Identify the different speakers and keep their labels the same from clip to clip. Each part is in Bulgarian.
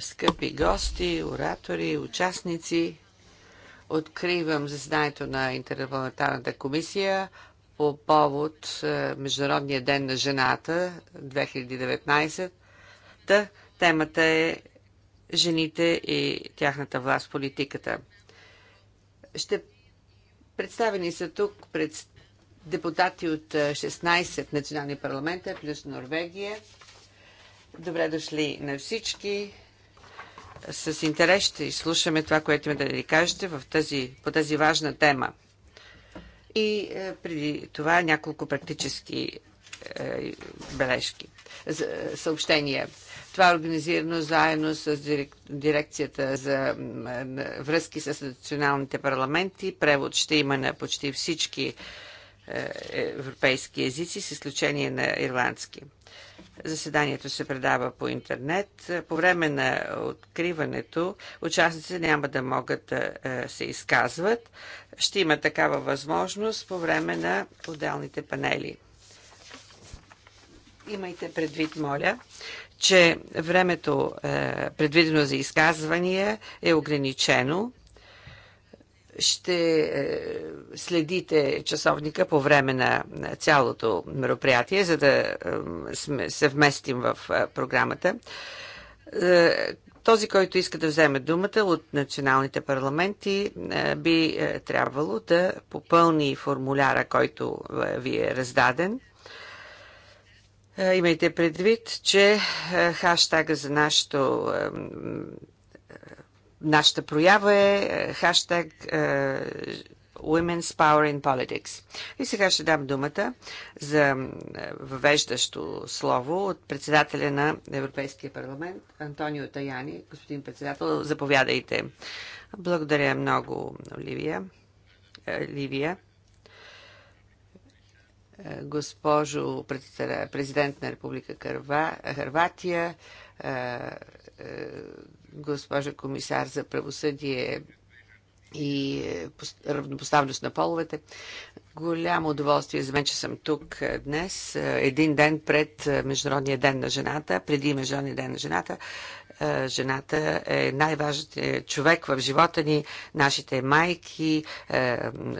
Speaker 1: Скъпи гости, оратори, участници, откривам заседанието на Интерпарламентарната комисия по повод е, Международния ден на жената 2019. Та, темата е жените и тяхната власт в политиката. Ще представени са тук пред депутати от 16 е, национални парламента, плюс Норвегия – Добре дошли на всички. С интерес ще изслушаме това, което ме да ни кажете в тази, по тази важна тема. И е, преди това няколко практически е, бележки, съобщения. Това е организирано заедно с дирекцията за връзки с националните парламенти. Превод ще има на почти всички е, е, европейски езици, с изключение на ирландски. Заседанието се предава по интернет. По време на откриването участниците няма да могат да е, се изказват. Ще има такава възможност по време на отделните панели. Имайте предвид, моля, че времето е, предвидено за изказвания е ограничено ще е, следите часовника по време на цялото мероприятие, за да се вместим в е, програмата. Е, този, който иска да вземе думата от националните парламенти, би трябвало да попълни формуляра, който ви е раздаден. Имайте предвид, че хаштага за нашото Нашата проява е, е хаштаг е, Women's Power in Politics. И сега ще дам думата за е, въвеждащо слово от председателя на Европейския парламент Антонио Таяни. Господин председател, заповядайте. Благодаря много, Оливия. Ливия. Госпожо президент на Република Харватия, госпожа комисар за правосъдие и е, равнопоставност на половете. Голямо удоволствие за мен, че съм тук е, днес, е, един ден пред Международния ден на жената, преди Международния ден на жената. Жената е най-важният човек в живота ни, нашите майки,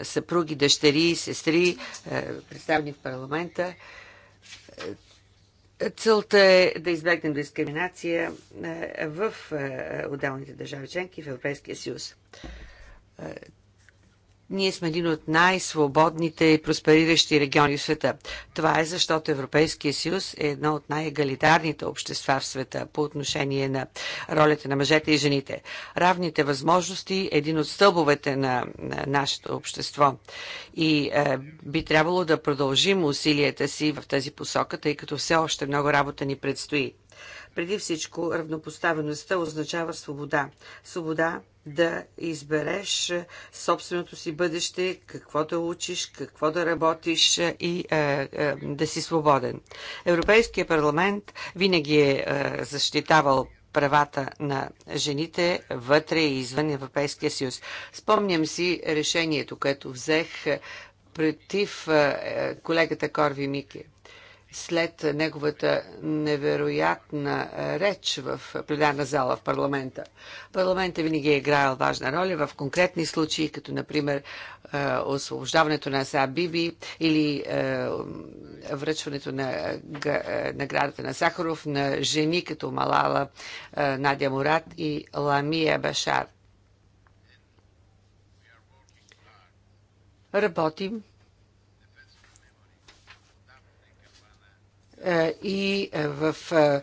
Speaker 1: съпруги, дъщери, сестри, представени в парламента Целта е да избегнем дискриминация е, в е, отделните държави членки в Европейския съюз. Е, ние сме един от най-свободните и проспериращи региони в света. Това е защото Европейския съюз е едно от най-егалитарните общества в света по отношение на ролята на мъжете и жените. Равните възможности е един от стълбовете на, на нашето общество. И е, би трябвало да продължим усилията си в тази посока, тъй като все още много работа ни предстои. Преди всичко, равнопоставеността означава свобода. Свобода да избереш собственото си бъдеще, какво да учиш, какво да работиш е, и е, е, да си свободен. Европейския парламент винаги е, е защитавал правата на жените вътре и извън Европейския съюз. Спомням си решението, което взех е, против е, колегата Корви Мики след неговата невероятна реч в пленарна зала в парламента. Парламентът винаги е играл важна роля в конкретни случаи, като например е, освобождаването на Са Биби или е, връчването на е, наградата на Сахаров на жени като Малала, Надя Мурат и Ламия Башар. Работим Е, и е, в е,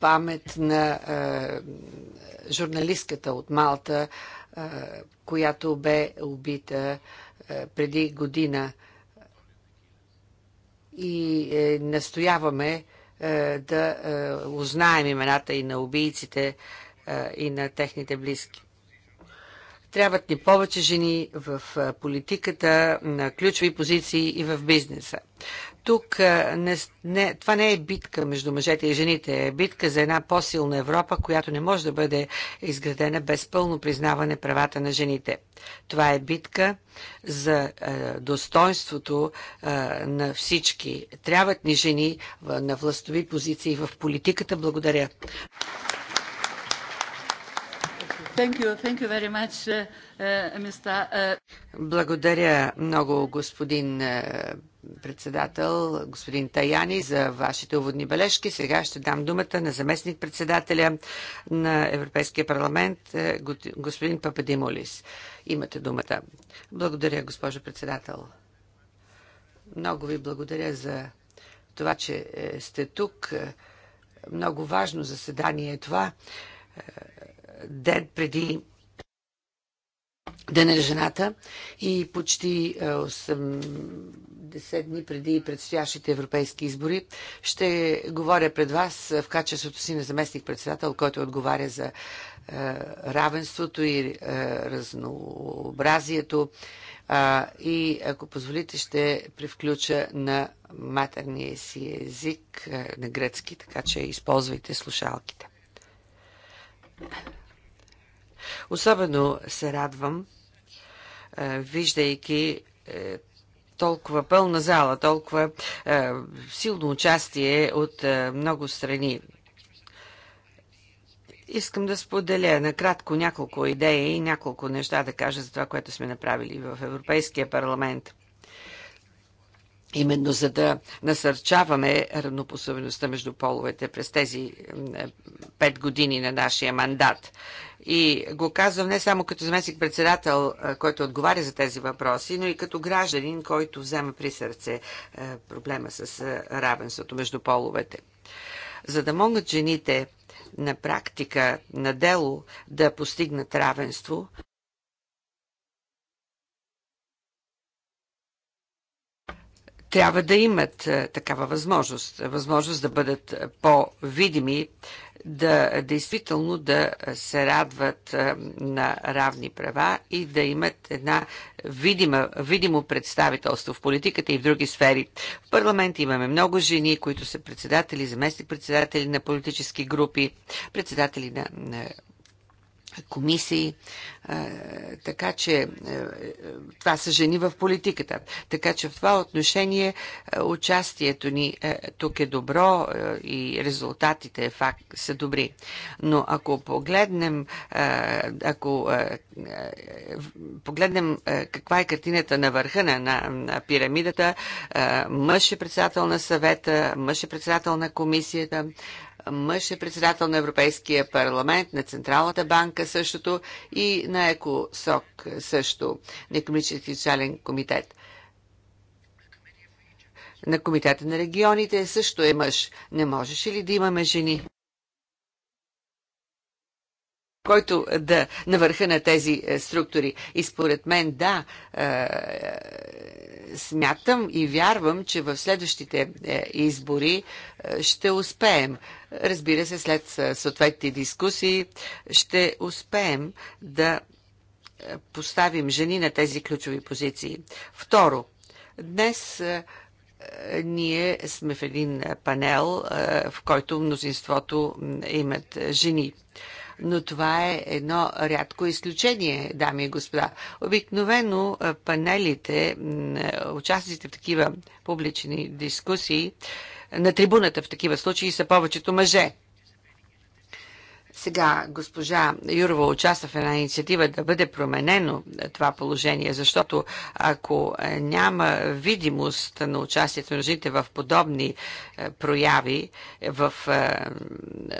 Speaker 1: памет на журналистката от Малта, която бе убита преди година. И настояваме да узнаем имената и на убийците и на техните близки. Трябват ни повече жени в политиката, на ключови позиции и в бизнеса. Тук не, не, това не е битка между мъжете и жените, е битка за една по-силна Европа, която не може да бъде изградена без пълно признаване правата на жените. Това е битка за е, достоинството е, на всички. Трябват ни жени в, на властови позиции в политиката. Благодаря.
Speaker 2: Uh, uh, uh,
Speaker 1: благодаря много, господин е, председател, господин Таяни, за вашите уводни бележки. Сега ще дам думата на заместник-председателя на Европейския парламент, е, господин Пападимолис. Имате думата. Благодаря, госпожо председател. Много ви благодаря за това, че е, сте тук. Много важно заседание е това ден преди Ден на жената и почти 80 е, дни преди предстоящите европейски избори ще говоря пред вас в качеството си на заместник-председател, който отговаря за е, равенството и е, разнообразието. и ако позволите, ще превключа на матерния си език, на гръцки, така че използвайте слушалките. Особено се радвам, е, виждайки е, толкова пълна зала, толкова е, силно участие от много страни. Искам да споделя накратко няколко идеи и няколко неща да кажа за това, което сме направили в Европейския парламент именно за да насърчаваме равнопоставеността между половете през тези е, пет години на нашия мандат. И го казвам не само като заместник председател, е, който отговаря за тези въпроси, но и като гражданин, който взема при сърце е, проблема с равенството между половете. За да могат жените на практика, на дело да постигнат равенство, трябва да имат е, такава възможност, възможност да бъдат е, по-видими, да действително да се радват е, на равни права и да имат една видима, видимо представителство в политиката и в други сфери. В парламент имаме много жени, които са председатели, заместни председатели на политически групи, председатели на, на комисии. Така че това са жени в политиката. Така че в това отношение участието ни тук е добро и резултатите факт са добри. Но ако погледнем, ако погледнем каква е картината на върха на, на, на пирамидата, мъж е председател на съвета, мъж е председател на комисията, Мъж е председател на Европейския парламент, на Централната банка същото и на ЕКОСОК също, на економически социален комитет. На комитета на регионите също е мъж. Не можеше ли да имаме жени? който да навърха на тези е, структури. И според мен, да, е, смятам и вярвам, че в следващите е, избори ще успеем. Разбира се, след съответните дискусии ще успеем да поставим жени на тези ключови позиции. Второ, днес ние сме в един панел, в който мнозинството имат жени но това е едно рядко изключение, дами и господа. Обикновено панелите, участниците в такива публични дискусии, на трибуната в такива случаи са повечето мъже. Сега госпожа Юрова участва в една инициатива да бъде променено е, това положение, защото ако е, няма видимост на участието на жените в подобни е, прояви, в,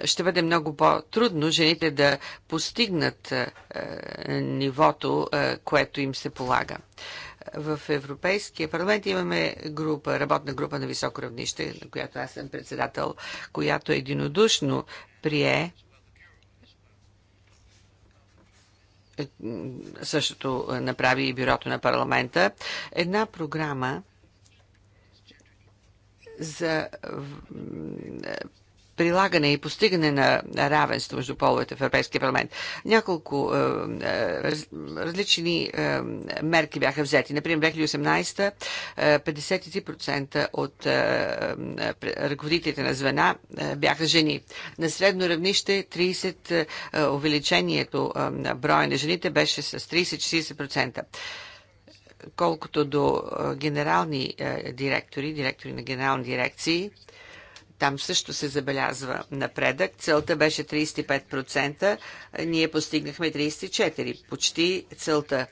Speaker 1: ще бъде много по-трудно жените да постигнат нивото, което им се полага в Европейския парламент имаме група, работна група на високо равнище, на която аз съм председател, която единодушно прие Е, същото е, направи и бюрото на парламента, една програма за прилагане и постигане на равенство между половете в Европейския парламент. Няколко е, е раз, различни е, мерки бяха взети. Например, 2018 е, 53% от е, е, ръководителите на звена е, бяха жени. На средно равнище 30 е, увеличението е, на броя на жените беше с 30-40% колкото до е, генерални директори, директори на генерални дирекции, там също се забелязва напредък. Целта беше 35%, ние постигнахме 34%, почти целта.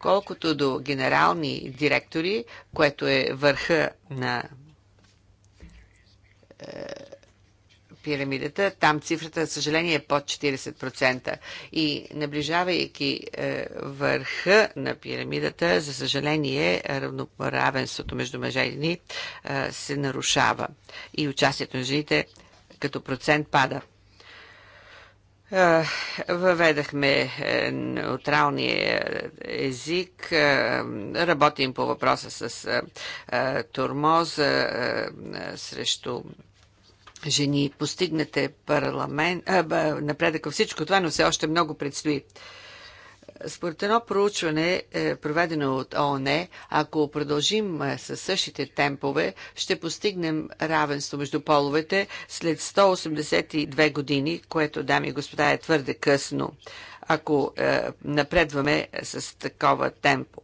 Speaker 1: Колкото до генерални директори, което е върха на е, пирамидата, там цифрата, за съжаление, е под 40%. И наближавайки е, върха на пирамидата, за съжаление, равноправенството между мъже и жени е, се нарушава. И участието на жените като процент пада. Е, въведахме е, неутралния език, е, работим по въпроса с тормоз срещу жени. Постигнате парламент, а, б, напредък във всичко това, но все още много предстои. Според едно проучване, е, проведено от ООН, ако продължим е, със същите темпове, ще постигнем равенство между половете след 182 години, което, дами и господа, е твърде късно, ако е, напредваме с такова темпо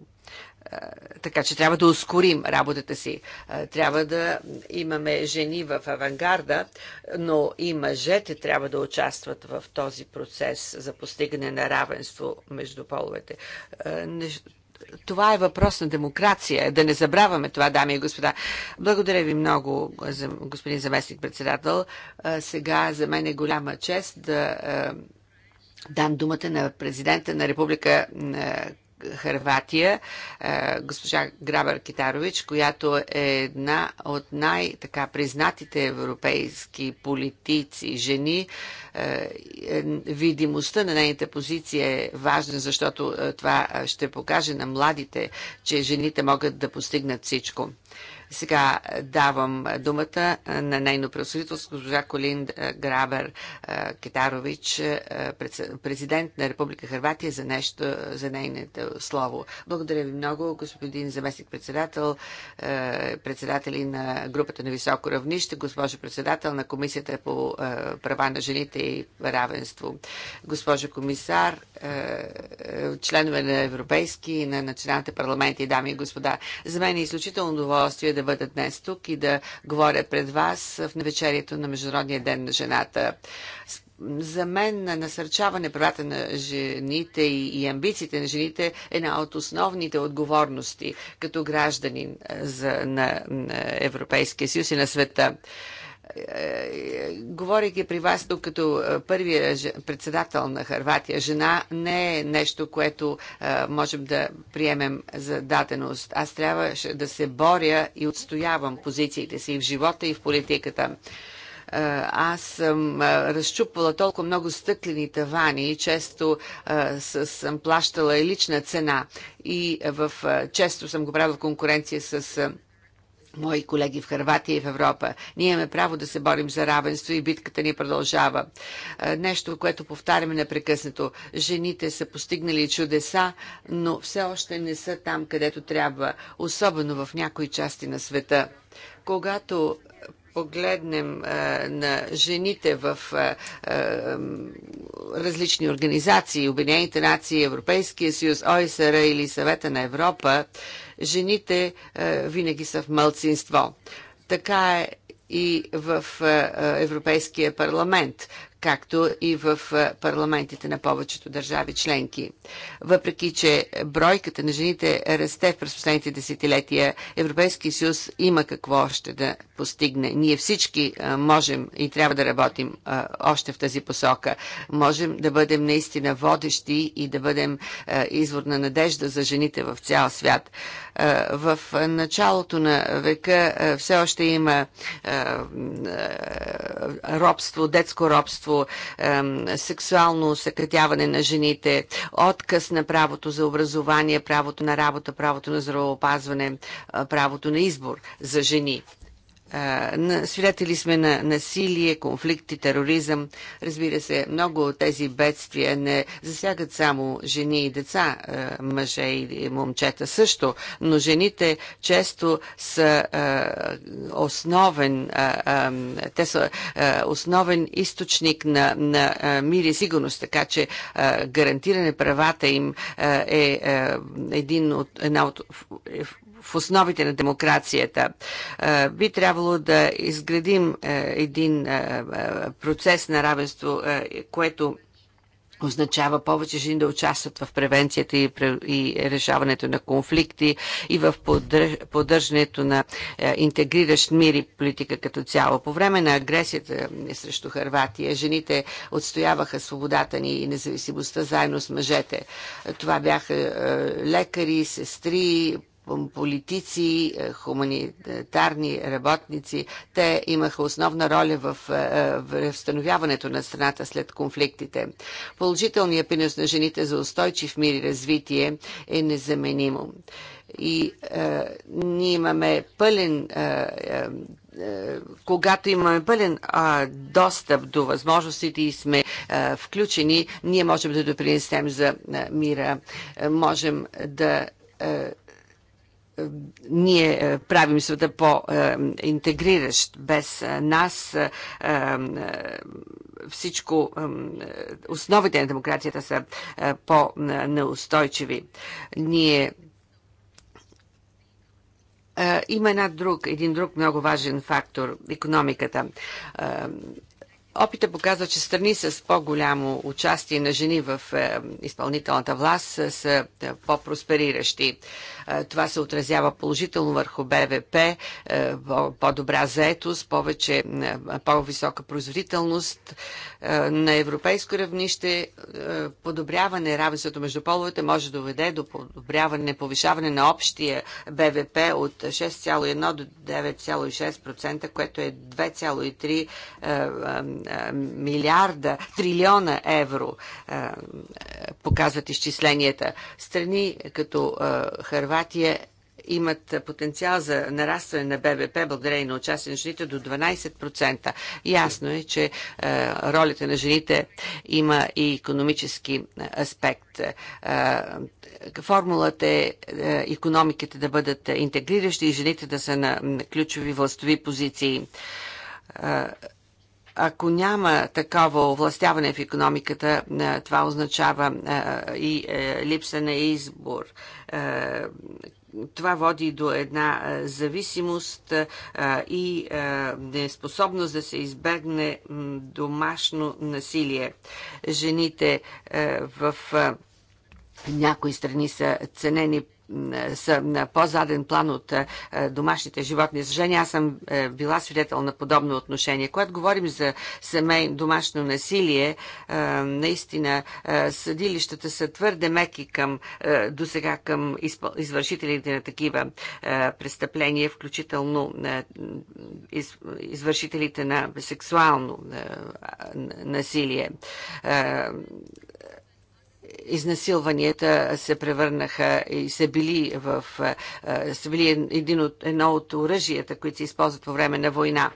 Speaker 1: така че трябва да ускорим работата си. Трябва да имаме жени в авангарда, но и мъжете трябва да участват в този процес за постигане на равенство между половете. Това е въпрос на демокрация. Да не забравяме това, дами и господа. Благодаря ви много, господин заместник-председател. Сега за мен е голяма чест да дам думата на президента на Република Харватия, е, госпожа Грабър Китарович, която е една от най-така признатите европейски политици, жени. Е, е, видимостта на нейната позиция е важна, защото това ще покаже на младите, че жените могат да постигнат всичко. Сега е, давам е, думата е, на нейно превъзходителство госпожа Колин Грабер Кетарович, президент на Република Харватия за, нещо, за нейното слово. Благодаря ви много, господин заместник-председател, председатели на групата на високо равнище, госпожо председател на Комисията по права на жените и равенство, госпожо комисар, членове на Европейски и на националните парламенти, дами и господа. За мен е изключително удоволствие да да бъда днес тук и да говоря пред вас в навечерието на Международния ден на жената за мен на насърчаване правата на жените и, амбициите на жените е една от основните отговорности като гражданин за, на, на Европейския съюз и на света говорейки при вас тук като е, първия председател на Харватия, жена не е нещо, което е, можем да приемем за даденост. Аз трябва да се боря и отстоявам позициите си и в живота, и в политиката е, аз съм разчупвала толкова много стъклени тавани и често съм плащала и лична цена. И в, често съм го правила в конкуренция с мои колеги в Харватия и в Европа. Ние имаме право да се борим за равенство и битката ни продължава. Е, нещо, което повтаряме непрекъснато. Жените са постигнали чудеса, но все още не са там, където трябва, особено в някои части на света. Когато погледнем а, на жените в а, а, различни организации, Обединените нации, Европейския съюз, ОИСР или Съвета на Европа, жените а, винаги са в мълцинство. Така е и в Европейския парламент както и в парламентите на повечето държави членки. Въпреки, че бройката на жените расте през последните десетилетия, Европейския съюз има какво още да постигне. Ние всички можем и трябва да работим още в тази посока. Можем да бъдем наистина водещи и да бъдем извор на надежда за жените в цял свят. В началото на века все още има робство, детско робство, сексуално съкратяване на жените, отказ на правото за образование, правото на работа, правото на здравеопазване, правото на избор за жени. Свидетели сме на насилие, конфликти, тероризъм. Разбира се, много от тези бедствия не засягат само жени и деца, мъже и момчета също, но жените често са основен, те са основен източник на, на мир и сигурност, така че гарантиране правата им е един от, една от в основите на демокрацията. Е, би трябвало да изградим е, един е, процес на равенство, което означава повече жени да участват в превенцията и, и решаването на конфликти и в поддръж, поддържането на е, интегриращ мир и политика като цяло. По време на агресията срещу Харватия, жените отстояваха свободата ни и независимостта заедно с мъжете. Това бяха е, лекари, сестри, политици, е, хуманитарни работници. Те имаха основна роля е, е, в, възстановяването на страната след конфликтите. Положителният принос на жените за устойчив мир и развитие е незаменимо. И е, ние имаме пълен е, когато имаме пълен а, достъп до възможностите и сме а, включени, ние можем да допринесем за а, мира, а, можем да а, ние е, правим света по-интегриращ. Е, без е, нас всичко, основите на демокрацията са по-неустойчиви. Ние има една друг, един друг много важен фактор – економиката. Опита показва, че страни с по-голямо участие на жени в изпълнителната власт са по-проспериращи. Е, това се отразява положително върху БВП, е, по-добра заетост, повече, е, по-висока производителност, е, на европейско равнище е, подобряване равенството между половете може да доведе до подобряване, повишаване на общия БВП от 6,1 до 9,6%, което е 2,3 е, милиарда, трилиона евро, показват изчисленията. Страни като Харватия имат потенциал за нарастване на ББП благодарение на участие на жените до 12%. Ясно е, че е, ролята на жените има и економически аспект. Е, формулата е економиките да бъдат интегриращи и жените да са на ключови властови позиции е, ако няма такова овластяване в економиката, това означава и липса на избор това води до една зависимост и неспособност да се избегне домашно насилие. Жените в някои страни са ценени са на по-заден план от е, домашните животни. За жени аз съм е, била свидетел на подобно отношение. Когато говорим за семей, домашно насилие, е, наистина съдилищата са твърде меки към, до сега към извършителите на такива престъпления, включително извършителите на сексуално насилие изнасилванията се превърнаха и са били, в, са били един от, едно от оръжията, които се използват по време на война.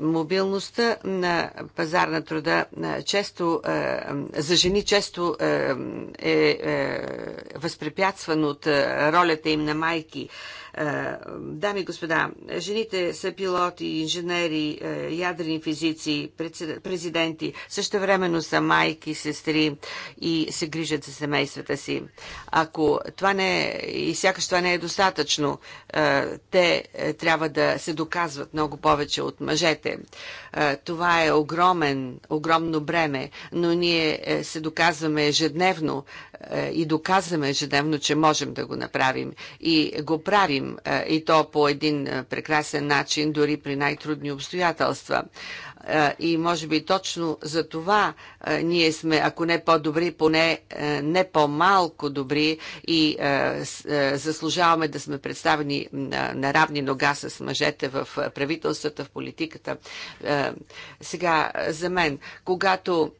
Speaker 1: Мобилността на пазар на труда често, за жени често е възпрепятстван от ролята им на майки е, дами и господа, жените са пилоти, инженери, е, ядрени физици, президенти, също времено са майки, сестри и се грижат за семействата си. Ако това не е, и сякаш това не е достатъчно, е, те трябва да се доказват много повече от мъжете. Това е огромен, огромно бреме, но ние се доказваме ежедневно и доказваме ежедневно, че можем да го направим и го правим работим е, и то по един е, прекрасен начин, дори при най-трудни обстоятелства. Е, и може би точно за това ние сме, ако не по-добри, поне не по-малко добри и заслужаваме да сме представени на равни нога с мъжете в правителствата, в политиката. Сега, за мен, когато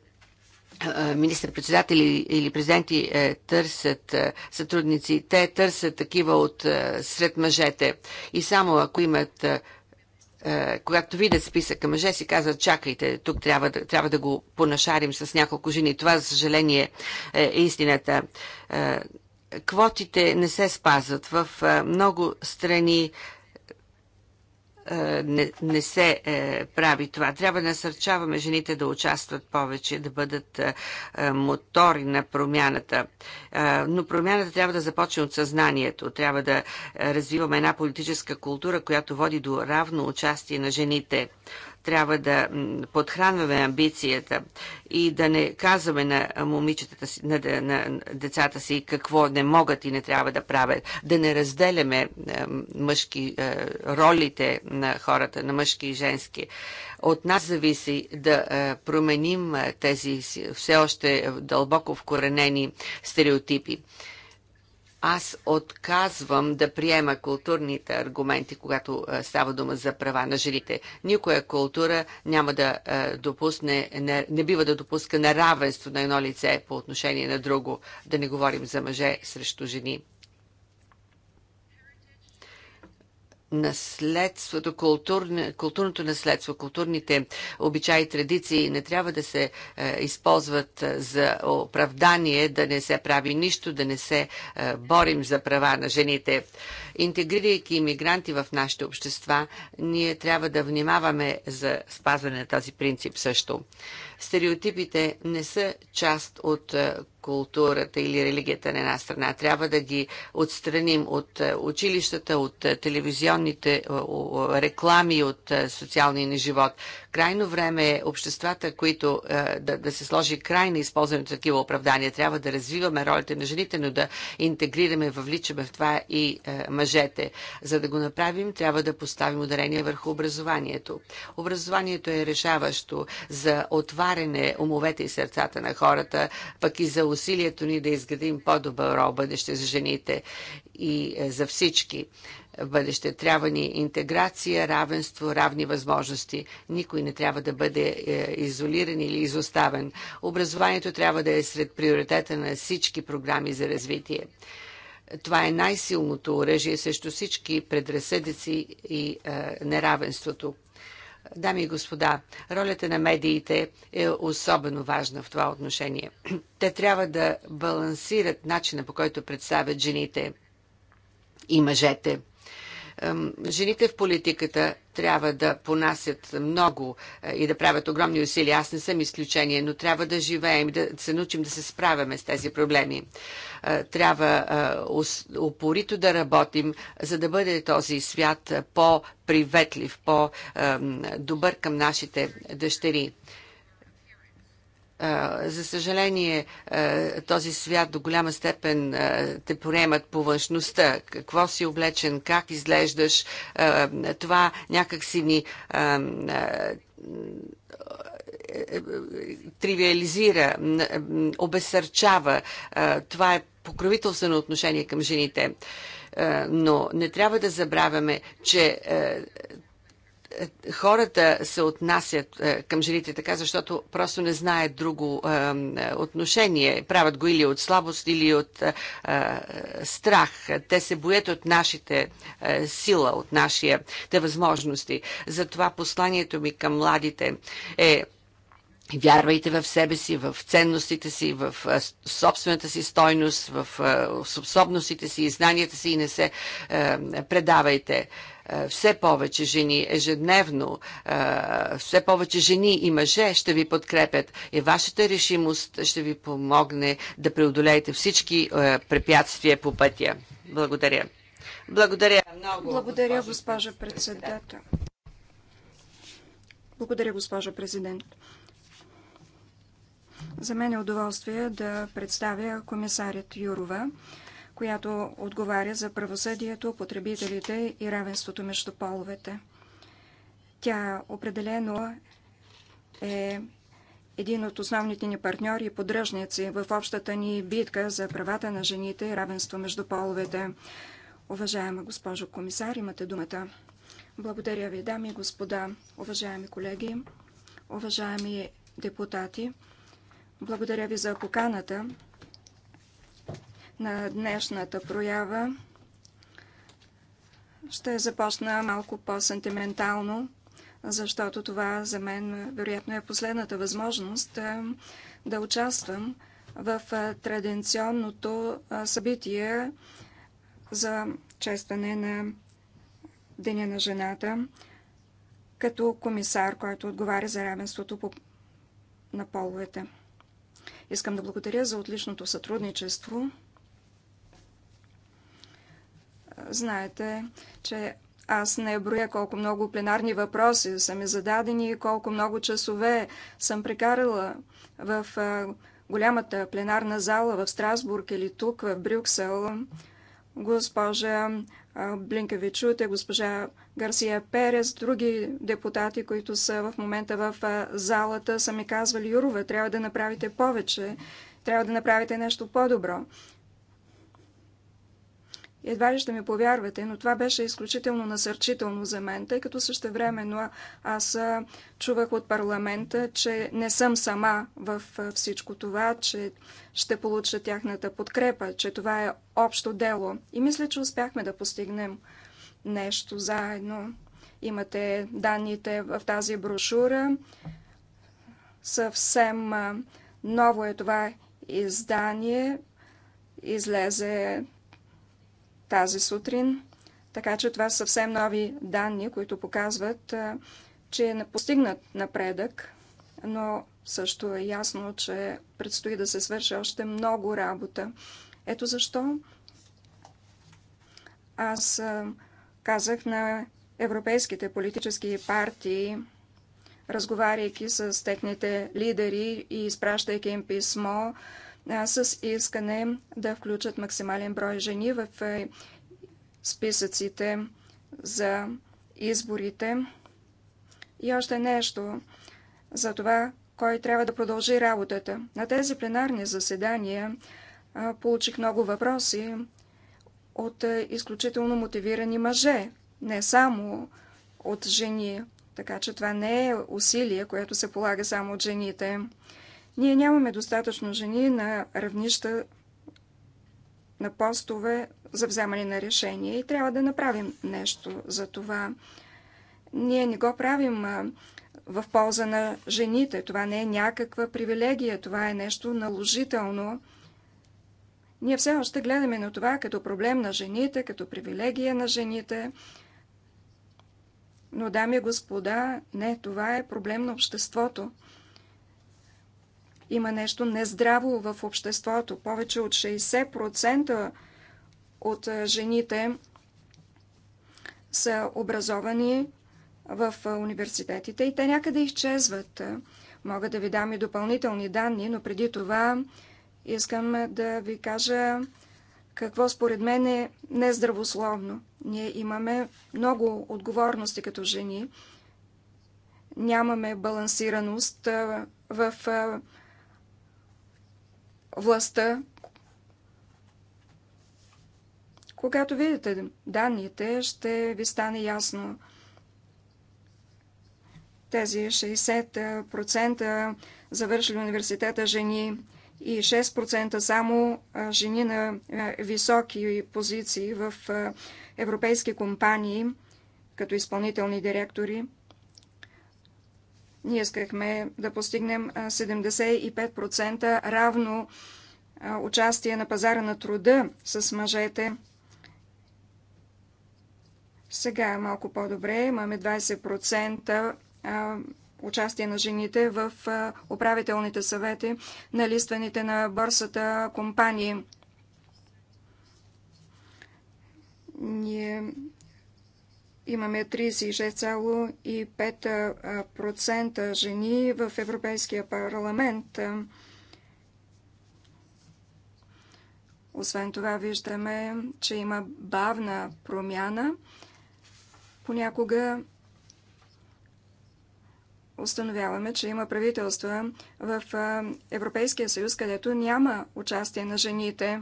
Speaker 1: министър-председатели или президенти е, търсят е, сътрудници, те търсят такива от е, сред мъжете. И само ако имат, е, е, когато видят списъка мъже, си казват, чакайте, тук трябва да, трябва да го понашарим с няколко жени. Това, за съжаление, е истината. Е, квотите не се спазват. В много страни е, не, не се е, прави това. Трябва да насърчаваме жените да участват повече, да бъдат е, е мотори на промяната. Е, но промяната трябва да започне от съзнанието. Трябва да е, развиваме една политическа култура, която води до равно участие на жените. Трябва да подхранваме амбицията и да не казваме на момичетата си, на, на, децата си какво не могат и не трябва да правят. Да не разделяме мъжки е, ролите на хората, на мъжки и женски. От нас зависи да е, променим е, тези все още дълбоко вкоренени стереотипи. Аз отказвам да приема културните аргументи, когато е, става дума за права на жените. Никоя култура няма да е, допусне, не, не бива да допуска неравенство на едно лице по отношение на друго, да не говорим за мъже срещу жени. наследството, културно, културното наследство, културните обичаи и традиции не трябва да се е, използват е, за оправдание, да не се прави нищо, да не се е, борим за права на жените. Интегрирайки иммигранти в нашите общества, ние трябва да внимаваме за спазване на този принцип също. Стереотипите не са част от е, културата или религията на една страна. Трябва да ги отстраним от е, училищата, от е, телевизионните реклами, от социалния ни живот. Крайно време е обществата, които да, да се сложи край на използването такива оправдания. Трябва да развиваме ролите на жените, но да интегрираме, въвличаме в това и мъжете. За да го направим, трябва да поставим ударение върху образованието. Образованието е решаващо за отваряне отваряне умовете и сърцата на хората, пък и за усилието ни да изградим по-добро бъдеще за жените и е, за всички бъдеще. Трябва ни интеграция, равенство, равни възможности. Никой не трябва да бъде е, изолиран или изоставен. Образованието трябва да е сред приоритета на всички програми за развитие. Това е най-силното оръжие срещу всички предразсъдици и е, неравенството, Дами и господа, ролята на медиите е особено важна в това отношение. Те трябва да балансират начина по който представят жените и мъжете. Жените в политиката трябва да понасят много и да правят огромни усилия. Аз не съм изключение, но трябва да живеем, да се научим да се справяме с тези проблеми трябва упорито да работим, за да бъде този свят по-приветлив, по-добър към нашите дъщери. За съжаление, този свят до голяма степен те приемат по външността. Какво си облечен, как изглеждаш, това някак си ни тривиализира, обесърчава. Това е покровителствено отношение към жените. Но не трябва да забравяме, че хората се отнасят към жените така, защото просто не знаят друго отношение. Правят го или от слабост, или от страх. Те се боят от нашите сила, от нашите възможности. Затова посланието ми към младите е Вярвайте в себе си, в ценностите си, в собствената си стойност, в способностите си и знанията си и не се предавайте все повече жени ежедневно, все повече жени и мъже ще ви подкрепят и вашата решимост ще ви помогне да преодолеете всички препятствия по пътя. Благодаря. Благодаря
Speaker 3: много. Благодаря, госпожа председател. Благодаря, госпожа президент. За мен е удоволствие да представя комисарят Юрова, която отговаря за правосъдието, потребителите и равенството между половете. Тя определено е един от основните ни партньори и поддръжници в общата ни битка за правата на жените и равенство между половете. Уважаема госпожо комисар, имате думата. Благодаря ви, дами и господа, уважаеми колеги, уважаеми депутати. Благодаря ви за поканата на днешната проява. Ще започна малко по-сантиментално, защото това за мен вероятно е последната възможност е, да участвам в е, традиционното е, събитие за честване на Деня на жената като комисар, който отговаря за равенството на половете. Искам да благодаря за отличното сътрудничество. Знаете, че аз не броя колко много пленарни въпроси са ми зададени и колко много часове съм прекарала в голямата пленарна зала в Страсбург или тук в Брюксел. Госпожа Блинкавичуте, госпожа Гарсия Перес, други депутати, които са в момента в залата, са ми казвали, Юрова, трябва да направите повече, трябва да направите нещо по-добро. Едва ли ще ми повярвате, но това беше изключително насърчително за мен, тъй като същевременно аз чувах от парламента, че не съм сама в всичко това, че ще получа тяхната подкрепа, че това е общо дело. И мисля, че успяхме да постигнем нещо заедно. Имате данните в тази брошура. Съвсем ново е това издание. Излезе тази сутрин. Така че това са съвсем нови данни, които показват, че е постигнат напредък, но също е ясно, че предстои да се свърши още много работа. Ето защо аз казах на европейските политически партии, разговаряйки с техните лидери и изпращайки им писмо, с искане да включат максимален брой жени в списъците за изборите. И още нещо за това, кой трябва да продължи работата. На тези пленарни заседания получих много въпроси от изключително мотивирани мъже, не само от жени. Така че това не е усилие, което се полага само от жените. Ние нямаме достатъчно жени на равнища на постове за вземане на решение и трябва да направим нещо за това. Ние не го правим в полза на жените. Това не е някаква привилегия, това е нещо наложително. Ние все още гледаме на това като проблем на жените, като привилегия на жените. Но, дами и господа, не, това е проблем на обществото. Има нещо нездраво в обществото. Повече от 60% от жените са образовани в университетите и те някъде изчезват. Мога да ви дам и допълнителни данни, но преди това искам да ви кажа какво според мен е нездравословно. Ние имаме много отговорности като жени. Нямаме балансираност в властта. Когато видите данните, ще ви стане ясно. Тези 60% завършили университета жени и 6% само жени на високи позиции в европейски компании, като изпълнителни директори – ние искахме да постигнем 75% равно участие на пазара на труда с мъжете. Сега е малко по-добре. Имаме 20% участие на жените в управителните съвети на листваните на борсата компании. Ние имаме 36,5% жени в Европейския парламент. Освен това виждаме, че има бавна промяна. Понякога установяваме, че има правителства в Европейския съюз, където няма участие на жените.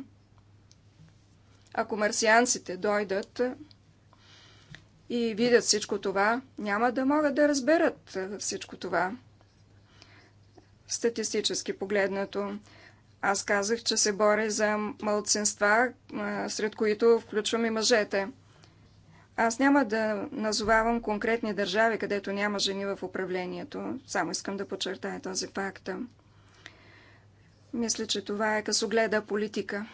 Speaker 3: Ако марсианците дойдат, и видят всичко това, няма да могат да разберат всичко това. Статистически погледнато, аз казах, че се боря за мълцинства, сред които включвам и мъжете. Аз няма да назовавам конкретни държави, където няма жени в управлението. Само искам да подчертая този факт. Мисля, че това е късогледа политика.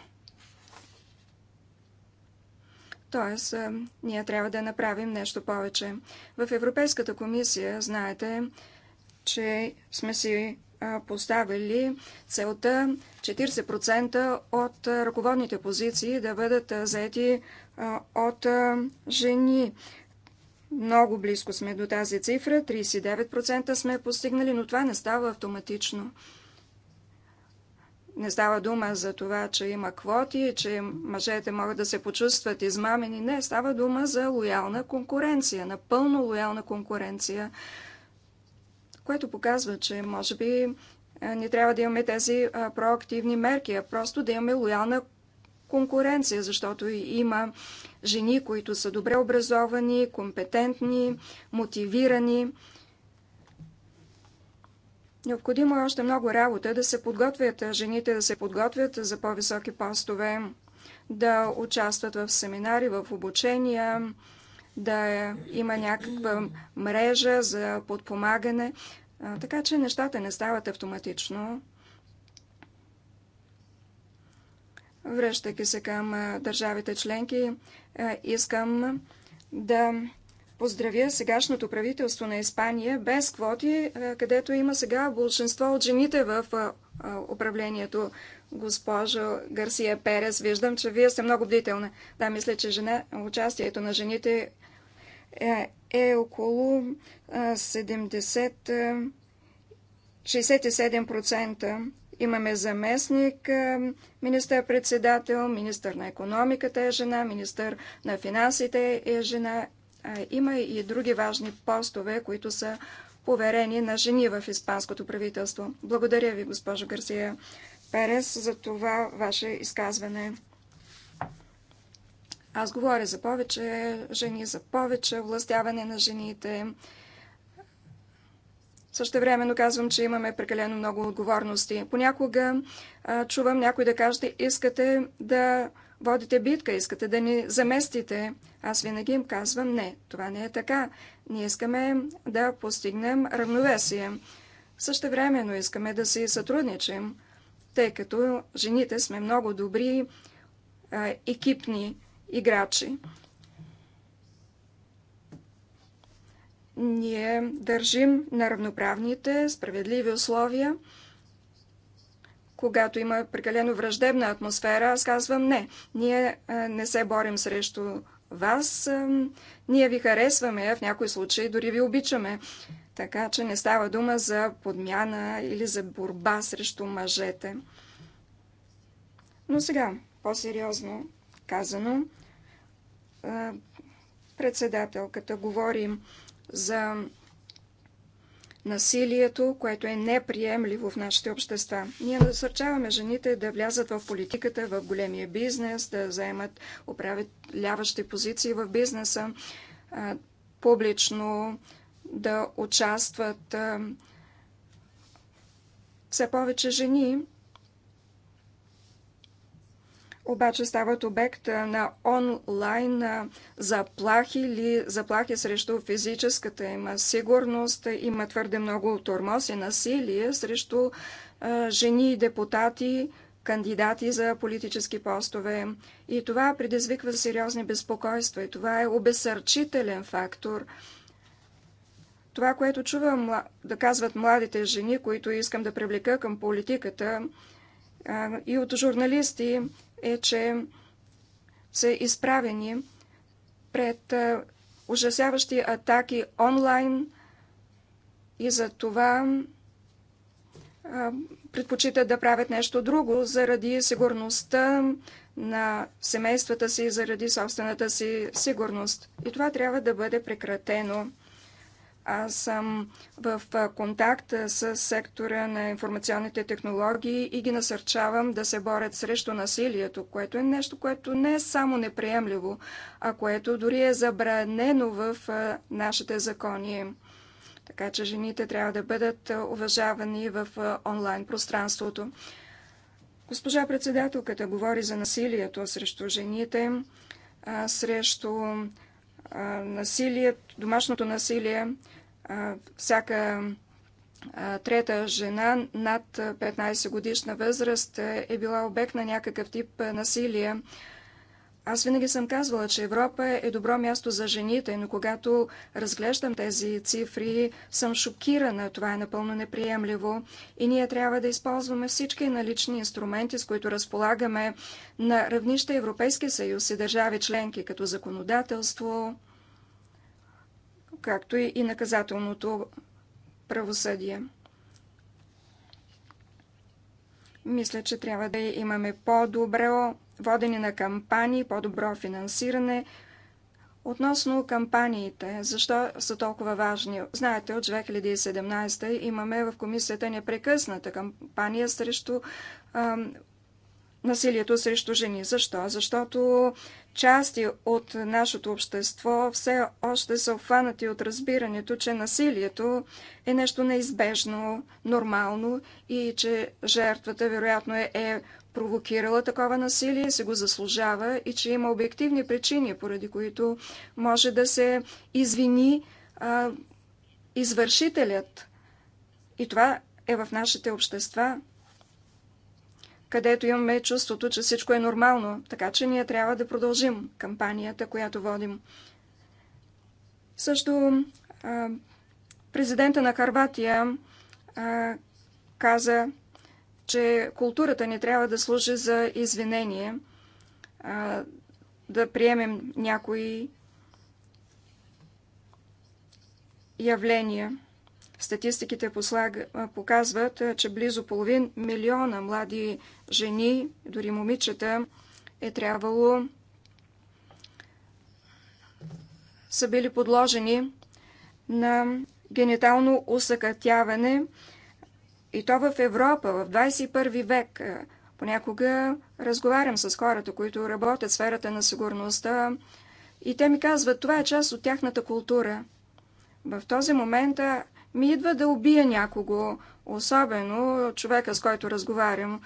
Speaker 3: Тоест, ние трябва да направим нещо повече. В Европейската комисия, знаете, че сме си поставили целта 40% от ръководните позиции да бъдат заети от жени. Много близко сме до тази цифра, 39% сме постигнали, но това не става автоматично. Не става дума за това, че има квоти, че мъжете могат да се почувстват измамени. Не, става дума за лоялна конкуренция, напълно лоялна конкуренция, което показва, че може би не трябва да имаме тези проактивни мерки, а просто да имаме лоялна конкуренция, защото има жени, които са добре образовани, компетентни, мотивирани. Необходимо е още много работа да се подготвят жените, да се подготвят за по-високи постове, да участват в семинари, в обучения, да има някаква мрежа за подпомагане. Така че нещата не стават автоматично. Връщайки се към държавите членки, искам да поздравя сегашното правителство на Испания без квоти, е, където има сега большинство от жените в е, е, управлението. Госпожо Гарсия Перес, виждам, че вие сте много бдителна. Да, мисля, че жена, участието на жените е, е около 70, 67%. Имаме заместник, министър-председател, министър на економиката е жена, министър на финансите е жена има и други важни постове, които са поверени на жени в испанското правителство. Благодаря ви, госпожо Гарсия Перес, за това ваше изказване. Аз говоря за повече жени, за повече властяване на жените. Също времено казвам, че имаме прекалено много отговорности. Понякога а, чувам някой да каже, искате да водите битка, искате да ни заместите. Аз винаги им казвам не, това не е така. Ние искаме да постигнем равновесие. но искаме да си сътрудничим, тъй като жените сме много добри а, екипни играчи. Ние държим на равноправните, справедливи условия – когато има прекалено враждебна атмосфера, аз казвам не. Ние не се борим срещу вас, ние ви харесваме, в някои случаи дори ви обичаме. Така че не става дума за подмяна или за борба срещу мъжете. Но сега, по-сериозно казано, председателката говори за насилието, което е неприемливо в нашите общества. Ние насърчаваме жените да влязат в политиката, в големия бизнес, да заемат управляващи позиции в бизнеса, публично да участват. Все повече жени обаче стават обект на онлайн заплахи или заплахи срещу физическата им сигурност. Има твърде много тормоз и насилие срещу жени и депутати, кандидати за политически постове. И това предизвиква сериозни безпокойства. И това е обесърчителен фактор. Това, което чувам да казват младите жени, които искам да привлека към политиката, и от журналисти е, че са изправени пред ужасяващи атаки онлайн и за това предпочитат да правят нещо друго заради сигурността на семействата си, заради собствената си сигурност. И това трябва да бъде прекратено. Аз съм в контакт с сектора на информационните технологии и ги насърчавам да се борят срещу насилието, което е нещо, което не е само неприемливо, а което дори е забранено в нашите закони. Така че жените трябва да бъдат уважавани в онлайн пространството. Госпожа председателката говори за насилието срещу жените, срещу насилие, домашното насилие, всяка трета жена над 15 годишна възраст е била обект на някакъв тип насилие аз винаги съм казвала, че Европа е добро място за жените, но когато разглеждам тези цифри, съм шокирана. Това е напълно неприемливо и ние трябва да използваме всички налични инструменти, с които разполагаме на равнище Европейски съюз и държави членки, като законодателство, както и наказателното правосъдие. Мисля, че трябва да имаме по-добро водени на кампании, по-добро финансиране. Относно кампаниите, защо са толкова важни? Знаете, от 2017 имаме в комисията непрекъсната кампания срещу ам, насилието срещу жени. Защо? Защото части от нашето общество все още са обхванати от разбирането, че насилието е нещо неизбежно, нормално и че жертвата вероятно е, е провокирала такова насилие, се го заслужава и че има обективни причини, поради които може да се извини а, извършителят. И това е в нашите общества, където имаме чувството, че всичко е нормално, така че ние трябва да продължим кампанията, която водим. Също а, президента на Харватия а, каза, че културата ни трябва да служи за извинение, а, да приемем някои явления. Статистиките показват, че близо половин милиона млади жени, дори момичета, е трябвало са били подложени на генитално усъкътяване и то в Европа, в 21 век. Е, понякога разговарям с хората, които работят в сферата на сигурността и те ми казват, това е част от тяхната култура. В този момент е, ми идва да убия някого, особено човека, с който разговарям,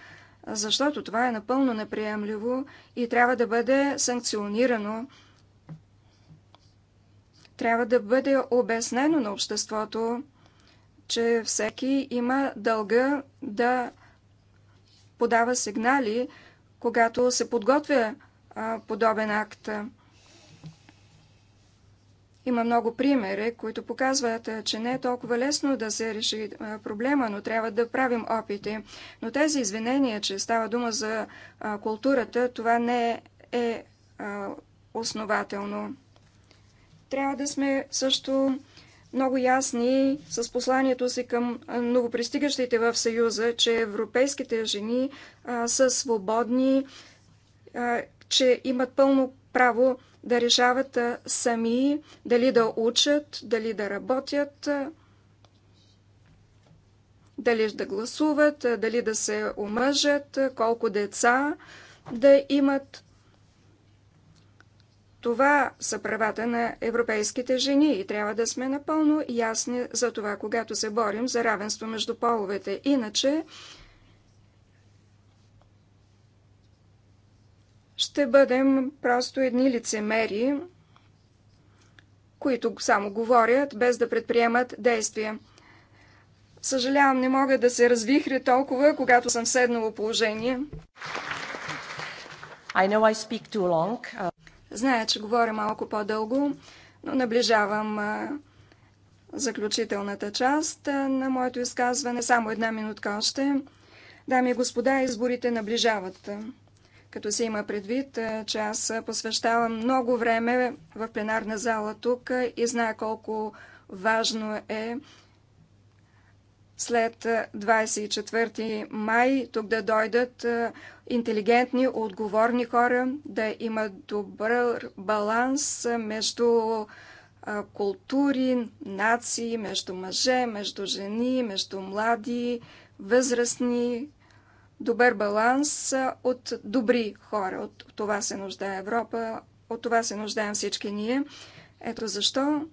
Speaker 3: защото това е напълно неприемливо и трябва да бъде санкционирано. Трябва да бъде обяснено на обществото, че всеки има дълга да подава сигнали, когато се подготвя подобен акт. Има много примери, които показват, че не е толкова лесно да се реши проблема, но трябва да правим опити. Но тези извинения, че става дума за културата, това не е основателно. Трябва да сме също много ясни с посланието си към новопристигащите в Съюза, че европейските жени а, са свободни, а, че имат пълно право да решават а, сами дали да учат, дали да работят, а, дали да гласуват, а, дали да се омъжат, колко деца да имат. Това са правата на европейските жени и трябва да сме напълно ясни за това, когато се борим за равенство между половете. Иначе ще бъдем просто едни лицемери, които само говорят, без да предприемат действия. Съжалявам, не мога да се развихря толкова, когато съм в седнало положение.
Speaker 2: I know I speak too
Speaker 3: long. Зная, че говоря малко по-дълго, но наближавам заключителната част на моето изказване. Само една минутка още. Дами и господа, изборите наближават. Като се има предвид, че аз посвещавам много време в пленарна зала тук и зная колко важно е след 24 май тук да дойдат интелигентни, отговорни хора, да има добър баланс между култури, нации, между мъже, между жени, между млади, възрастни, добър баланс от добри хора. От това се нуждае Европа, от това се нуждаем всички ние. Ето защо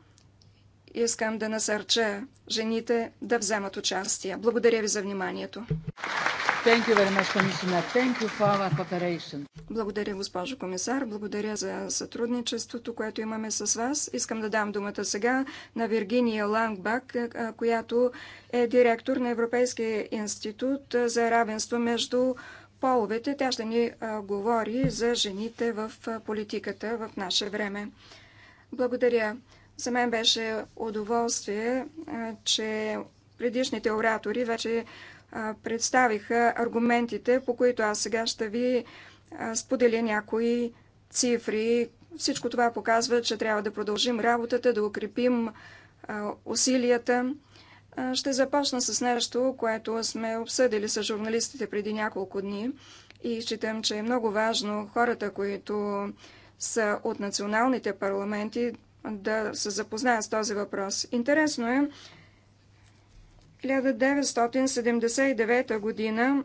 Speaker 3: искам да насърча жените да вземат участие. Благодаря ви за вниманието.
Speaker 2: Much,
Speaker 3: Благодаря, госпожо комисар. Благодаря за сътрудничеството, което имаме с вас. Искам да дам думата сега на Виргиния Лангбак, която е директор на Европейския институт за равенство между половете. Тя ще ни говори за жените в политиката в наше време. Благодаря. За мен беше удоволствие, че предишните оратори вече представиха аргументите, по които аз сега ще ви споделя някои цифри. Всичко това показва, че трябва да продължим работата, да укрепим усилията. Ще започна с нещо, което сме обсъдили с журналистите преди няколко дни и считам, че е много важно хората, които са от националните парламенти, да се запознаят с този въпрос. Интересно е, 1979 година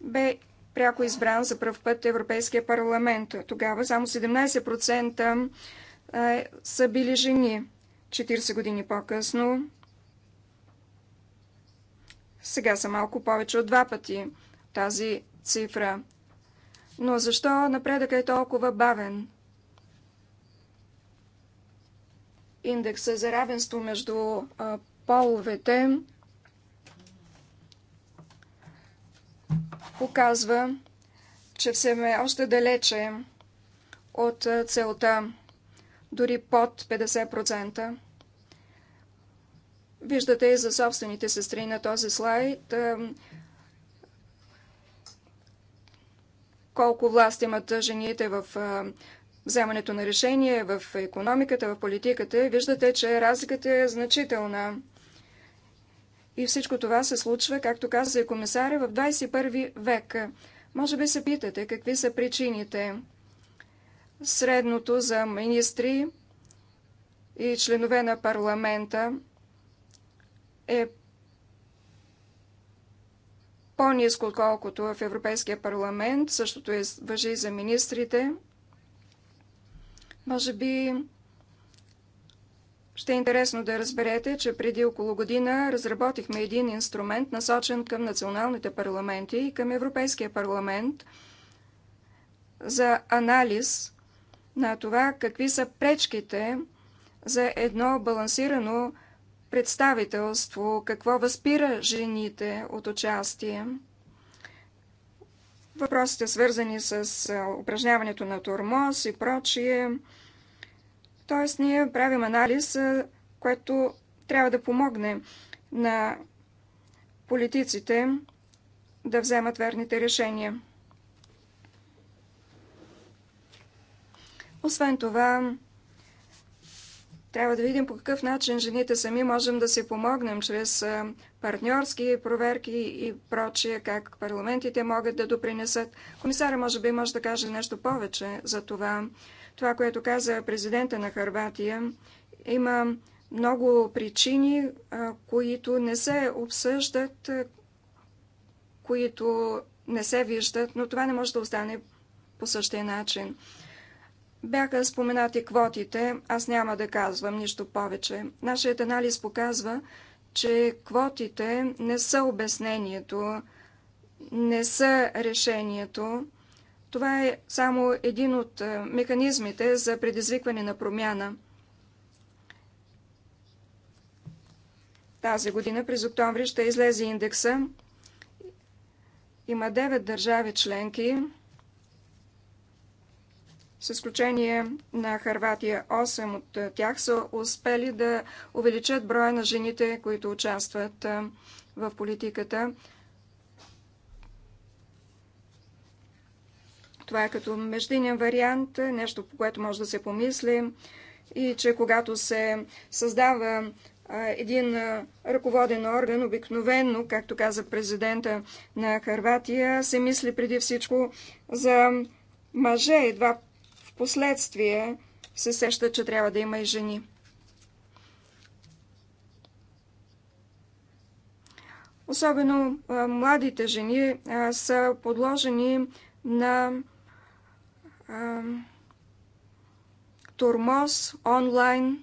Speaker 3: бе пряко избран за пръв път Европейския парламент. Тогава само 17% са били жени. 40 години по-късно сега са малко повече от два пъти тази цифра. Но защо напредъкът е толкова бавен? индекса за равенство между половете показва, че сме още далече от целта, дори под 50%. Виждате и за собствените сестри на този слайд колко власт имат жените в вземането на решение в економиката, в политиката, виждате, че разликата е значителна. И всичко това се случва, както каза и комисаря, в 21 век. Може би се питате какви са причините. Средното за министри и членове на парламента е по-низко, отколкото в Европейския парламент. Същото е, въжи и за министрите. Може би ще е интересно да разберете, че преди около година разработихме един инструмент, насочен към националните парламенти и към Европейския парламент за анализ на това какви са пречките за едно балансирано представителство, какво възпира жените от участие. Въпросите свързани с упражняването на тормоз и прочие. Тоест ние правим анализ, което трябва да помогне на политиците да вземат верните решения. Освен това, трябва да видим по какъв начин жените сами можем да си помогнем чрез партньорски проверки и прочие, как парламентите могат да допринесат. Комисаря може би може да каже нещо повече за това. Това, което каза президента на Харватия, има много причини, които не се обсъждат, които не се виждат, но това не може да остане по същия начин. Бяха споменати квотите, аз няма да казвам нищо повече. Нашият анализ показва, че квотите не са обяснението, не са решението. Това е само един от е, механизмите за предизвикване на промяна. Тази година през октомври ще излезе индекса. Има 9 държави членки, с изключение на Харватия, 8 от е, тях са успели да увеличат броя на жените, които участват е, в политиката. Това е като междинен вариант, е, нещо по което може да се помисли и че когато се създава един ръководен орган, обикновенно, както каза президента на Харватия, се мисли преди всичко за мъже. Едва Впоследствие последствие се сеща, че трябва да има и жени. Особено младите жени са подложени на турмоз онлайн,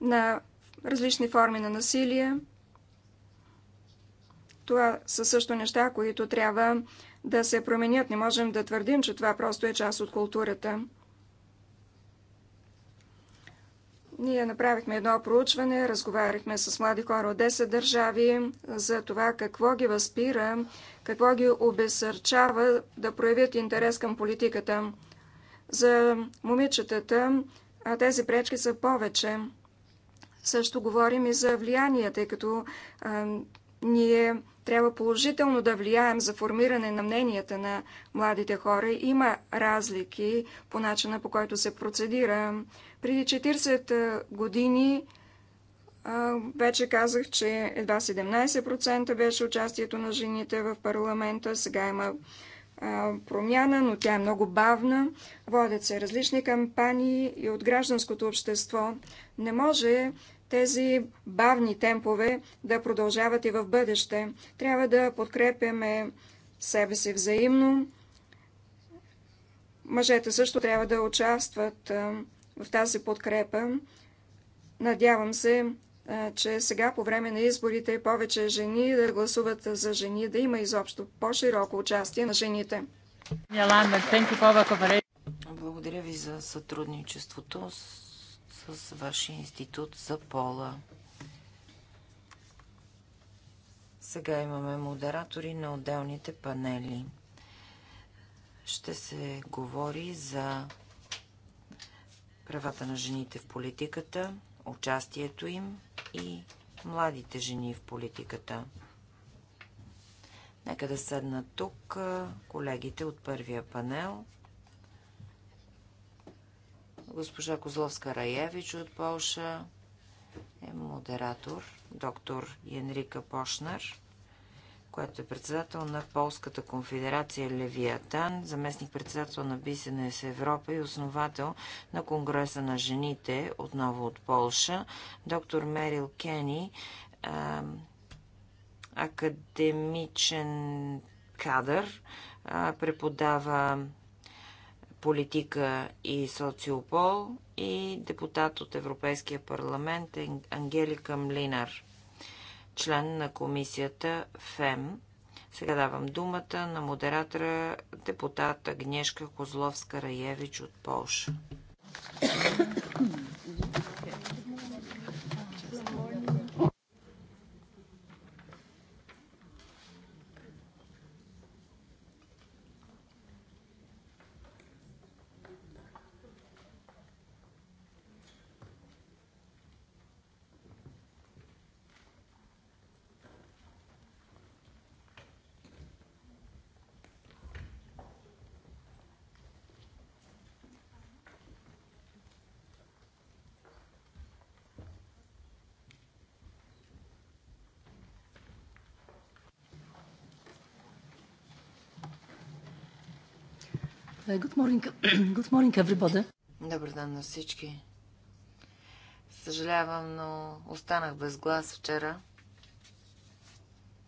Speaker 3: на различни форми на насилие. Това са също неща, които трябва да се променят. Не можем да твърдим, че това просто е част от културата. Ние направихме едно проучване, разговаряхме с млади хора от 10 държави за това какво ги възпира, какво ги обесърчава да проявят интерес към политиката. За момичетата тези пречки са повече. Също говорим и за влияние, тъй като ние трябва положително да влияем за формиране на мненията на младите хора. Има разлики по начина по който се процедира. Преди 40 години вече казах, че едва 17% беше участието на жените в парламента. Сега има промяна, но тя е много бавна. Водят се различни кампании и от гражданското общество. Не може тези бавни темпове да продължават и в бъдеще. Трябва да подкрепяме себе си взаимно. Мъжете също трябва да участват в тази подкрепа. Надявам се, че сега по време на изборите повече жени да гласуват за жени, да има изобщо по-широко участие на жените.
Speaker 4: Благодаря ви за сътрудничеството с вашия институт за пола. Сега имаме модератори на отделните панели. Ще се говори за правата на жените в политиката, участието им и младите жени в политиката. Нека да седнат тук колегите от първия панел – Госпожа Козловска Раевич от Полша е модератор, доктор Енрика Пошнар, която е председател на Полската конфедерация Левиатан, заместник-председател на Бизнес Европа и основател на Конгреса на жените, отново от Полша. Доктор Мерил Кени, академичен кадър, преподава политика и социопол и депутат от Европейския парламент е Ангелика Млинар, член на комисията ФЕМ. Сега давам думата на модератора депутата Гнешка Козловска-Раевич от Полша.
Speaker 2: Е, good morning, good morning everybody.
Speaker 4: Добър ден на всички. Съжалявам, но останах без глас вчера.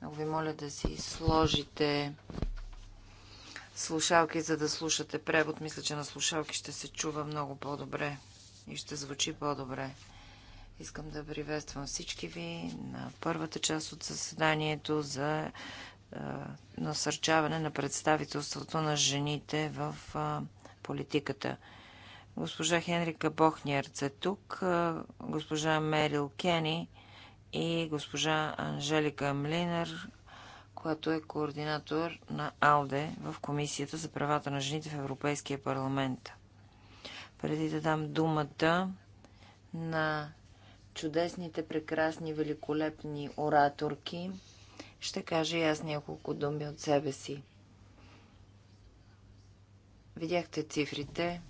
Speaker 4: Много ви моля да си сложите слушалки, за да слушате превод. Мисля, че на слушалки ще се чува много по-добре и ще звучи по-добре. Искам да приветствам всички ви на първата част от заседанието за насърчаване на представителството на жените в политиката. Госпожа Хенрика Бохниерц е тук, госпожа Мерил Кени и госпожа Анжелика Млинер, която е координатор на АЛДЕ в Комисията за правата на жените в Европейския парламент. Преди да дам думата на чудесните, прекрасни, великолепни ораторки, ще кажа и аз няколко думи от себе си. Видяхте цифрите.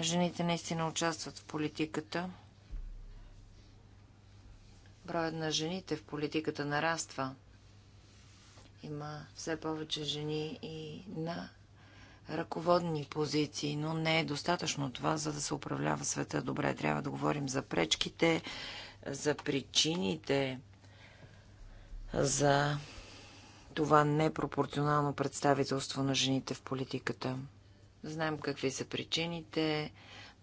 Speaker 4: Жените наистина участват в политиката. Броят на жените в политиката нараства. Има все повече жени и на ръководни позиции, но не е достатъчно това, за да се управлява света добре. Трябва да говорим за пречките, за причините за това непропорционално представителство на жените в политиката. Знаем какви са причините.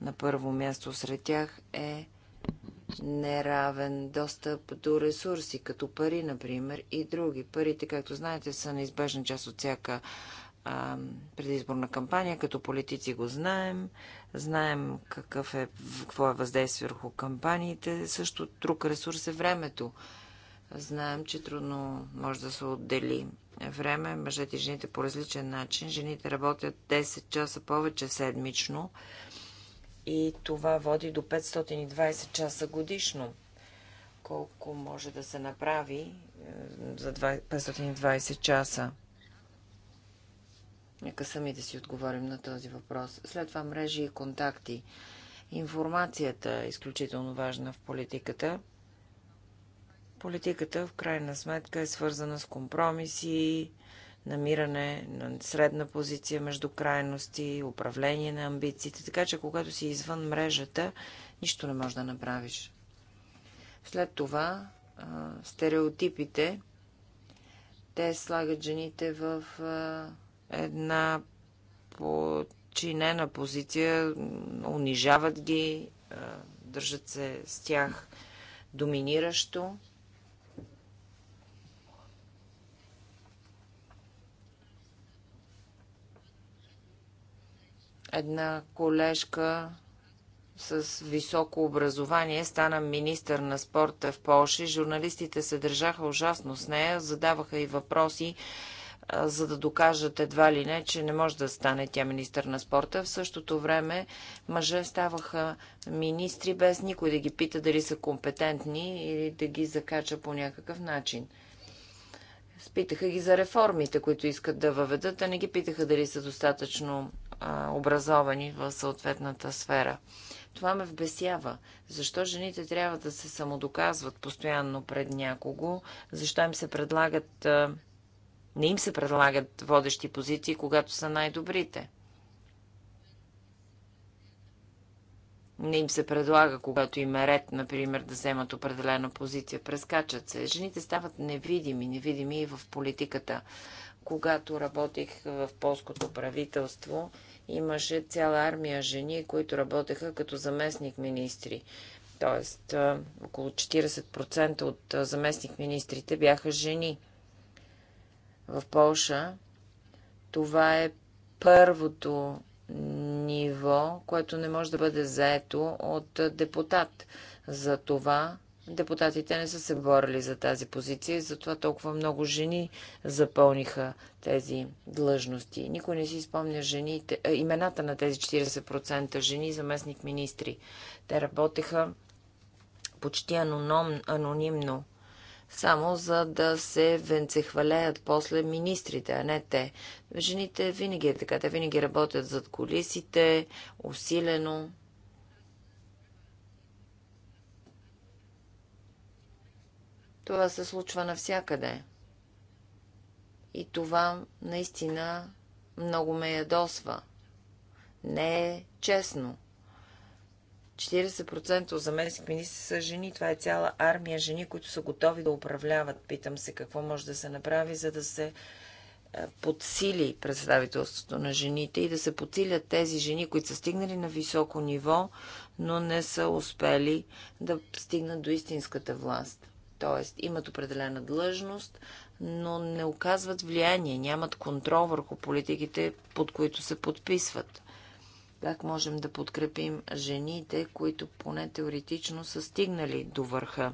Speaker 4: На първо място сред тях е неравен достъп до ресурси, като пари, например, и други. Парите, както знаете, са неизбежна част от всяка а, предизборна кампания. Като политици го знаем. Знаем какъв е, какво е въздействие върху кампаниите. Също друг ресурс е времето. Знаем, че трудно може да се отдели време. Мъжете и жените по различен начин. Жените работят 10 часа повече седмично и това води до 520 часа годишно. Колко може да се направи е, за 520 часа? Нека сами да си отговорим на този въпрос. След това мрежи и контакти. Информацията е изключително важна в политиката. Политиката в крайна сметка е свързана с компромиси, намиране на средна позиция между крайности, управление на амбициите. Така че, когато си извън мрежата, нищо не можеш да направиш. След това, стереотипите, те слагат жените в една подчинена позиция, унижават ги, държат се с тях доминиращо. Една колежка с високо образование, стана министър на спорта в Польша. Журналистите се държаха ужасно с нея, задаваха и въпроси за да докажат едва ли не, че не може да стане тя министър на спорта. В същото време мъже ставаха министри без никой да ги пита дали са компетентни или да ги закача по някакъв начин. Спитаха ги за реформите, които искат да въведат, а не ги питаха дали са достатъчно а, образовани в съответната сфера. Това ме вбесява. Защо жените трябва да се самодоказват постоянно пред някого? Защо им се предлагат а, не им се предлагат водещи позиции, когато са най-добрите. Не им се предлага, когато има ред, например, да вземат определена позиция. Прескачат се. Жените стават невидими, невидими и в политиката. Когато работих в полското правителство, имаше цяла армия жени, които работеха като заместник-министри. Тоест, около 40% от заместник-министрите бяха жени – в Полша. Това е първото ниво, което не може да бъде заето от депутат. За това депутатите не са се борили за тази позиция и затова толкова много жени запълниха тези длъжности. Никой не си спомня жените, а, имената на тези 40% жени заместник министри. Те работеха почти анонимно само за да се венцехвалеят после министрите, а не те. Жените винаги е така. Те винаги работят зад колисите, усилено. Това се случва навсякъде. И това наистина много ме ядосва. Не е честно. 40% от заместник министри са жени. Това е цяла армия жени, които са готови да управляват. Питам се какво може да се направи, за да се е, подсили представителството на жените и да се подсилят тези жени, които са стигнали на високо ниво, но не са успели да стигнат до истинската власт. Тоест, имат определена длъжност, но не оказват влияние, нямат контрол върху политиките, под които се подписват. Как можем да подкрепим жените, които поне теоретично са стигнали до върха?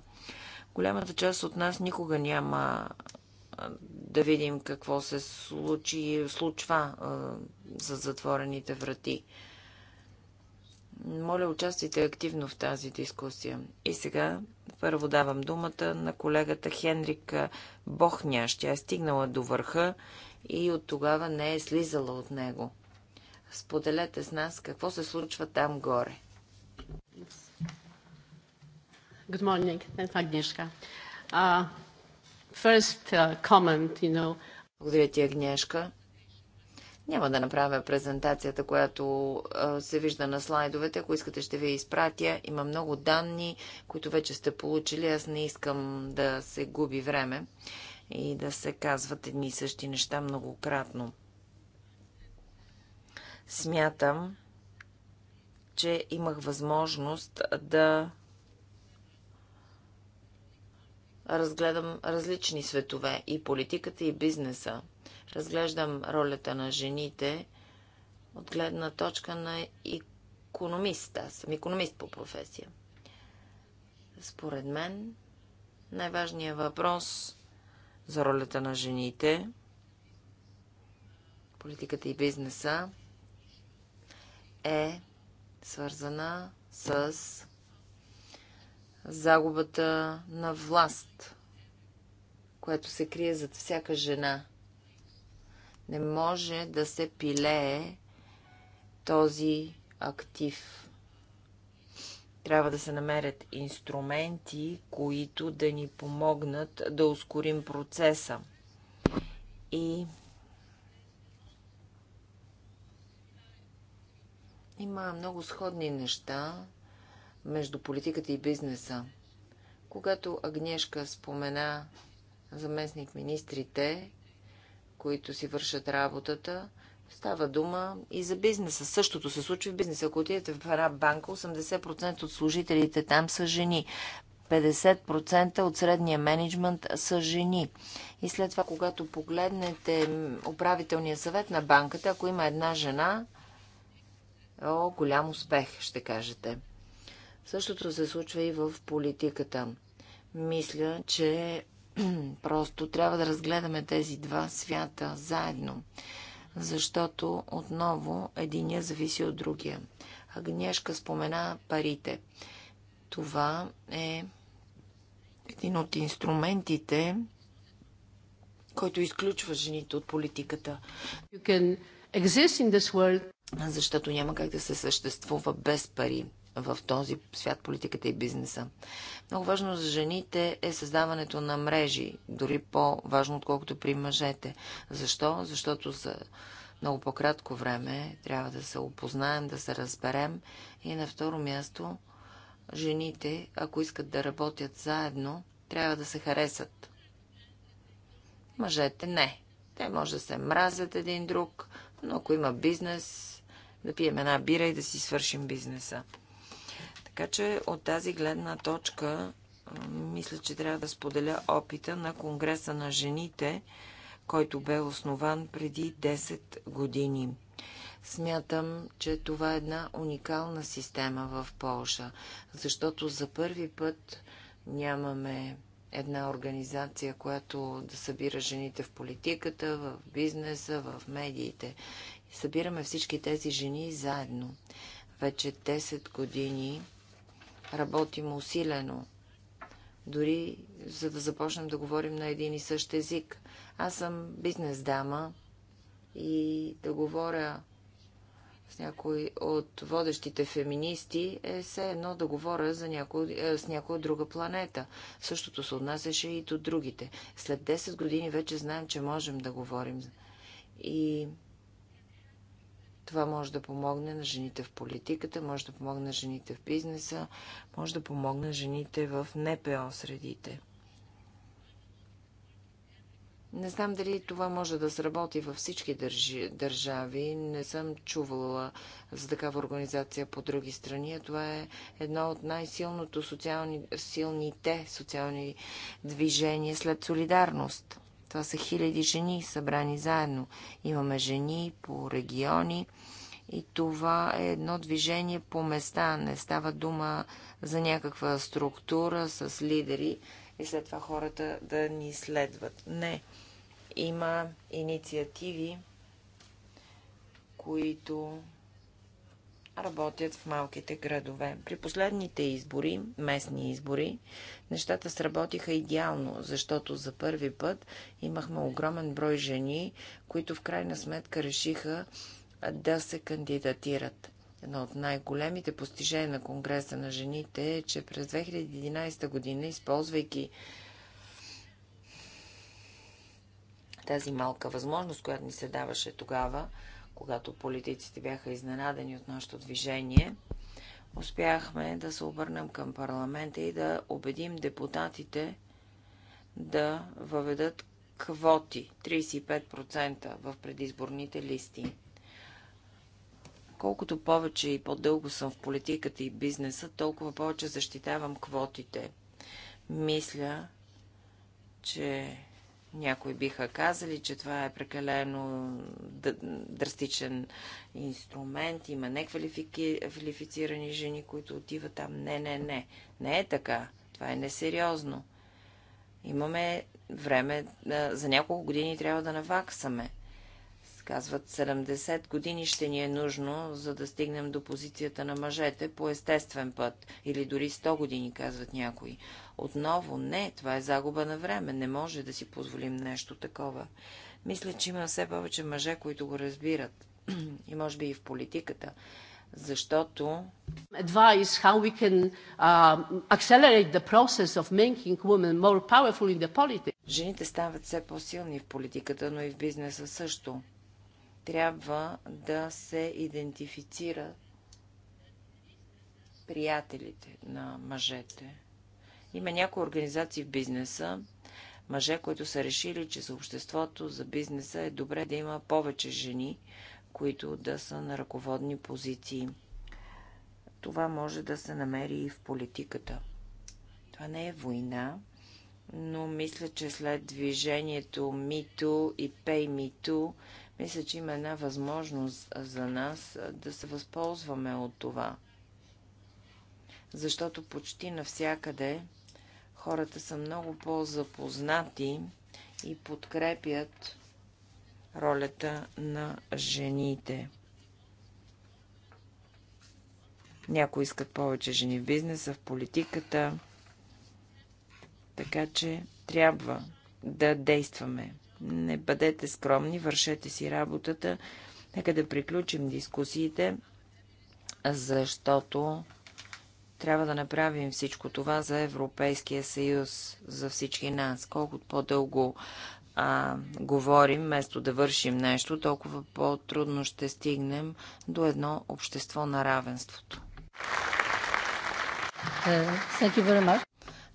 Speaker 4: Голямата част от нас никога няма да видим какво се случи, случва за затворените врати. Моля, участвайте активно в тази дискусия. И сега първо давам думата на колегата Хенрика Бохняш. Тя е стигнала до върха и от тогава не е слизала от него. Споделете с нас какво се случва там горе.
Speaker 2: Good morning. Thanks, Agnieszka. Uh, first uh, comment, you know. Благодаря ти, Агнешка.
Speaker 4: Няма да направя презентацията, която а, се вижда на слайдовете. Ако искате, ще ви изпратя. Има много данни, които вече сте получили. Аз не искам да се губи време и да се казват едни и същи неща многократно. Смятам, че имах възможност да разгледам различни светове и политиката и бизнеса. Разглеждам ролята на жените от гледна точка на економист. Аз съм економист по професия. Според мен най-важният въпрос за ролята на жените, политиката и бизнеса е свързана с загубата на власт, което се крие зад всяка жена. Не може да се пилее този актив. Трябва да се намерят инструменти, които да ни помогнат да ускорим процеса. И Има много сходни неща между политиката и бизнеса. Когато Агнешка спомена заместник министрите, които си вършат работата, Става дума и за бизнеса. Същото се случва в бизнеса. Ако отидете в една банка, 80% от служителите там са жени. 50% от средния менеджмент са жени. И след това, когато погледнете управителния съвет на банката, ако има една жена, О, голям успех, ще кажете. Същото се случва и в политиката. Мисля, че просто трябва да разгледаме тези два свята заедно, защото отново единия зависи от другия. Агнешка спомена парите. Това е един от инструментите, който изключва жените от политиката. You can exist in this world защото няма как да се съществува без пари в този свят, политиката и бизнеса. Много важно за жените е създаването на мрежи, дори по-важно, отколкото при мъжете. Защо? Защото за много по-кратко време трябва да се опознаем, да се разберем и на второ място жените, ако искат да работят заедно, трябва да се харесат. Мъжете не. Те може да се мразят един друг, но ако има бизнес, да пием една бира и да си свършим бизнеса. Така че от тази гледна точка мисля, че трябва да споделя опита на Конгреса на жените, който бе основан преди 10 години. Смятам, че това е една уникална система в Полша, защото за първи път нямаме една организация, която да събира жените в политиката, в бизнеса, в медиите. Събираме всички тези жени заедно. Вече 10 години работим усилено, дори за да започнем да говорим на един и същ език. Аз съм бизнес дама и да говоря с някой от водещите феминисти е все едно да говоря за някой, е, с някоя друга планета. Същото се отнасяше и до другите. След 10 години вече знаем, че можем да говорим. И това може да помогне на жените в политиката, може да помогне на жените в бизнеса, може да помогне на жените в НПО средите. Не знам дали това може да сработи във всички държи, държави. Не съм чувала за такава организация по други страни. Това е едно от най-силното социални, силните социални движения след солидарност. Това са хиляди жени, събрани заедно. Имаме жени по региони и това е едно движение по места. Не става дума за някаква структура с лидери и след това хората да ни следват. Не. Има инициативи, които работят в малките градове. При последните избори, местни избори, нещата сработиха идеално, защото за първи път имахме огромен брой жени, които в крайна сметка решиха да се кандидатират. Едно от най-големите постижения на Конгреса на жените е, че през 2011 година, използвайки тази малка възможност, която ни се даваше тогава, когато политиците бяха изненадани от нашето движение, успяхме да се обърнем към парламента и да убедим депутатите да въведат квоти 35% в предизборните листи. Колкото повече и по-дълго съм в политиката и бизнеса, толкова повече защитавам квотите. Мисля, че някои биха казали, че това е прекалено драстичен инструмент, има неквалифицирани жени, които отиват там. Не, не, не. Не е така. Това е несериозно. Имаме време, за няколко години трябва да наваксаме. Казват 70 години ще ни е нужно, за да стигнем до позицията на мъжете по естествен път. Или дори 100 години, казват някои. Отново не, това е загуба на време. Не може да си позволим нещо такова. Мисля, че има все повече мъже, които го разбират.
Speaker 2: и може би и в политиката. Защото... Advice how we can uh, accelerate the process of making women more powerful in the politics.
Speaker 4: Жените стават все по-силни в политиката, но и в бизнеса също трябва да се идентифицира приятелите на мъжете. Има някои организации в бизнеса, мъже, които са решили, че за обществото, за бизнеса е добре да има повече жени, които да са на ръководни позиции. Това може да се намери и в политиката. Това не е война, но мисля, че след движението МИТО и ПЕЙМИТО мисля, че има една възможност за нас да се възползваме от това. Защото почти навсякъде хората са много по-запознати и подкрепят ролята на жените. Някои искат повече жени в бизнеса, в политиката. Така че трябва да действаме не бъдете скромни, вършете си работата. Нека да приключим дискусиите, защото трябва да направим всичко това за Европейския съюз, за всички нас. Колкото по-дълго а, говорим, вместо да вършим нещо, толкова по-трудно ще стигнем до едно общество на равенството. Е,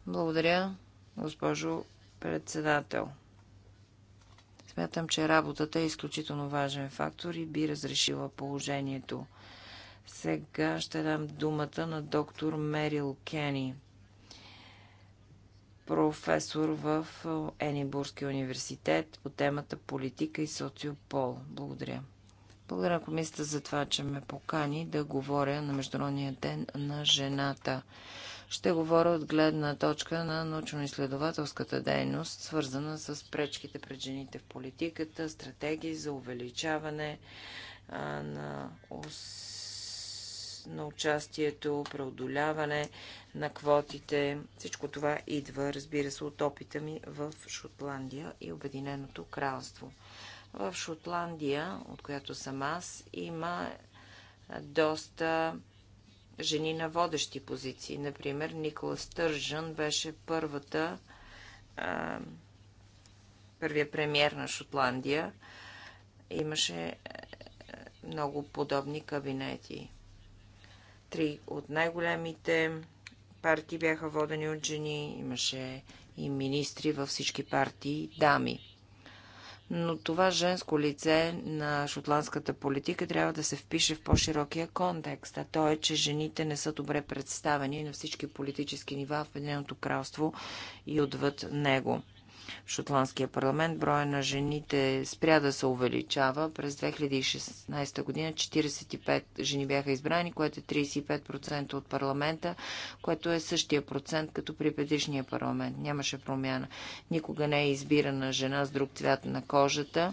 Speaker 4: Благодаря, госпожо председател. Смятам, че работата е изключително важен фактор и би разрешила положението. Сега ще дам думата на доктор Мерил Кени, професор в Енибургския университет по темата политика и социопол. Благодаря. Благодаря на комисията за това, че ме покани да говоря на Международния ден на жената. Ще говоря от гледна точка на научно-изследователската дейност, свързана с пречките пред жените в политиката, стратегии за увеличаване на, ос... на участието, преодоляване на квотите. Всичко това идва, разбира се, от опита ми в Шотландия и Обединеното кралство. В Шотландия, от която съм аз, има доста жени на водещи позиции. Например, Никола Стържън беше първата, а, първия премьер на Шотландия. Имаше е, много подобни кабинети. Три от най-големите партии бяха водени от жени. Имаше и министри във всички партии, дами но това женско лице на шотландската политика трябва да се впише в по-широкия контекст, а то е, че жените не са добре представени на всички политически нива в Единеното кралство и отвъд него. В Шотландския парламент броя на жените спря да се увеличава. През 2016 година 45 жени бяха избрани, което е 35% от парламента, което е същия процент като при предишния парламент. Нямаше промяна. Никога не е избирана жена с друг цвят на кожата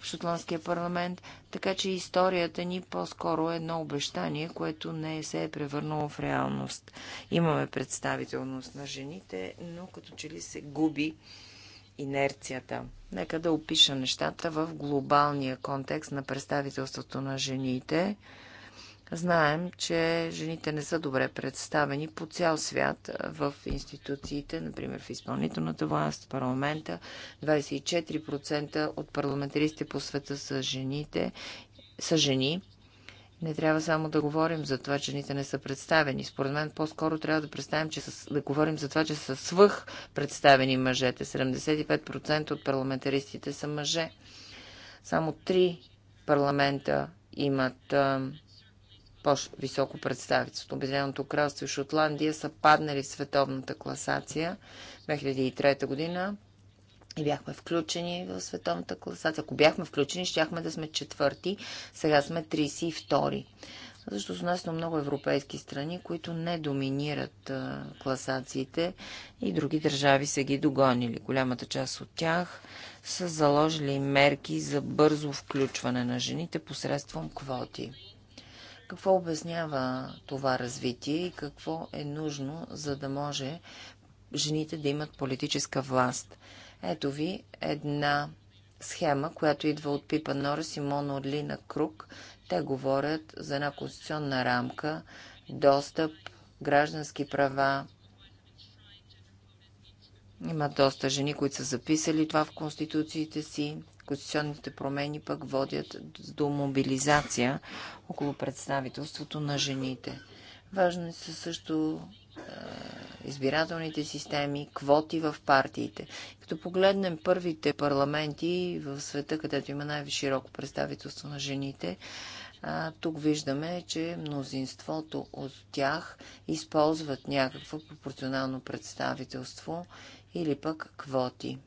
Speaker 4: в шотландския парламент, така че историята ни по-скоро е едно обещание, което не се е превърнало в реалност. Имаме представителност на жените, но като че ли се губи инерцията. Нека да опиша нещата в глобалния контекст на представителството на жените. Знаем, че жените не са добре представени по цял свят в институциите, например в изпълнителната власт, парламента. 24% от парламентаристите по света са жените, са жени не трябва само да говорим за това, че жените не са представени. Според мен по-скоро трябва да представим, че с... да говорим за това, че са свъх представени мъжете. 75% от парламентаристите са мъже. Само три парламента имат по-високо представителство. Обединеното кралство и Шотландия са паднали в световната класация 2003 година и бяхме включени в световната класация. Ако бяхме включени, щяхме да сме четвърти, сега сме 32-ри. Защото с нас на много европейски страни, които не доминират а, класациите и други държави са ги догонили. Голямата част от тях са заложили мерки за бързо включване на жените посредством квоти. Какво обяснява това развитие и какво е нужно, за да може жените да имат политическа власт? Ето ви една схема, която идва от Пипа Норис и Моно Лина Круг. Те говорят за една конституционна рамка, достъп, граждански права. Има доста жени, които са записали това в конституциите си. Конституционните промени пък водят до мобилизация около представителството на жените. Важно е също избирателните системи, квоти в партиите. Като погледнем първите парламенти в света, където има най-широко представителство на жените, тук виждаме, че мнозинството от тях използват някакво пропорционално представителство или пък квоти.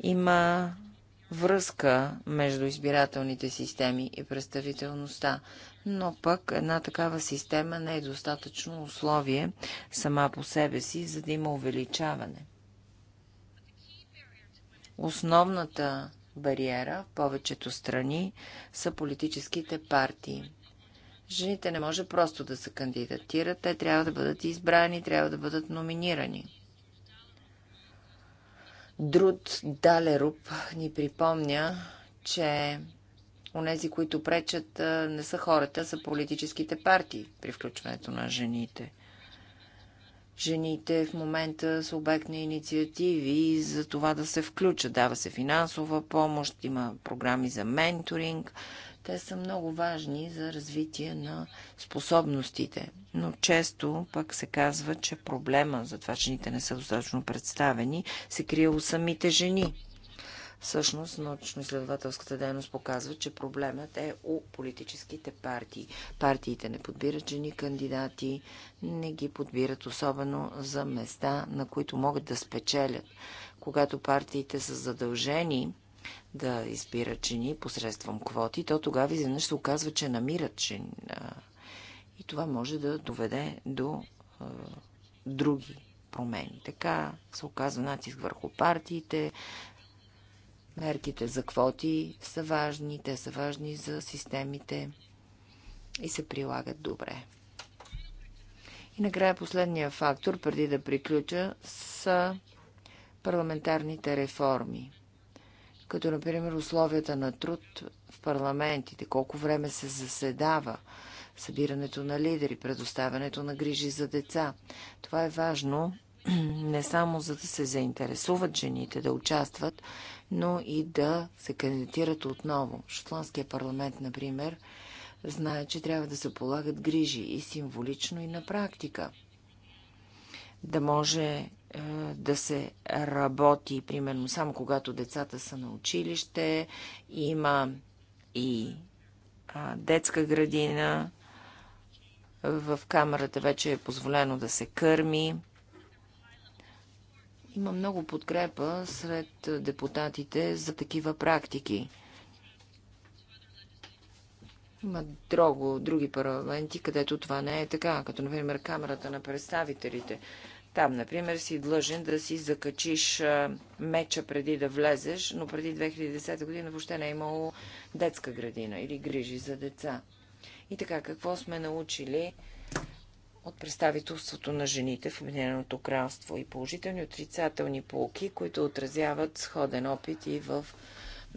Speaker 4: Има връзка между избирателните системи и представителността но пък една такава система не е достатъчно условие сама по себе си, за да има увеличаване. Основната бариера в повечето страни са политическите партии. Жените не може просто да се кандидатират, те трябва да бъдат избрани, трябва да бъдат номинирани. Друд Далеруп ни припомня, че Онези, които пречат, не са хората, са политическите партии при включването на жените. Жените в момента са обект на инициативи за това да се включат. Дава се финансова помощ, има програми за менторинг. Те са много важни за развитие на способностите. Но често пък се казва, че проблема за това, че жените не са достатъчно представени, се крие у самите жени. Всъщност, научно-изследователската дейност показва, че проблемът е у политическите партии. Партиите не подбират жени кандидати, не ги подбират особено за места, на които могат да спечелят. Когато партиите са задължени да избират жени посредством квоти, то тогава изведнъж се оказва, че намират жени. И това може да доведе до е, други промени. Така се оказва натиск върху партиите, Мерките за квоти са важни, те са важни за системите и се прилагат добре. И накрая последния фактор, преди да приключа, са парламентарните реформи. Като, например, условията на труд в парламентите, колко време се заседава, събирането на лидери, предоставянето на грижи за деца. Това е важно, не само за да се заинтересуват жените да участват, но и да се кандидатират отново. Шотландския парламент, например, знае, че трябва да се полагат грижи и символично, и на практика. Да може е, да се работи, примерно, само когато децата са на училище, има и а, детска градина, в камерата вече е позволено да се кърми има много подкрепа сред депутатите за такива практики. Има друго, други парламенти, където това не е така, като например Камерата на представителите. Там, например, си длъжен да си закачиш меча преди да влезеш, но преди 2010 година въобще не е имало детска градина или грижи за деца. И така, какво сме научили от представителството на жените в Обединеното кралство и положителни отрицателни полки, които отразяват сходен опит и в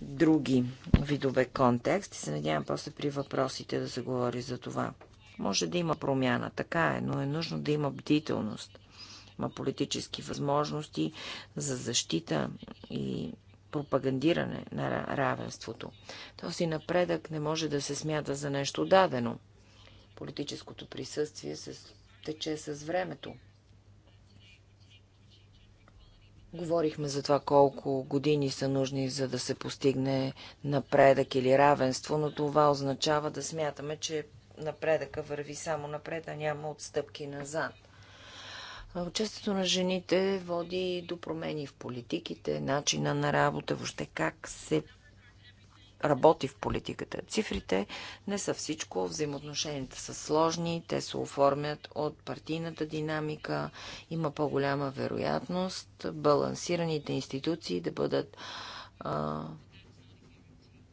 Speaker 4: други видове контекст. И се надявам после при въпросите да се говори за това. Може да има промяна, така е, но е нужно да има бдителност. Има политически възможности за защита и пропагандиране на равенството. Този напредък не може да се смята за нещо дадено – Политическото присъствие се тече с времето. Говорихме за това колко години са нужни, за да се постигне напредък или равенство, но това означава да смятаме, че напредъка върви само напред, а няма отстъпки назад. Участието на жените води до промени в политиките, начина на работа, въобще как се работи в политиката. Цифрите не са всичко, взаимоотношенията са сложни, те се оформят от партийната динамика, има по-голяма вероятност балансираните институции да бъдат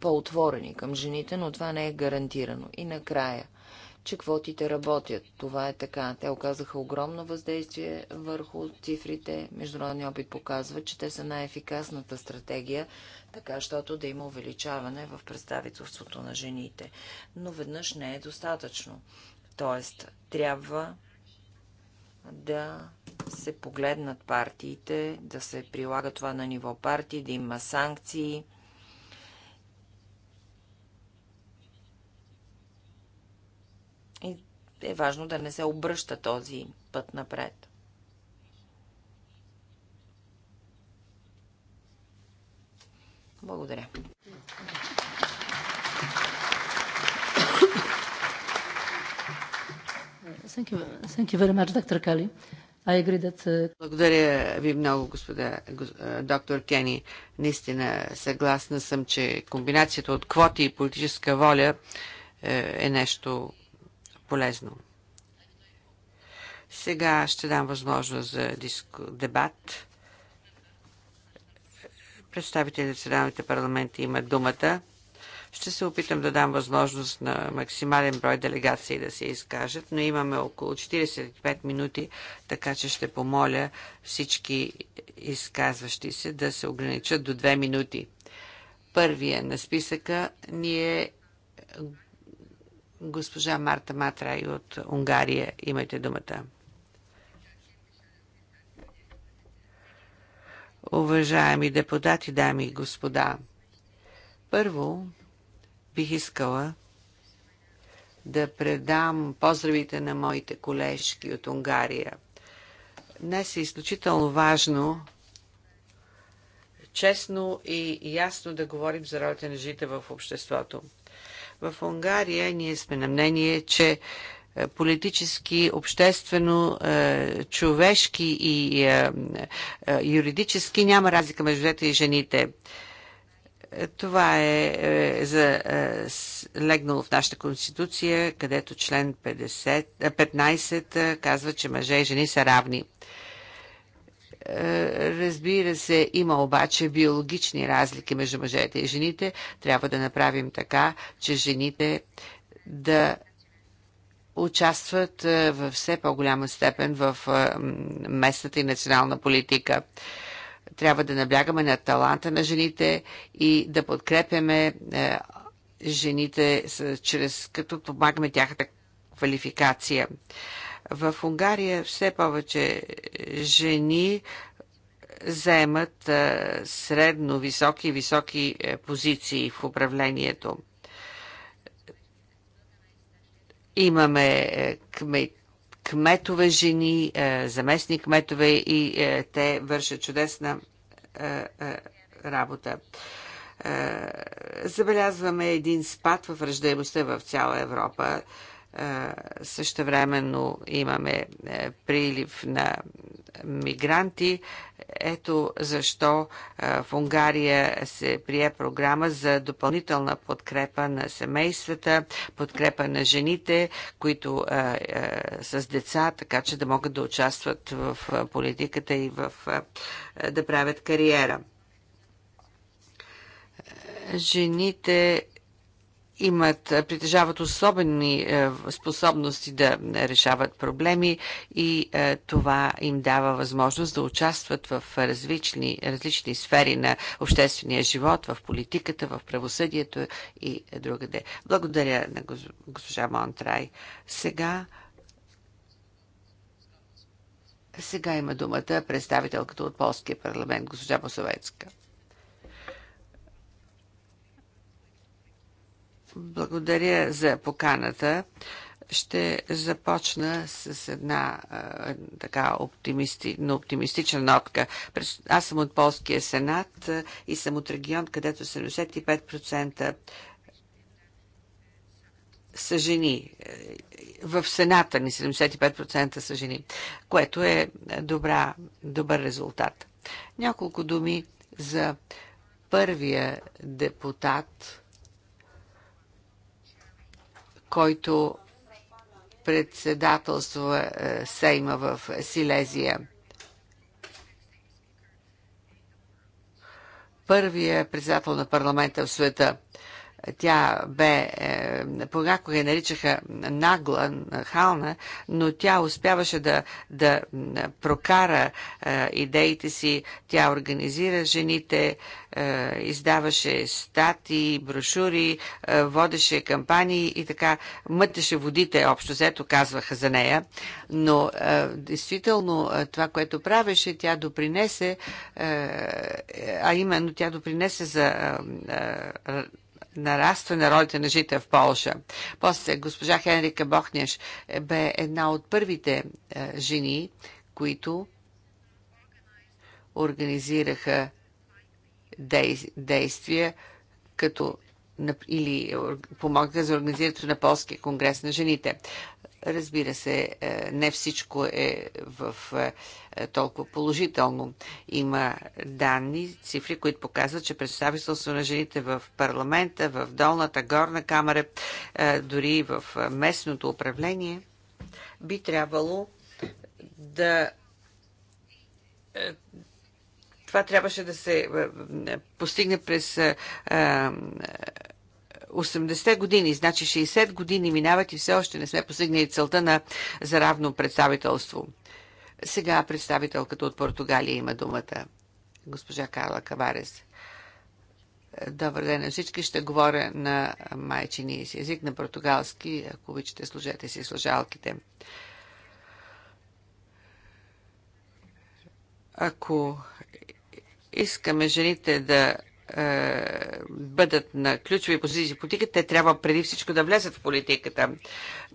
Speaker 4: по-отворени към жените, но това не е гарантирано. И накрая – че квотите работят. Това е така. Те оказаха огромно въздействие върху цифрите. Международния опит показва, че те са най-ефикасната стратегия, така щото да има увеличаване в представителството на жените. Но веднъж не е достатъчно. Тоест, трябва да се погледнат партиите, да се прилага това на ниво партии, да има санкции – И е важно да не се обръща този път напред. Благодаря.
Speaker 1: Благодаря ви много, господа, доктор Кени. Наистина съгласна съм, че комбинацията от квоти и политическа воля е, е нещо полезно. Сега ще дам възможност за диску... дебат. Представители на националните парламенти имат думата. Ще се опитам да дам възможност на максимален брой делегации да се изкажат, но имаме около 45 минути, така че ще помоля всички изказващи се да се ограничат до 2 минути. Първия на списъка ни е Госпожа Марта Матрай от Унгария, имайте думата. Уважаеми депутати, дами и господа, първо бих искала да предам поздравите на моите колежки от Унгария. Днес е изключително важно честно и ясно да говорим за ролята на жите в обществото. В Унгария ние сме на мнение, че е, политически, обществено, е, човешки и е, юридически няма разлика между двете и жените. Това е, е, за, е легнало в нашата конституция, където член 50, 15 казва, че мъже и жени са равни. Разбира се, има обаче биологични разлики между мъжете и жените. Трябва да направим така, че жените да участват в все по-голяма степен в местната и национална политика. Трябва да наблягаме на таланта на жените и да подкрепяме жените чрез като помагаме тяхната квалификация. В Унгария все повече жени заемат средно високи и високи е, позиции в управлението. Имаме е, кмет, кметове жени, е, заместни кметове и те вършат чудесна работа. Забелязваме един спад в ръждаемостта в цяла Европа. Същевременно имаме е, прилив на мигранти. Ето защо в Унгария се прие програма за допълнителна подкрепа на семействата, подкрепа на жените, които с деца, така че да могат да участват в политиката и в, да правят кариера. Жените имат, е, притежават особени е, способности да решават проблеми и е, това им дава възможност да участват в различни, различни сфери на обществения живот, в политиката, в правосъдието и другаде. Благодаря на госпожа Монтрай. Сега сега има думата представителката от Полския парламент, госпожа Босовецка. Благодаря за поканата. Ще започна с една а, така оптимисти, но оптимистична нотка. Аз съм от Полския сенат и съм от регион, където 75% са жени. В Сената ни 75% са жени, което е добра, добър резултат. Няколко думи за първия депутат, който председателства е, Сейма в Силезия. Първият председател на парламента в света – тя бе, е, понякога я наричаха нагла, хална, но тя успяваше да, да прокара е, идеите си. Тя организира жените, е, издаваше стати, брошури, водеше кампании и така мътеше водите, общо взето казваха за нея. Но действително това, което правеше, тя допринесе, а именно тя допринесе за нарастване на ролите на жите в Полша. После госпожа Хенрика Бохнеш е, бе една от първите е, жени, които организираха действия като или е, помогнаха за организирането на Полския конгрес на жените. Разбира се, е, не всичко е в е, толкова положително. Има данни, цифри, които показват, че представителство на жените в парламента, в долната, горна камера, е, дори в местното управление, би трябвало да това трябваше да се постигне през 80 години, значи 60 години минават и все още не сме постигнали целта на заравно представителство. Сега представителката от Португалия има думата, госпожа Карла Каварес. Добър ден на всички. Ще говоря на майчиния си език, на португалски. Ако обичате, служете си служалките. Ако искаме жените да е, бъдат на ключови позиции в политиката, те трябва преди всичко да влезат в политиката.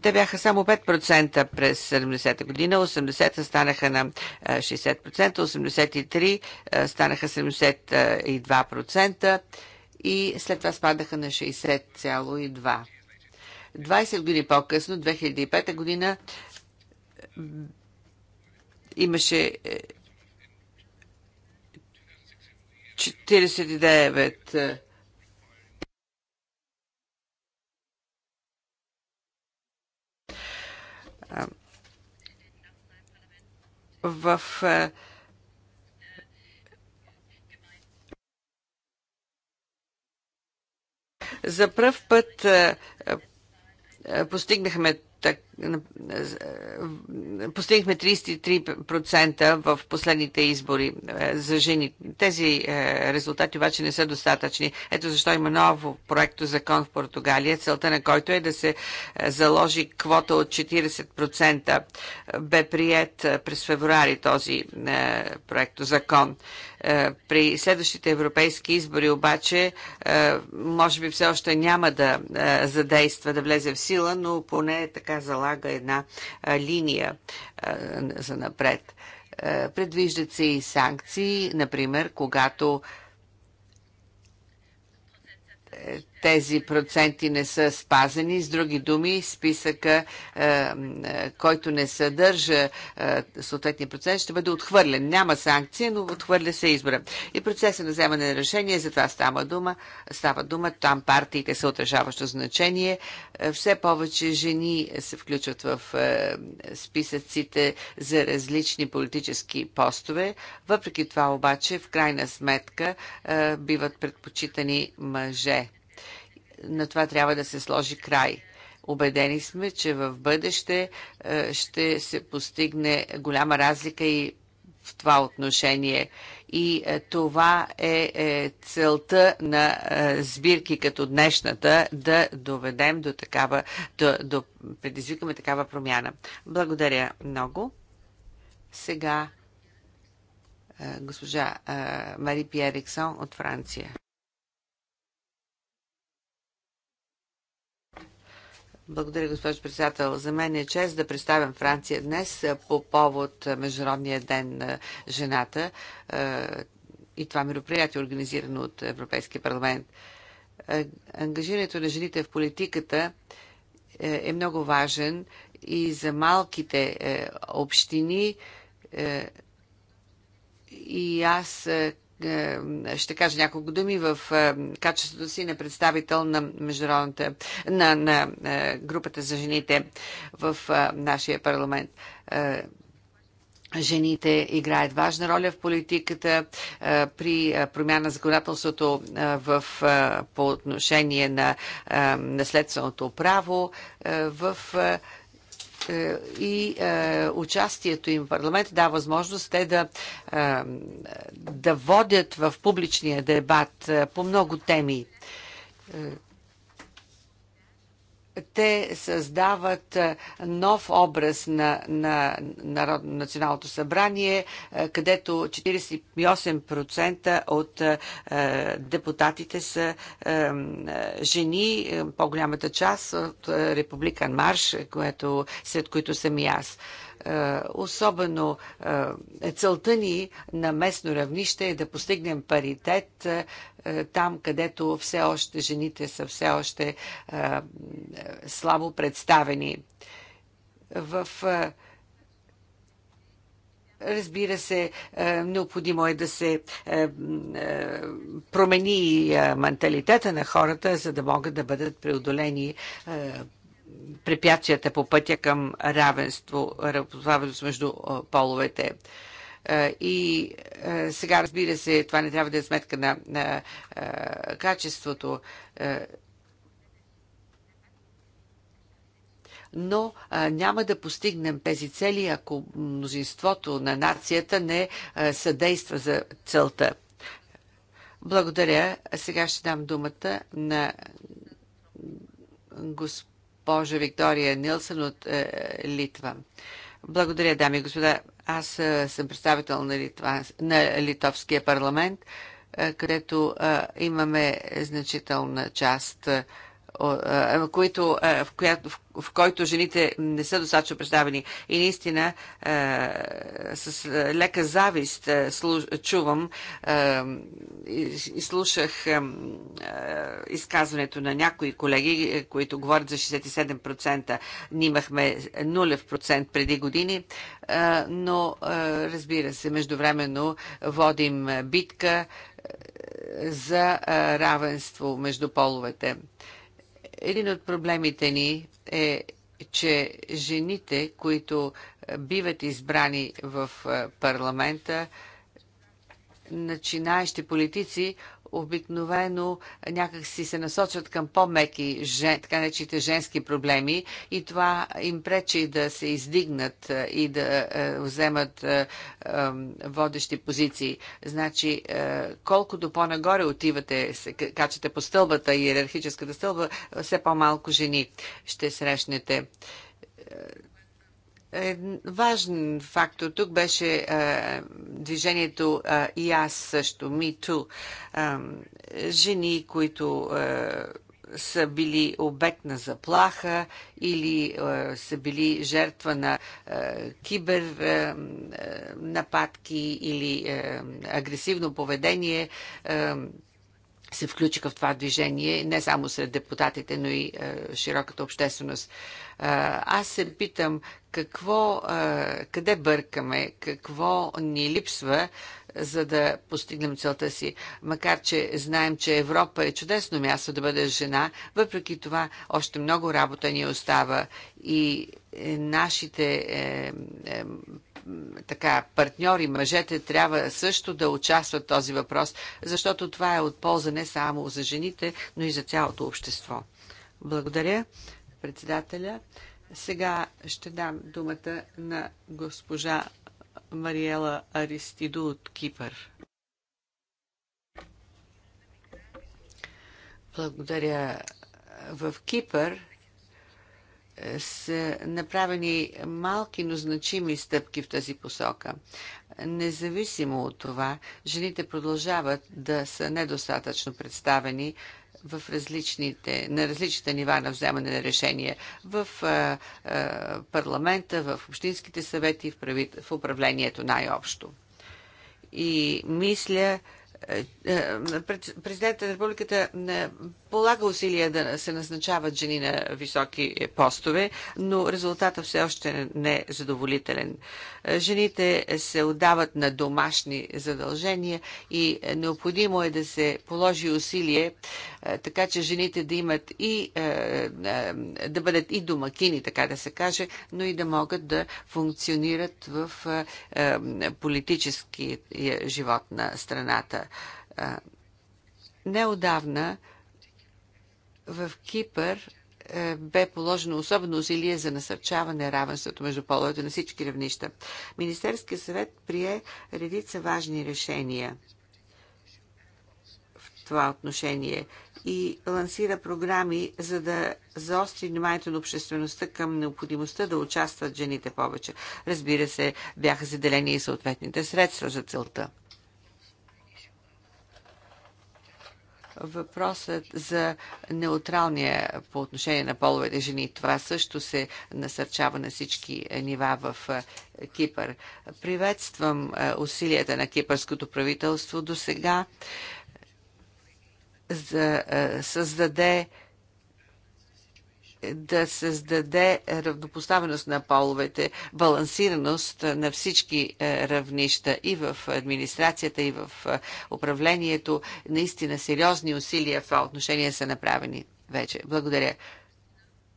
Speaker 1: Те бяха само 5% през 70-та година, 80-та станаха на 60%, е, 83 е, станаха 72% и след това спадаха на 60,2%. 20 години по-късно, 2005 година, имаше е, 49. В за пръв път постигнахме так, постигнахме 33% в последните избори е, за жени. Тези е, резултати обаче не са достатъчни. Ето защо има ново проекто закон в Португалия, целта на който е да се е, заложи квота от 40%. Бе прият през февруари този проекто закон. Е, при следващите европейски избори обаче, е, може би все още няма да е, задейства, да влезе в сила, но поне така залага една линия за напред. Предвиждат се и санкции, например, когато тези проценти не са спазени. С други думи, списъка, е, който не съдържа е, съответния процент, ще бъде отхвърлен. Няма санкция, но отхвърля се избора. И процеса на вземане на решение, за това става дума, става дума, там партиите са отражаващо значение. Е, все повече жени се включват в списъците за различни политически постове. Въпреки това обаче, в крайна сметка, биват предпочитани мъже на това трябва да се сложи край. Обедени сме, че в бъдеще е, ще се постигне голяма разлика и в това отношение. И е, това е, е целта на сбирки като днешната да доведем до такава, да, да предизвикаме такава промяна. Благодаря много. Сега госпожа Мари Пиериксон от Франция. Благодаря, госпожо председател. За мен е чест да представям Франция днес по повод Международния ден на жената и това мероприятие, е организирано от Европейския парламент. Ангажирането на жените в политиката е, е много важен и за малките е, общини и аз е, ще кажа няколко думи в е, качеството си на представител на международната, на, на е, групата за жените в нашия парламент. Жените играят важна роля в политиката при промяна на законодателството в, по отношение на наследственото право в е, и е, участието им в парламент дава възможност те да, е, да водят в публичния дебат по много теми те създават нов образ на, на, на Националното събрание, където 48% от е, депутатите са е, жени, по-голямата част от Републикан Марш, което, след които съм и аз. Е, особено е, целта ни на местно равнище е да постигнем паритет е, там, където все още жените са все още слабо представени. В Разбира се, необходимо е да се промени менталитета на хората, за да могат да бъдат преодолени препятствията по пътя към равенство, равенство между половете. И сега, разбира се, това не трябва да е сметка на, на качеството но а, няма да постигнем тези цели, ако мнозинството на нацията не а, съдейства за целта. Благодаря. Сега ще дам думата на господин госпожа Виктория Нилсън от е, Литва. Благодаря, дами и господа. Аз е, съм представител на, Литва, на Литовския парламент, е, където е, имаме значителна част е, е, които, е, в, която, в, в който жените не са достатъчно представени. И наистина е, с лека завист чувам и слушах изказването на някои колеги, които говорят за 67%. Ние имахме преди години, но разбира се, междувременно водим битка за равенство между половете. Един от проблемите ни е, че жените, които е, биват избрани в е, парламента, начинаещи политици, обикновено някак си се насочат към по-меки, жен, така наречените женски проблеми и това им пречи да се издигнат е, и да е, вземат е, водещи позиции. Значи, е, колкото по-нагоре отивате, качате по стълбата, и иерархическата стълба, е, все по-малко жени ще срещнете е, е, важен фактор тук беше е, движението е, и аз също, Me Too. Е, жени, които е, са били обект на заплаха или е, са били жертва на е, кибер е, е нападки или е, агресивно поведение. Е, се включиха в това движение, не само сред депутатите, но и е, широката общественост. Е, аз се питам какво, е, къде бъркаме, какво ни липсва, за да постигнем целта си. Макар, че знаем, че Европа е чудесно място да бъде жена, въпреки това още много работа ни остава и е, нашите е, е, така, партньори, мъжете трябва също да участват този въпрос, защото това е от полза не само за жените, но и за цялото общество. Благодаря, председателя. Сега ще дам думата на госпожа Мариела Аристиду от Кипър. Благодаря. В Кипър са направени малки, но значими стъпки в тази посока. Независимо от това, жените продължават да са недостатъчно представени в различните, на различните нива на вземане на решения в а, а, парламента, в общинските съвети, в, правит, в управлението най-общо. И мисля, е, е, президента на републиката е, полага усилия да се назначават жени на високи постове, но резултатът все още не е задоволителен. Жените се отдават на домашни задължения и необходимо е да се положи усилие, така че жените да имат и да бъдат и домакини, така да се каже, но и да могат да функционират в политическия живот на страната Неодавна в Кипър е, бе положено особено усилие за насърчаване равенството между половете на всички равнища. Министерския съвет прие редица важни решения в това отношение и лансира програми, за да заостри вниманието на обществеността към необходимостта да участват жените повече. Разбира се, бяха заделени и съответните средства за целта. Въпросът за неутралния по отношение на половете жени, това също се насърчава на всички нива в е, Кипър. Приветствам е, усилията на кипърското правителство до сега е, за създаде да създаде равнопоставеност на половете, балансираност на всички е, равнища и в администрацията, и в е, управлението. Наистина сериозни усилия в това отношение са направени вече. Благодаря.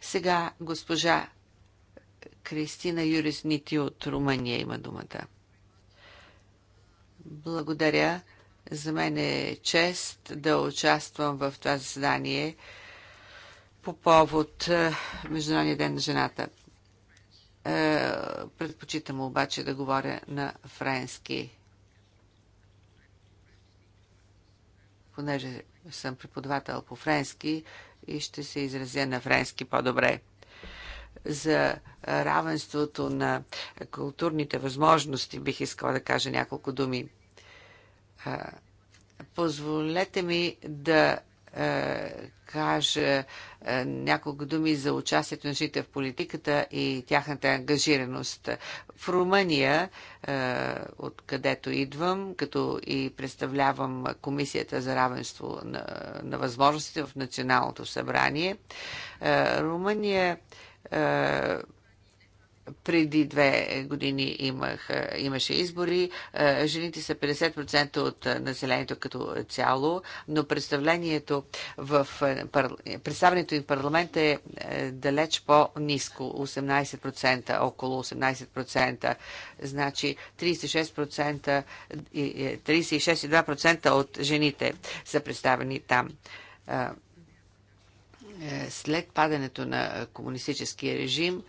Speaker 1: Сега госпожа Кристина Юрис Нити от Румъния има думата. Благодаря. За мен е чест да участвам в това заседание по повод е, Международния ден на жената. Е, предпочитам обаче да говоря на френски, понеже съм преподавател по френски и ще се изразя на френски по-добре за равенството на културните възможности, бих искала да кажа няколко думи. Е, позволете ми да е, кажа е, няколко думи за участието на жените в политиката и тяхната ангажираност. В Румъния, е, откъдето идвам, като и представлявам Комисията за равенство на, на възможностите в Националното събрание, Румъния преди две години имах, имаше избори. Е, жените са 50% от е, населението като цяло, но представлението в, е, представенето им в парламента е далеч по-низко, 18%, около 18%. Значи 36%, 36,2% от жените са представени там след падането на комунистическия режим,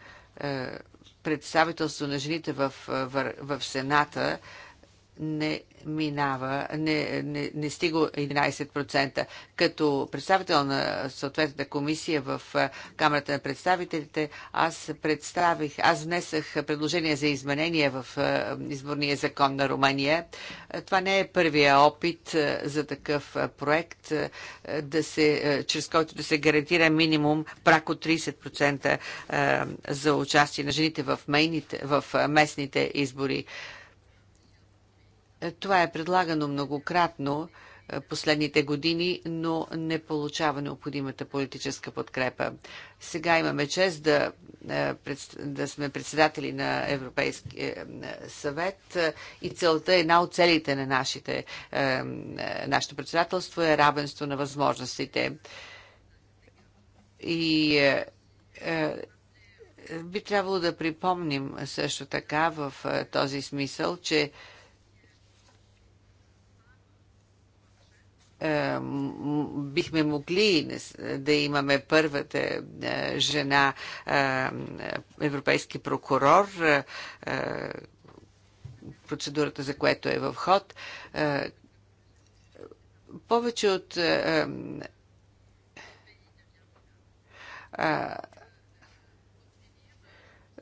Speaker 1: представителство на жените в, в, в Сената не минава, не, не, не стига 11%. Като представител на съответната комисия в Камерата на представителите, аз представих, аз внесах предложение за изменение в изборния закон на Румъния. Това не е първия опит за такъв проект, да се, чрез който да се гарантира минимум прак от 30% за участие на жените в, мейните, в местните избори. Това е предлагано многократно е, последните години, но не получава необходимата политическа подкрепа. Сега имаме чест да, е, да сме председатели на Европейски е, съвет и целта, една от целите на нашите, нашето председателство е равенство на възможностите. И би трябвало да припомним също така в този смисъл, че Е, бихме могли да имаме първата е, жена е, европейски прокурор, процедурата за което е в ход. Повече от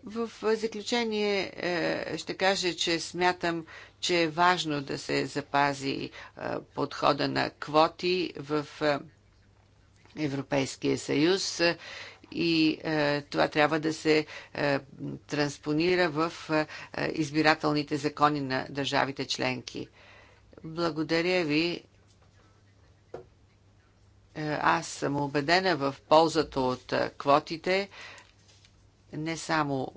Speaker 1: в заключение е, ще кажа, че смятам, че е важно да се запази е, подхода на квоти в е, Европейския съюз и това трябва да се транспонира в избирателните закони на държавите членки. Благодаря ви. Аз съм убедена в ползата от квотите не само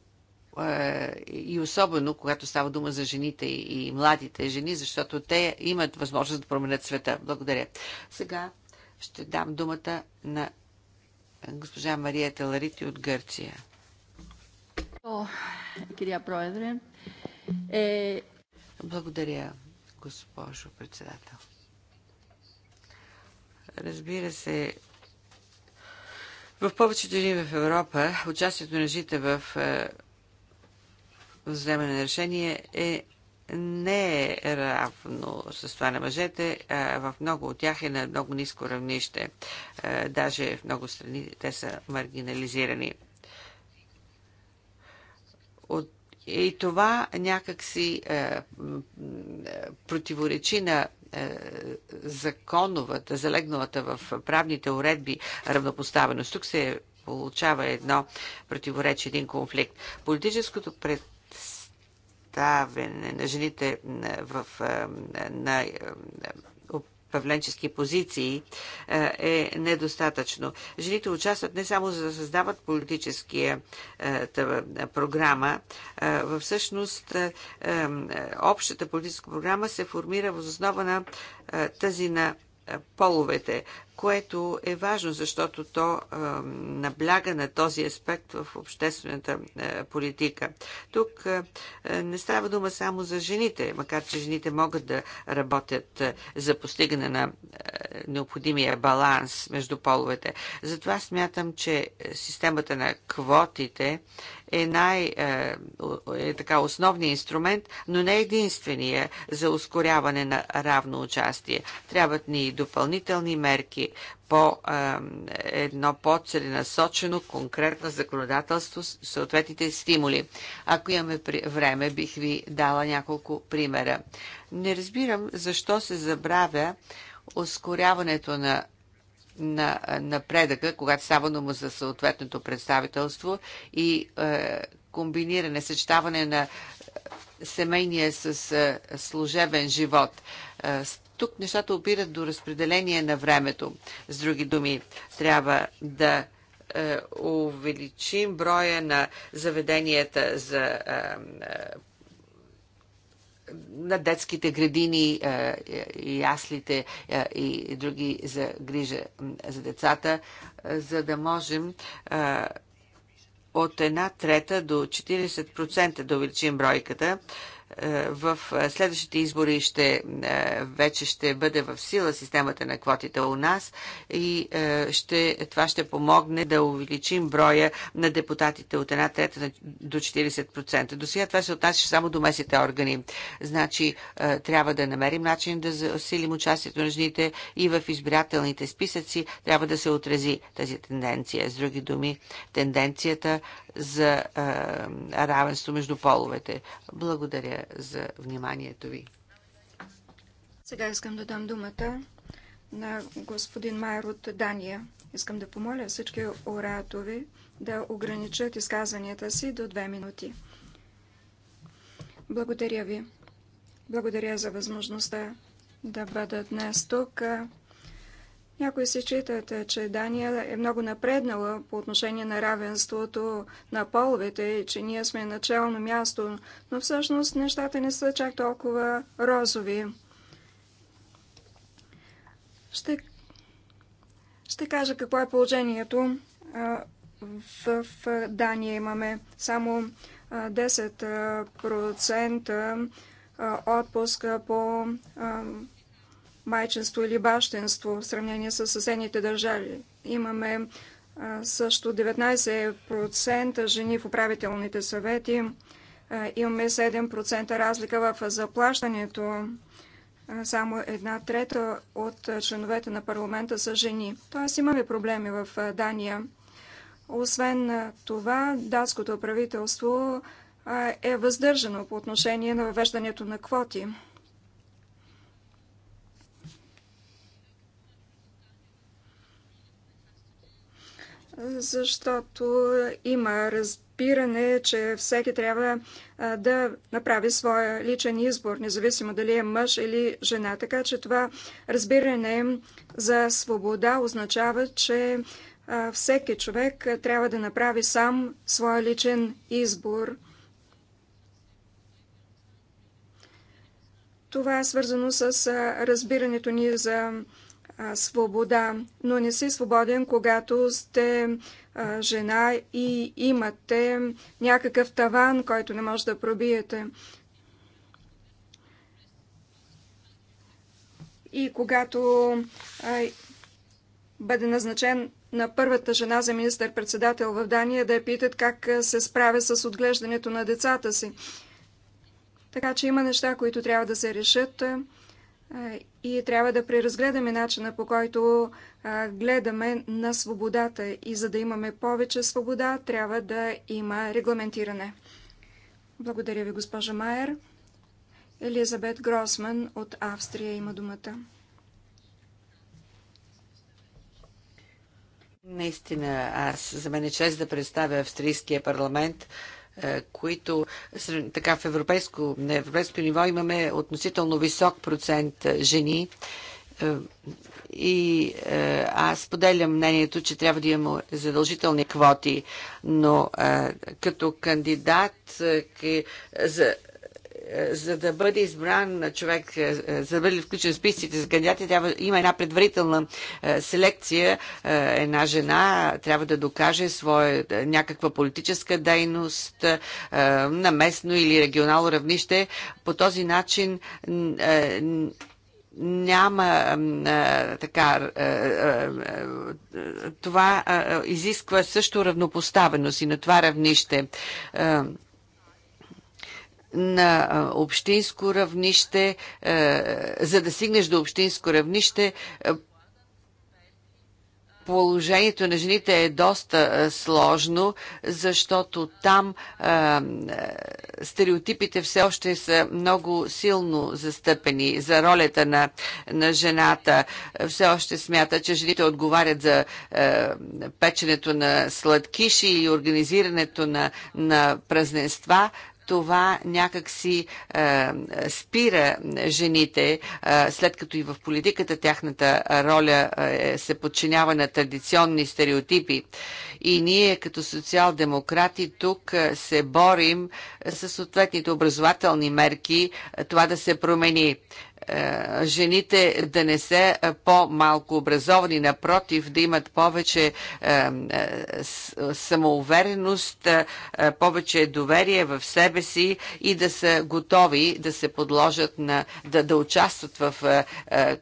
Speaker 1: е, и особено когато става дума за жените и младите жени, защото те имат възможност да променят света. Благодаря. Сега ще дам думата на госпожа Мария Теларити от Гърция. Е, Благодаря, госпожо председател. Разбира се, в повечето дни в Европа участието на жите в е, вземане на решение е не е равно с това на мъжете, а в много от тях е на много ниско равнище. Е, даже в много страни те са маргинализирани. От и това някакси е, противоречи на е, законовата, залегналата в правните уредби равнопоставеност. Тук се получава едно противоречие, един конфликт. Политическото пред на жените в, е, на, на, е, управленчески позиции е, е недостатъчно. Жените участват не само за да създават политическия е, програма, е, всъщност общата политическа програма се формира в основа на тази на половете което е важно, защото то а, набляга на този аспект в обществената а, политика. Тук а, не става дума само за жените, макар че жените могат да работят а, за постигане на а, необходимия баланс между половете. Затова смятам, че системата на квотите е най- е, е, така основният инструмент, но не единствения за ускоряване на равно участие. Трябват ни и допълнителни мерки по е, едно по-целенасочено, конкретно законодателство с съответните стимули. Ако имаме време, бих ви дала няколко примера. Не разбирам защо се забравя ускоряването на на напредъка, когато става дума за съответното представителство и е, комбиниране, съчетаване на е, семейния с е, служебен живот. Е, тук нещата опират до разпределение на времето. С други думи, трябва да е, увеличим броя на заведенията за е, на детските градини, е, е, яслите е, и други за грижа за децата, за да можем от една трета до 40% да увеличим бройката е, в е, следващите избори ще, е, вече ще бъде в сила системата на квотите у нас и ще, това ще помогне да увеличим броя на депутатите от една трета до 40%. До сега това се отнася само до местните органи. Значи трябва да намерим начин да засилим участието на жените и в избирателните списъци трябва да се отрази тази тенденция. С други думи, тенденцията за равенство между половете. Благодаря за вниманието ви.
Speaker 3: Сега искам да дам думата на господин Майер от Дания. Искам да помоля всички оратори да ограничат изказванията си до две минути. Благодаря ви. Благодаря за възможността да бъда днес тук някои си читат, е, че Дания е много напреднала по отношение на равенството на половете и че ние сме начално място, но всъщност нещата не са чак толкова розови. Ще, ще кажа какво е положението. В Дания имаме само 10% отпуска по майчинство или бащинство в сравнение с съседните държави. Имаме също 19% жени в управителните съвети. Имаме 7% разлика в заплащането. Само една трета от членовете на парламента са жени. Тоест имаме проблеми в Дания. Освен това, датското правителство е въздържано по отношение на въвеждането на квоти. защото има разбиране, че всеки трябва да направи своя личен избор, независимо дали е мъж или жена. Така че това разбиране за свобода означава, че всеки човек трябва да направи сам своя личен избор. Това е свързано с разбирането ни за свобода, но не си свободен, когато сте а, жена и имате някакъв таван, който не може да пробиете. И когато а, бъде назначен на първата жена за министър-председател в Дания, да я питат как се справя с отглеждането на децата си. Така че има неща, които трябва да се решат и трябва да преразгледаме начина по който гледаме на свободата. И за да имаме повече свобода, трябва да има регламентиране. Благодаря ви, госпожа Майер. Елизабет Гросман от Австрия има думата.
Speaker 1: Наистина, аз за мен е чест да представя австрийския парламент е, които така в европейско, на европейско ниво имаме относително висок процент е, жени. Е, и аз споделям мнението, че трябва да имаме задължителни квоти, но като кандидат за за да бъде избран човек, е, за да бъде включен в списъците за кандидати, трябва, има една предварителна е, селекция. Е, една жена трябва да докаже своя някаква политическа дейност на местно или регионално равнище. По този начин няма така. това изисква също равнопоставеност и на това равнище на общинско равнище, е, за да стигнеш до общинско равнище, е, положението на жените е доста е, сложно, защото там стереотипите все още са много силно застъпени за ролята на, на жената. Все още смята, че жените отговарят за печенето на сладкиши и организирането на, на празненства, това си е, спира жените, е, след като и в политиката тяхната роля е, се подчинява на традиционни стереотипи. И ние като социал-демократи тук е, се борим е, с съответните образователни мерки е, това да се промени. Е, жените да не са по-малко образовани, напротив, да имат повече е, е, самоувереност, повече доверие в себе си и да са готови да се подложат на, да, да участват в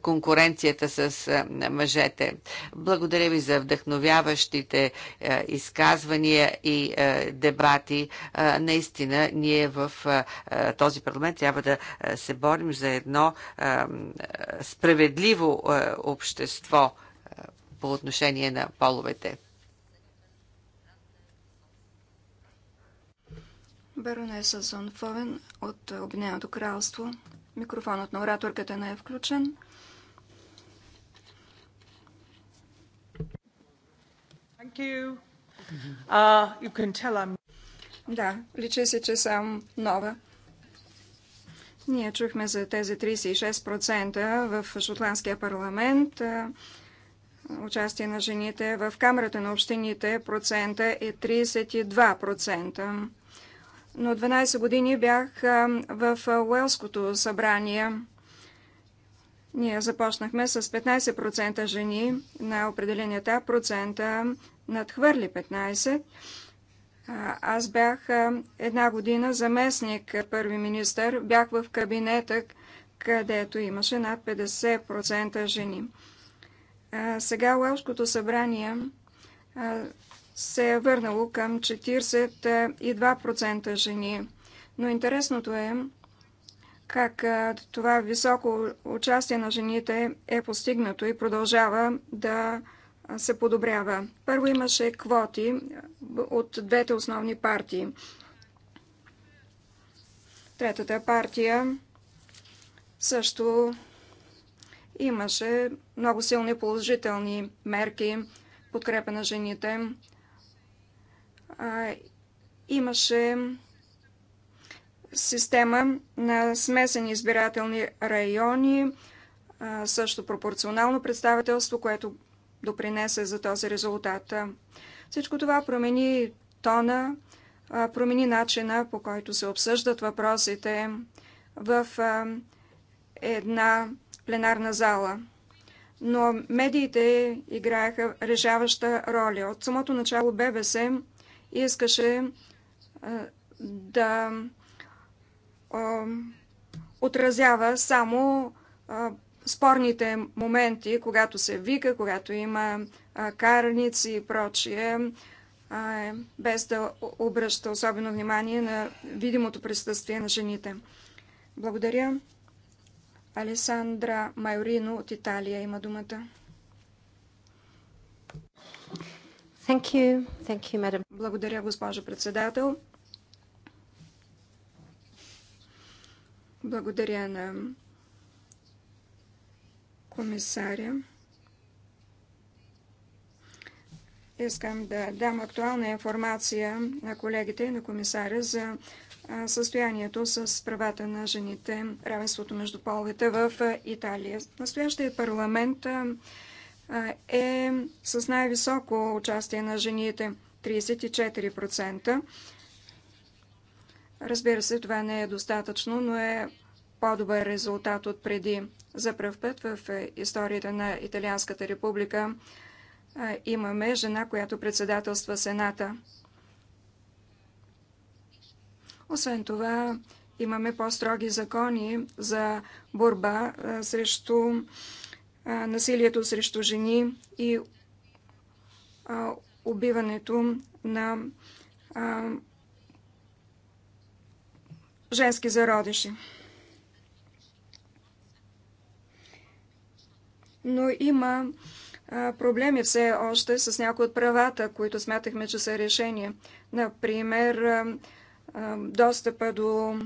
Speaker 1: конкуренцията с мъжете. Благодаря ви за вдъхновяващите изказвания и дебати. Наистина, ние в този парламент трябва да се борим за едно е, справедливо е, общество е, по отношение на половете.
Speaker 3: Баронеса Сонфовен от Обединеното кралство. Микрофонът на ораторката не е включен. You. Uh, you да, личи се, че съм нова. Ние чухме за тези 36% в Шотландския парламент. Участие на жените в Камерата на общините процента е 32%. Но 12 години бях в Уелското събрание. Ние започнахме с 15% жени на определен етап, процента надхвърли 15%. Аз бях една година заместник първи министър, бях в кабинета, където имаше над 50% жени. Сега Уелшкото събрание се е върнало към 42% жени. Но интересното е как това високо участие на жените е постигнато и продължава да се подобрява. Първо имаше квоти е, от двете основни партии. Третата партия също имаше много силни положителни мерки, подкрепа на жените. Имаше система на смесени избирателни райони, също пропорционално представителство, което допринесе за този резултат. Всичко това промени тона, промени начина по който се обсъждат въпросите в една пленарна зала. Но медиите играеха решаваща роля. От самото начало ББС искаше да отразява само спорните моменти, когато се вика, когато има караници и прочие, е, без да обръща особено внимание на видимото присъствие на жените. Благодаря. Алесандра Майорино от Италия има думата.
Speaker 4: Thank you. Thank
Speaker 3: you, Благодаря, госпожо председател. Благодаря на комисаря. Искам да дам актуална информация на колегите и на комисаря за състоянието с правата на жените, равенството между половете в Италия. Настоящия парламент е с най-високо участие на жените 34%. Разбира се, това не е достатъчно, но е по-добър резултат от преди. За пръв път в е, историята на Италианската република имаме жена, която председателства Сената. Освен това, имаме по-строги закони за борба срещу насилието срещу жени и убиването на женски зародиши. но има проблеми все още с някои от правата, които смятахме, че са решени. Например, достъпа до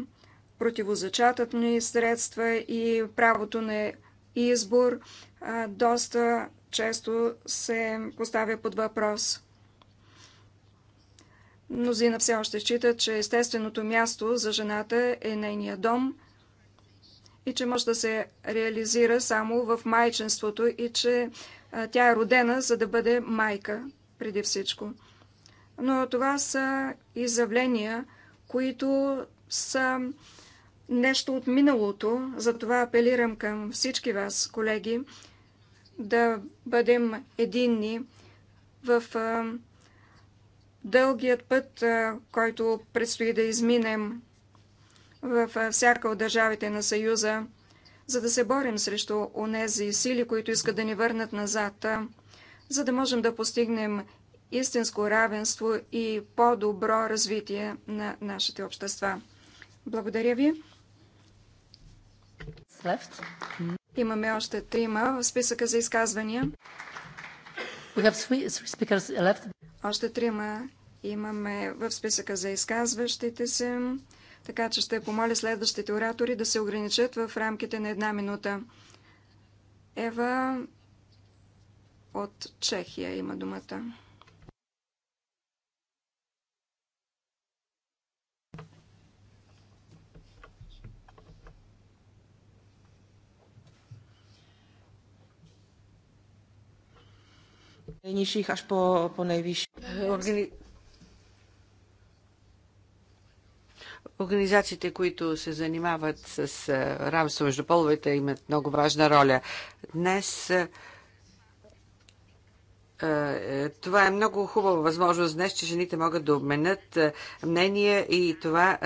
Speaker 3: противозачатътни средства и правото на избор доста често се поставя под въпрос. Мнозина все още считат, че естественото място за жената е нейния дом и че може да се реализира само в майчинството и че тя е родена, за да бъде майка преди всичко. Но това са изявления, които са нещо от миналото. Затова апелирам към всички вас, колеги, да бъдем единни в дългият път, който предстои да изминем във всяка от държавите на Съюза, за да се борим срещу онези сили, които искат да ни върнат назад, за да можем да постигнем истинско равенство и по-добро развитие на нашите общества. Благодаря ви. Имаме още трима в списъка за изказвания. Още трима имаме в списъка за изказващите се така че ще помоля следващите оратори да се ограничат в рамките на една минута. Ева от Чехия има думата.
Speaker 4: najnižších až по po
Speaker 1: Организациите, които се занимават с равенство между половете, имат много важна роля. Днес това е много хубава възможност днес, че жените могат да обменят мнение и това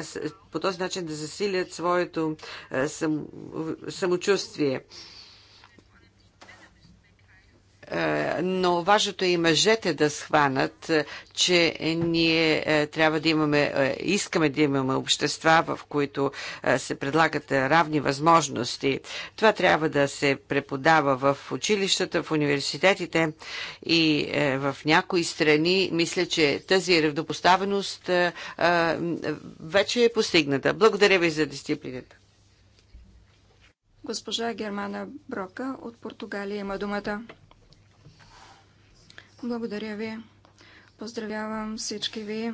Speaker 1: по този начин да засилят своето самочувствие. Е, но важното е и мъжете да схванат, е, че ние е, трябва да имаме, искаме да имаме общества, в които се предлагат равни възможности. Това трябва да се преподава в училищата, в университетите и в някои страни. Мисля, че тази равнопоставеност вече е постигната. Благодаря ви за дисциплината.
Speaker 3: Госпожа Германа Брока от Португалия има думата. Благодаря ви. Поздравявам всички ви.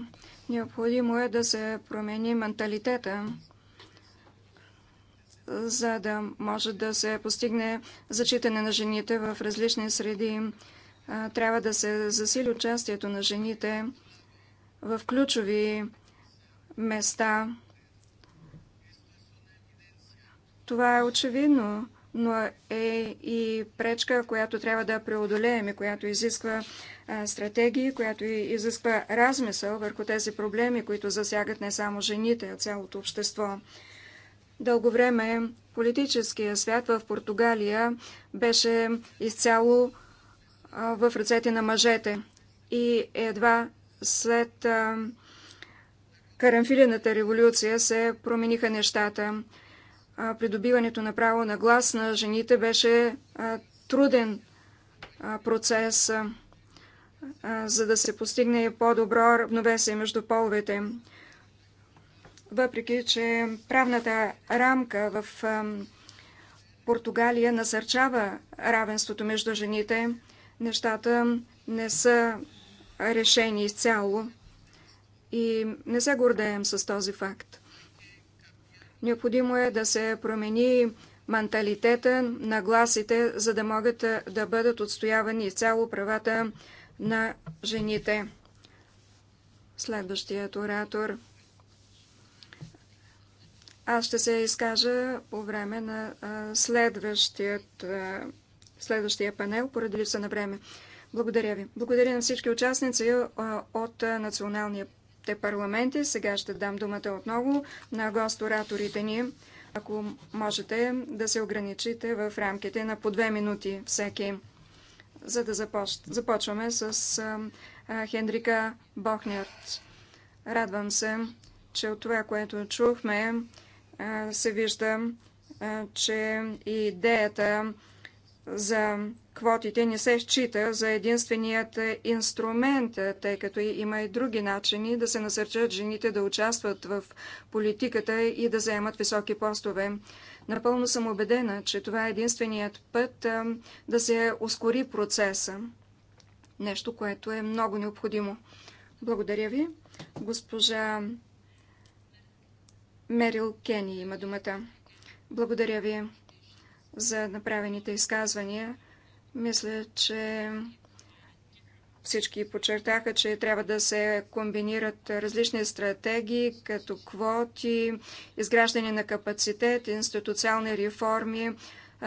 Speaker 3: Необходимо е да се промени менталитета, за да може да се постигне зачитане на жените в различни среди. Трябва да се засили участието на жените в ключови места. Това е очевидно но е и пречка, която трябва да преодолеем и която изисква стратегии, която изисква размисъл върху тези проблеми, които засягат не само жените, а цялото общество. Дълго време политическия свят в Португалия беше изцяло в ръцете на мъжете. И едва след Карамфилината революция се промениха нещата придобиването на право на глас на жените беше труден процес, за да се постигне по-добро равновесие между половете. Въпреки, че правната рамка в Португалия насърчава равенството между жените, нещата не са решени изцяло и не се гордеем с този факт. Необходимо е да се промени менталитета на гласите, за да могат да бъдат отстоявани изцяло правата на жените. Следващият оратор. Аз ще се изкажа по време на следващият, следващия панел, поради липса на време. Благодаря ви. Благодаря на всички участници от Националния те парламенти. Сега ще дам думата отново на гост-ораторите ни. Ако можете да се ограничите в рамките на по две минути всеки, за да започ... започваме с Хендрика Бохнерт. Радвам се, че от това, което чухме, се вижда, че и идеята за квотите не се счита за единственият е, инструмент, е, тъй като има и други начини да се насърчат жените да участват в политиката и да заемат високи постове. Напълно съм убедена, че това е единственият път е, да се ускори процеса. Нещо, което е много необходимо. Благодаря ви. Госпожа Мерил Кени има думата. Благодаря ви за направените изказвания. Мисля, че всички подчертаха, че трябва да се комбинират различни стратегии, като квоти, изграждане на капацитет, институциални реформи,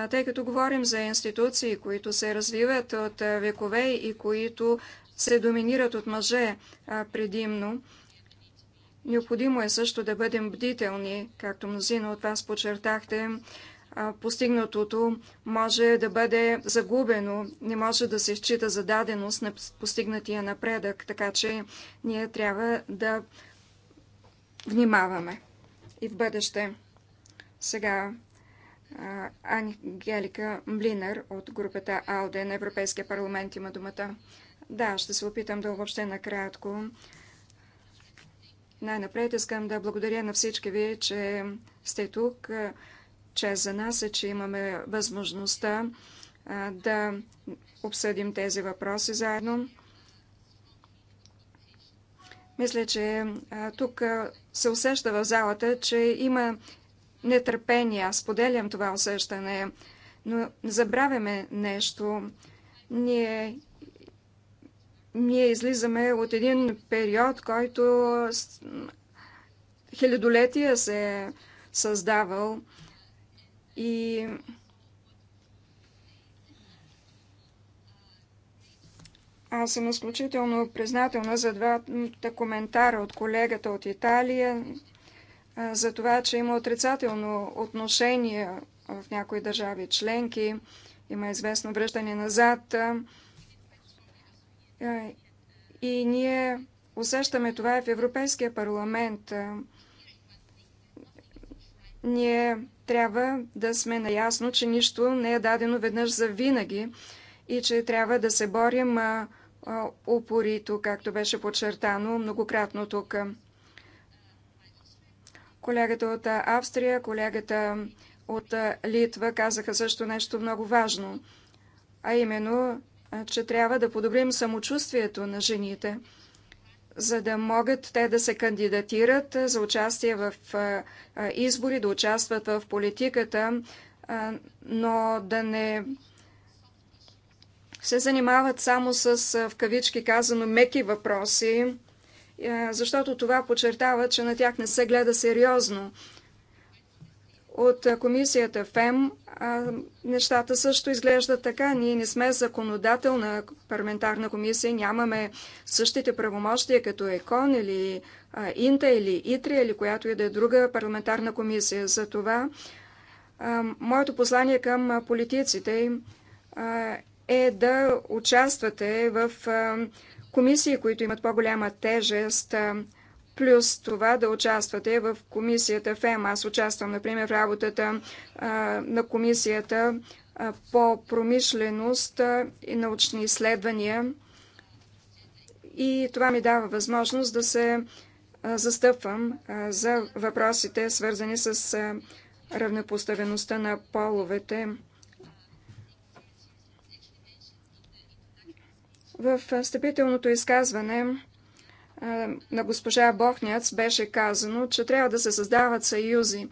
Speaker 3: тъй като говорим за институции, които се развиват от векове и които се доминират от мъже предимно. Необходимо е също да бъдем бдителни, както мнозина от вас подчертахте, постигнатото може да бъде загубено, не може да се счита за даденост на постигнатия напредък, така че ние трябва да внимаваме и в бъдеще. Сега Ангелика Млинер от групата АЛДЕ на Европейския парламент има думата. Да, ще се опитам да обобщя накратко. Най-напред искам да благодаря на всички ви, че сте тук чест за нас е, че имаме възможността да обсъдим тези въпроси заедно. Мисля, че тук се усеща в залата, че има нетърпение. Аз поделям това усещане, но забравяме нещо. Ние, ние излизаме от един период, който хилядолетия се е създавал. И аз съм изключително признателна за двата коментара от колегата от Италия, за това, че има отрицателно отношение в някои държави членки, има известно връщане назад. И ние усещаме това и в Европейския парламент. Ние трябва да сме наясно, че нищо не е дадено веднъж за винаги и че трябва да се борим упорито, както беше подчертано многократно тук. Колегата от Австрия, колегата от Литва казаха също нещо много важно, а именно, че трябва да подобрим самочувствието на жените – за да могат те да се кандидатират за участие в избори, да участват в политиката, но да не се занимават само с, в кавички казано, меки въпроси, защото това подчертава, че на тях не се гледа сериозно от комисията ФЕМ нещата също изглеждат така. Ние не сме законодателна парламентарна комисия, нямаме същите правомощия като ЕКОН или Инта или ИТРИ или която и да е друга парламентарна комисия. За това моето послание към политиците е да участвате в комисии, които имат по-голяма тежест плюс това да участвате в комисията ФЕМ. Аз участвам, например, в работата на комисията по промишленост и научни изследвания. И това ми дава възможност да се застъпвам за въпросите, свързани с равнопоставеността на половете. В встъпителното изказване на госпожа Бохняц беше казано, че трябва да се създават съюзи.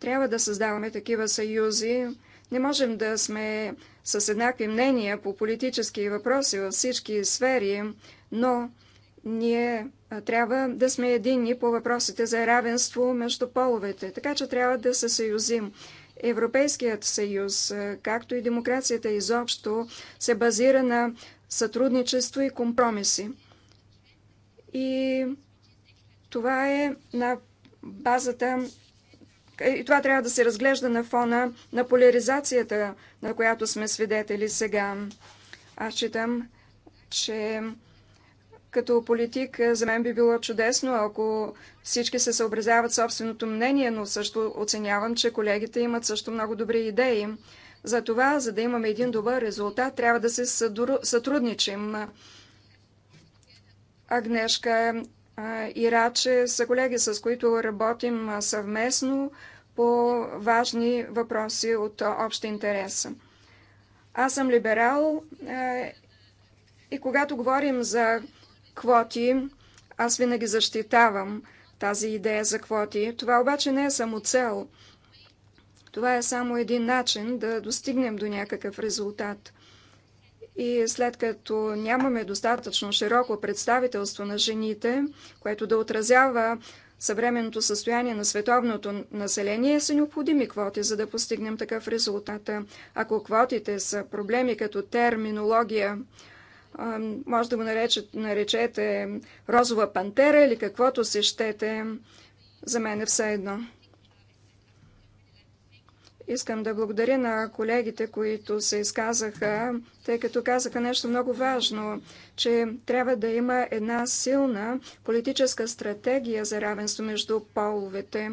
Speaker 3: Трябва да създаваме такива съюзи. Не можем да сме с еднакви мнения по политически въпроси във всички сфери, но ние трябва да сме единни по въпросите за равенство между половете, така че трябва да се съюзим. Европейският съюз, както и демокрацията изобщо, се базира на сътрудничество и компромиси. И това е на базата и това трябва да се разглежда на фона на поляризацията, на която сме свидетели сега. Аз считам, че като политик за мен би било чудесно, ако всички се съобразяват собственото мнение, но също оценявам, че колегите имат също много добри идеи. За това, за да имаме един добър резултат, трябва да се сътрудничим. Агнешка Ираче са колеги, с които работим съвместно по важни въпроси от общ интерес. Аз съм либерал и когато говорим за квоти, аз винаги защитавам тази идея за квоти. Това обаче не е само цел. Това е само един начин да достигнем до някакъв резултат – и след като нямаме достатъчно широко представителство на жените, което да отразява съвременното състояние на световното население, са необходими квоти, за да постигнем такъв резултат. Ако квотите са проблеми като терминология, може да го наречете, наречете розова пантера или каквото се щете, за мен е все едно. Искам да благодаря на колегите, които се изказаха, тъй като казаха нещо много важно, че трябва да има една силна политическа стратегия за равенство между половете.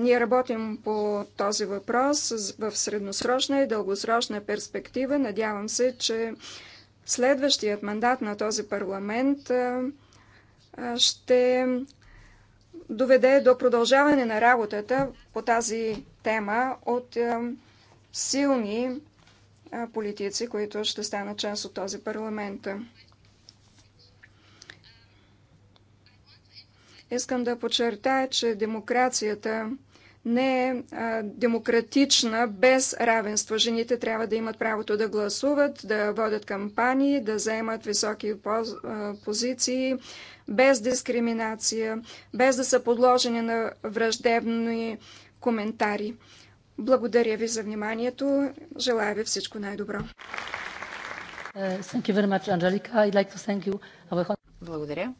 Speaker 3: Ние работим по този въпрос в средносрочна и дългосрочна перспектива. Надявам се, че следващият мандат на този парламент ще доведе до продължаване на работата по тази тема от е, силни е, политици, които ще станат част от този парламент. Искам да подчертая, че демокрацията не е, е демократична без равенство. Жените трябва да имат правото да гласуват, да водят кампании, да заемат високи позиции, без дискриминация, без да са подложени на враждебни коментари. Благодаря ви за вниманието. Желая ви всичко най-добро.
Speaker 2: Uh,
Speaker 4: благодаря.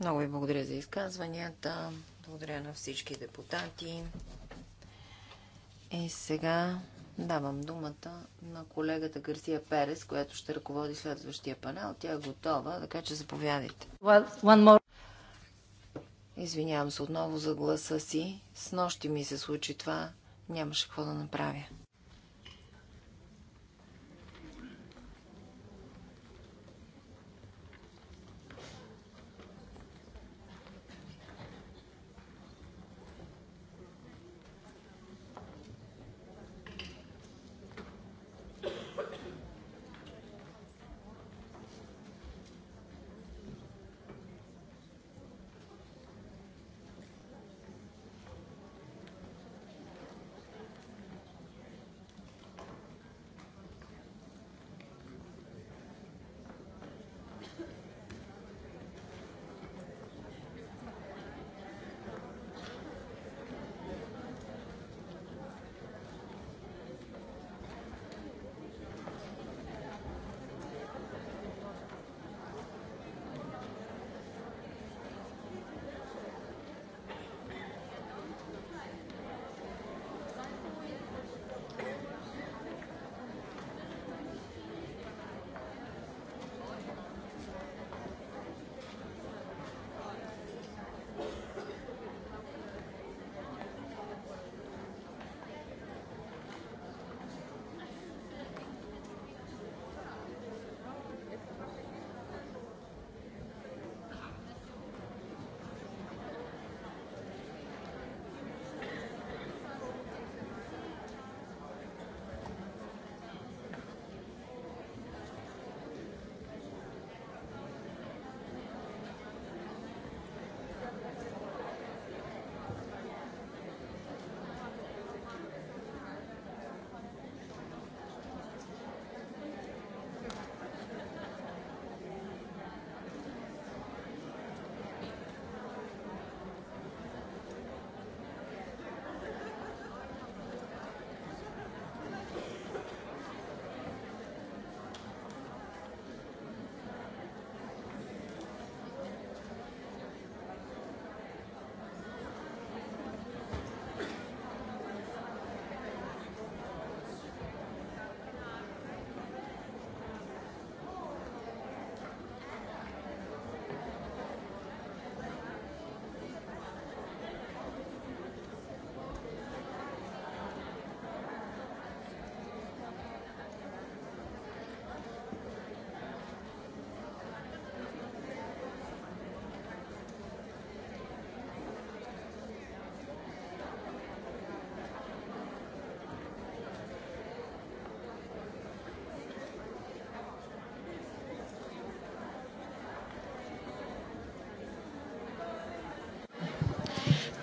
Speaker 4: Много ви благодаря за изказванията. Благодаря на всички депутати. И сега давам думата на колегата Гарсия Перес, която ще ръководи следващия панел. Тя е готова, така че заповядайте. Извинявам се отново за гласа си. С нощи ми се случи това. Нямаше какво да направя.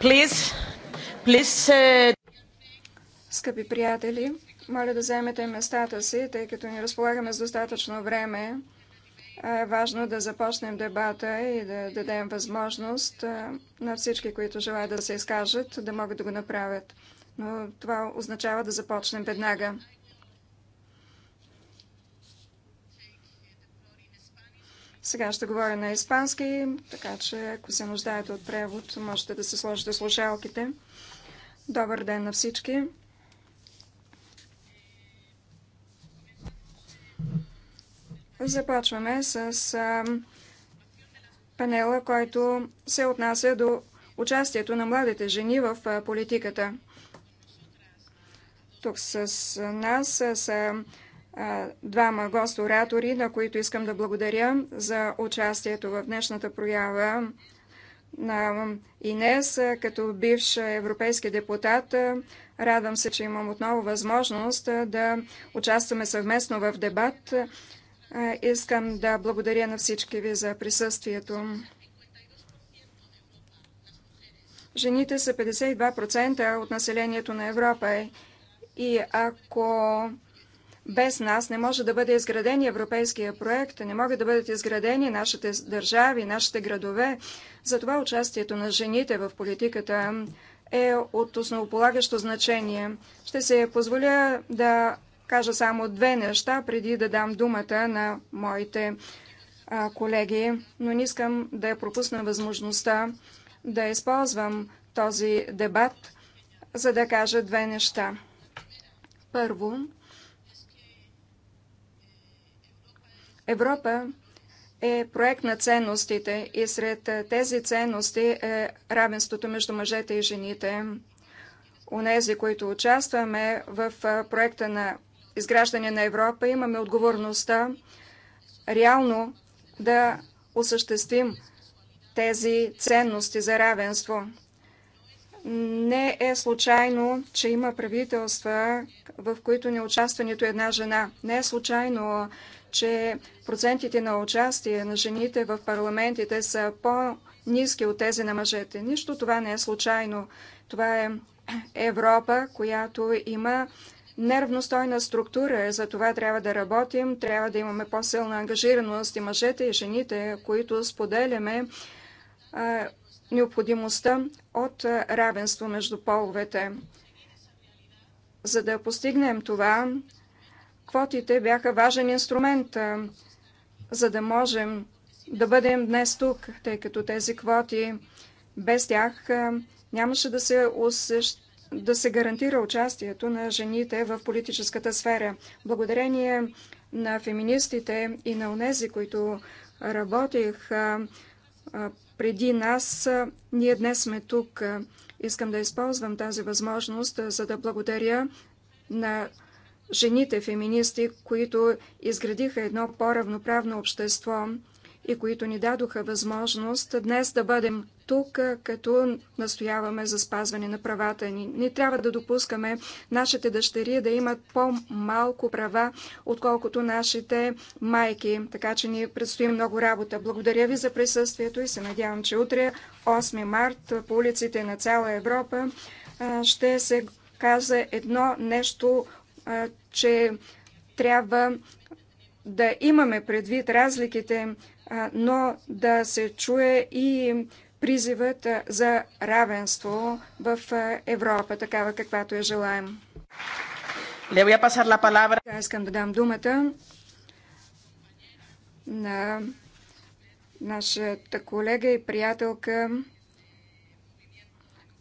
Speaker 2: Please, uh,
Speaker 3: Скъпи приятели, моля да вземете местата си, тъй като ни разполагаме с достатъчно време. Е важно е да започнем дебата и да дадем възможност е, на всички, които желаят да се изкажат, да могат да го направят. Но това означава да започнем веднага. Сега ще говоря на испански, така че ако се нуждаете от превод, можете да се сложите слушалките. Добър ден на всички! Започваме с панела, който се отнася до участието на младите жени в политиката. Тук с нас са двама гост-оратори, на които искам да благодаря за участието в днешната проява на Инес, като бивш европейски депутат. Радвам се, че имам отново възможност да участваме съвместно в дебат. Искам да благодаря на всички ви за присъствието. Жените са 52% от населението на Европа и ако без нас не може да бъде изграден европейския проект, не могат да бъдат изградени нашите държави, нашите градове. Затова участието на жените в политиката е от основополагащо значение. Ще се позволя да кажа само две неща, преди да дам думата на моите а, колеги, но не искам да я пропусна възможността да използвам този дебат, за да кажа две неща. Първо, Европа е проект на ценностите и сред е, тези ценности е равенството между мъжете и жените. Унези, които участваме в е, проекта на изграждане на Европа, имаме отговорността реално да осъществим тези ценности за равенство. Не е случайно, че има правителства, в които не участва нито една жена. Не е случайно, че процентите на участие на жените в парламентите са по-низки от тези на мъжете. Нищо това не е случайно. Това е Европа, която има нервностойна структура. За това трябва да работим, трябва да имаме по-силна ангажираност и мъжете и жените, които споделяме необходимостта от равенство между половете. За да постигнем това, Квотите бяха важен инструмент, за да можем да бъдем днес тук, тъй като тези квоти без тях нямаше да се осъщ... да се гарантира участието на жените в политическата сфера. Благодарение на феминистите и на онези, които работих преди нас, ние днес сме тук. Искам да използвам тази възможност, за да благодаря на жените феминисти, които изградиха едно по-равноправно общество и които ни дадоха възможност днес да бъдем тук, като настояваме за спазване на правата ни. Ние трябва да допускаме нашите дъщери да имат по-малко права, отколкото нашите майки. Така че ни предстои много работа. Благодаря ви за присъствието и се надявам, че утре, 8 март, по улиците на цяла Европа ще се каза едно нещо че трябва да имаме предвид разликите, но да се чуе и призивът за равенство в Европа, такава каквато я желаем. Сега искам да дам думата на нашата колега и приятелка,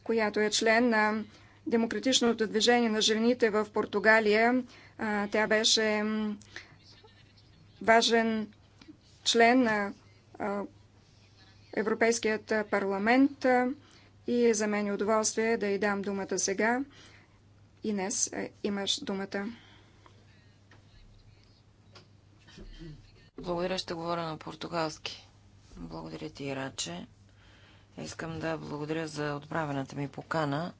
Speaker 3: която е член на демократичното движение на жените в Португалия. Тя беше важен член на Европейският парламент и е за мен е удоволствие да й дам думата сега. Инес, имаш думата.
Speaker 4: Благодаря, ще говоря на португалски. Благодаря ти, Ираче. Искам да благодаря за отправената ми покана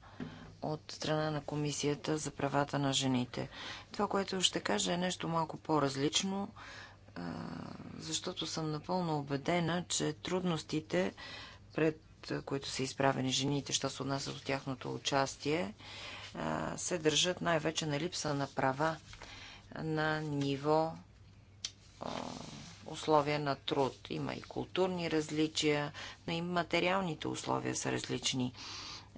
Speaker 4: от страна на Комисията за правата на жените. Това, което ще кажа, е нещо малко по-различно, защото съм напълно убедена, че трудностите, пред които са изправени жените, що се отнася до тяхното участие, се държат най-вече на липса на права на ниво условия на труд. Има и културни различия, но и материалните условия са различни.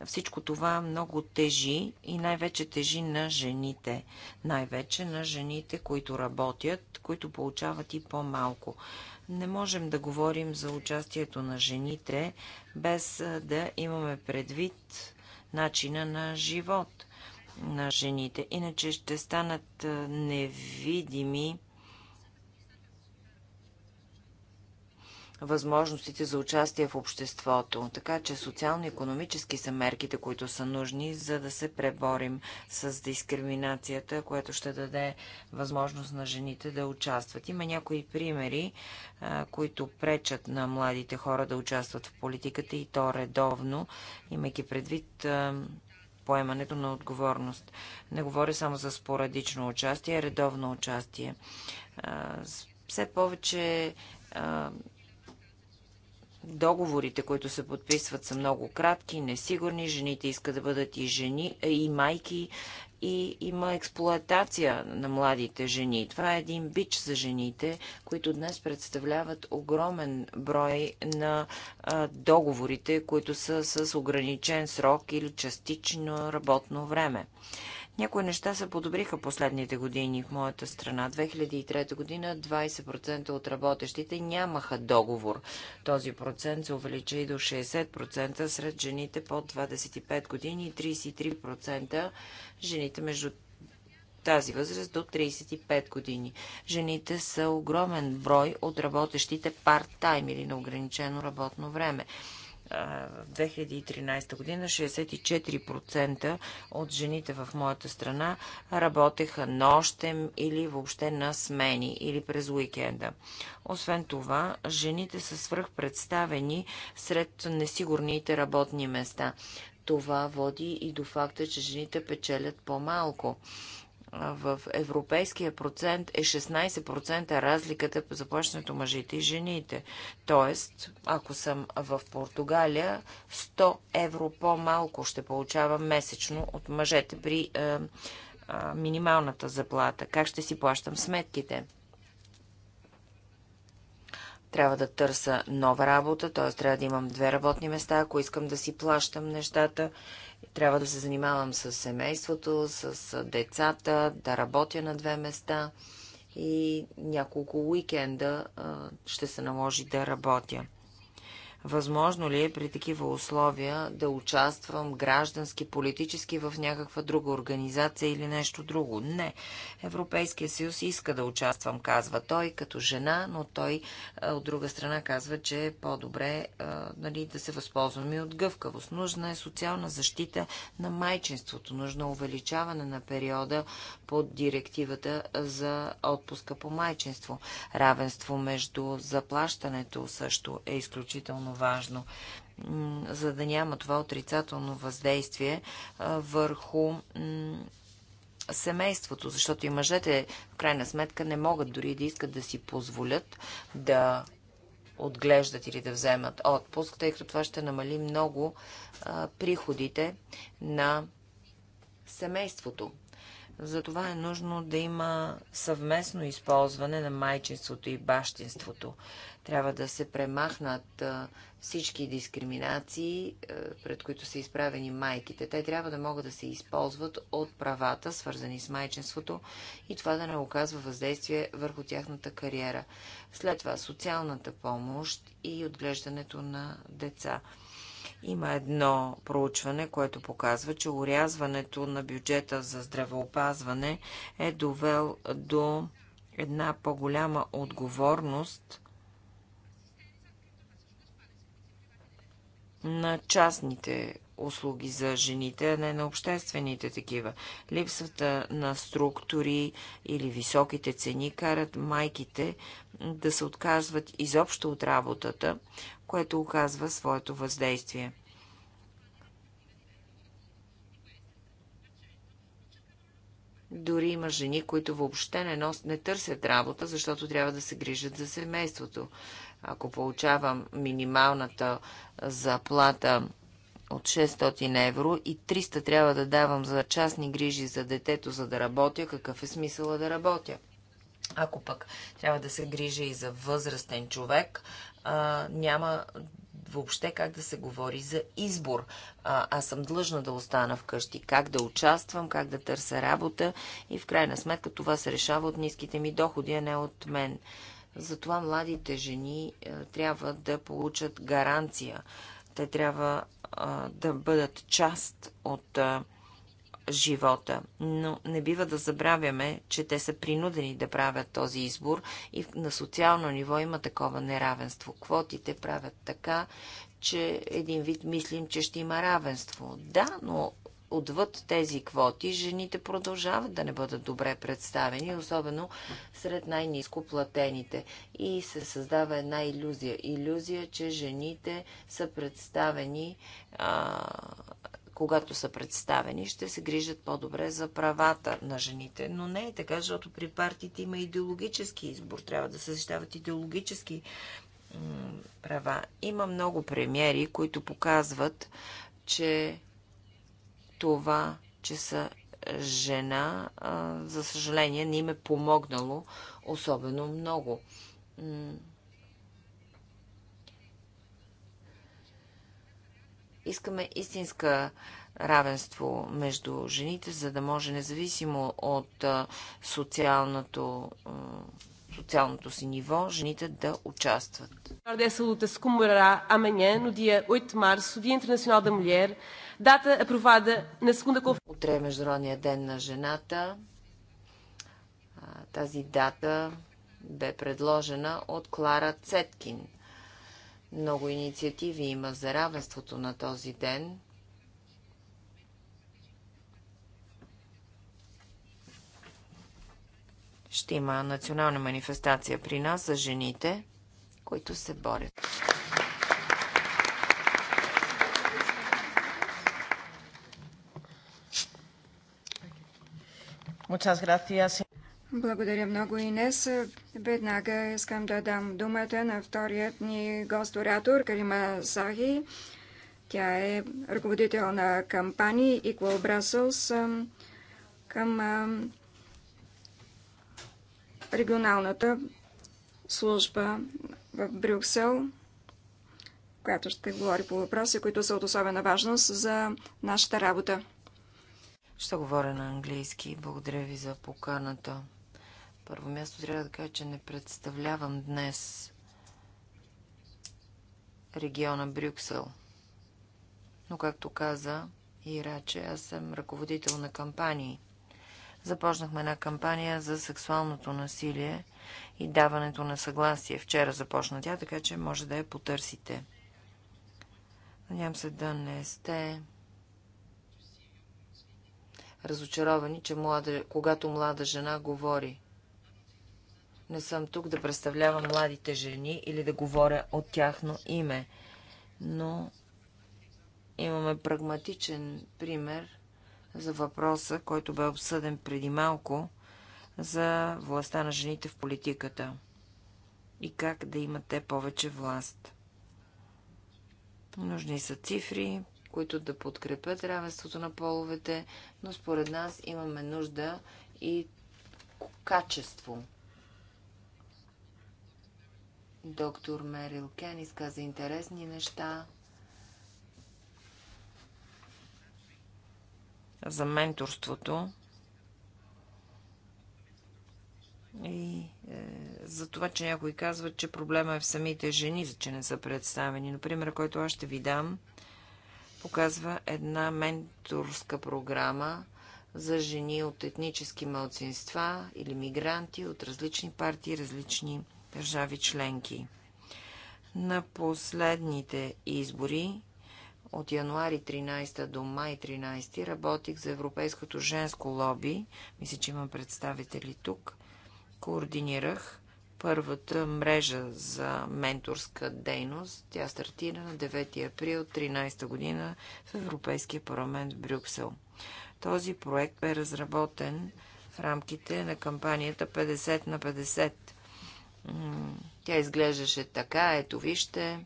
Speaker 4: Всичко това много тежи и най-вече тежи на жените. Най-вече на жените, които работят, които получават и по-малко. Не можем да говорим за участието на жените без да имаме предвид начина на живот на жените. Иначе ще станат невидими възможностите за участие в обществото. Така че социално-економически са мерките, които са нужни, за да се преборим с дискриминацията, което ще даде възможност на жените да участват. Има някои примери, които пречат на младите хора да участват в политиката и то редовно, имайки предвид поемането на отговорност. Не говоря само за спорадично участие, а редовно участие. Все повече договорите, които се подписват, са много кратки, несигурни. Жените искат да бъдат и жени, и майки, и има експлоатация на младите жени. Това е един бич за жените, които днес представляват огромен брой на а, договорите, които са с ограничен срок или частично работно време. Някои неща се подобриха последните години в моята страна. 2003 година 20% от работещите нямаха договор. Този процент се увеличи и до 60% сред жените под 25 години и 33% жените между тази възраст до 35 години. Жените са огромен брой от работещите парт-тайм или на ограничено работно време. 2013 година 64% от жените в моята страна работеха нощем или въобще на смени или през уикенда. Освен това, жените са свръхпредставени сред несигурните работни места. Това води и до факта, че жените печелят по-малко в европейския процент е 16% разликата по заплащането мъжите и жените. Тоест, ако съм в Португалия, 100 евро по-малко ще получавам месечно от мъжете при е, е, минималната заплата. Как ще си плащам сметките? трябва да търся нова работа, т.е. трябва да имам две работни места, ако искам да си плащам нещата. Трябва да се занимавам с семейството, с децата, да работя на две места и няколко уикенда ще се наложи да работя. Възможно ли е при такива условия да участвам граждански, политически в някаква друга организация или нещо друго? Не. Европейския съюз иска да участвам, казва той, като жена, но той от друга страна казва, че е по-добре нали, да се възползваме и от гъвкавост. Нужна е социална защита на майчинството, нужно е увеличаване на периода под директивата за отпуска по майчинство. Равенство между заплащането също е изключително изключително важно, за да няма това отрицателно въздействие върху семейството, защото и мъжете в крайна сметка не могат дори да искат да си позволят да отглеждат или да вземат отпуск, тъй като това ще намали много а, приходите на семейството. Затова е нужно да има съвместно използване на майчинството и бащинството. Трябва да се премахнат всички дискриминации, пред които са изправени майките. Те трябва да могат да се използват от правата, свързани с майчинството, и това да не оказва въздействие върху тяхната кариера. След това социалната помощ и отглеждането на деца. Има едно проучване, което показва, че урязването на бюджета за здравеопазване е довел до една по-голяма отговорност на частните услуги за жените, а не на обществените такива. Липсата на структури или високите цени карат майките да се отказват изобщо от работата, което оказва своето въздействие. Дори има жени, които въобще не, нос, не търсят работа, защото трябва да се грижат за семейството. Ако получавам минималната заплата от 600 евро и 300 трябва да давам за частни грижи за детето, за да работя, какъв е смисъла да работя? Ако пък трябва да се грижа и за възрастен човек, а, няма въобще как да се говори за избор. А, аз съм длъжна да остана вкъщи. Как да участвам, как да търся работа и в крайна сметка това се решава от ниските ми доходи, а не от мен. Затова младите жени е, трябва да получат гаранция. Те трябва да бъдат част от живота. Но не бива да забравяме, че те са принудени да правят този избор и на социално ниво има такова неравенство. Квотите правят така, че един вид мислим, че ще има равенство. Да, но отвъд тези квоти, жените продължават да не бъдат добре представени, особено сред най-низко платените. И се създава една иллюзия. Иллюзия, че жените са представени, а, когато са представени, ще се грижат по-добре за правата на жените. Но не е така, защото при партиите има идеологически избор. Трябва да се защитават идеологически права. Има много премиери, които показват, че това, че са жена, за съжаление, не им е помогнало особено много. Искаме истинска равенство между жените, за да може независимо от социалното, социалното си ниво, жените да участват.
Speaker 2: A dessa luta se comemorará amanhã, 8 de março, Dia Internacional da Дата е провада на
Speaker 4: segunda conferência. Утре е Международния ден на жената. Тази дата бе предложена от Клара Цеткин. Много инициативи има за равенството на този ден. Ще има национална манифестация при нас за жените, които се борят.
Speaker 3: Благодаря много, Инес. Веднага искам да дам думата на вторият ни гост-оратор Карима Сахи. Тя е ръководител на кампании Equal Brussels към регионалната служба в Брюксел, която ще говори по въпроси, които са от особена важност за нашата работа.
Speaker 4: Ще говоря на английски. Благодаря ви за поканата. Първо място трябва да кажа, че не представлявам днес региона Брюксел. Но, както каза Ираче, аз съм ръководител на кампании. Започнахме една кампания за сексуалното насилие и даването на съгласие. Вчера започна тя, така че може да я потърсите. Надявам се да не сте разочаровани, че млада, когато млада жена говори. Не съм тук да представлявам младите жени или да говоря от тяхно име, но имаме прагматичен пример за въпроса, който бе обсъден преди малко за властта на жените в политиката и как да имат те повече власт. Нужни са цифри, които да подкрепят равенството на половете, но според нас имаме нужда и качество. Доктор Мерил Кен изказа интересни неща. За менторството и е, за това, че някой казва, че проблема е в самите жени, за че не са представени. Например, който аз ще ви дам – показва една менторска програма за жени от етнически мълцинства или мигранти от различни партии, различни държави членки. На последните избори от януари 13 до май 13 работих за Европейското женско лоби. Мисля, че имам представители тук. Координирах първата мрежа за менторска дейност. Тя стартира на 9 април 2013 година в Европейския парламент в Брюксел. Този проект бе разработен в рамките на кампанията 50 на 50. Тя изглеждаше така, ето вижте.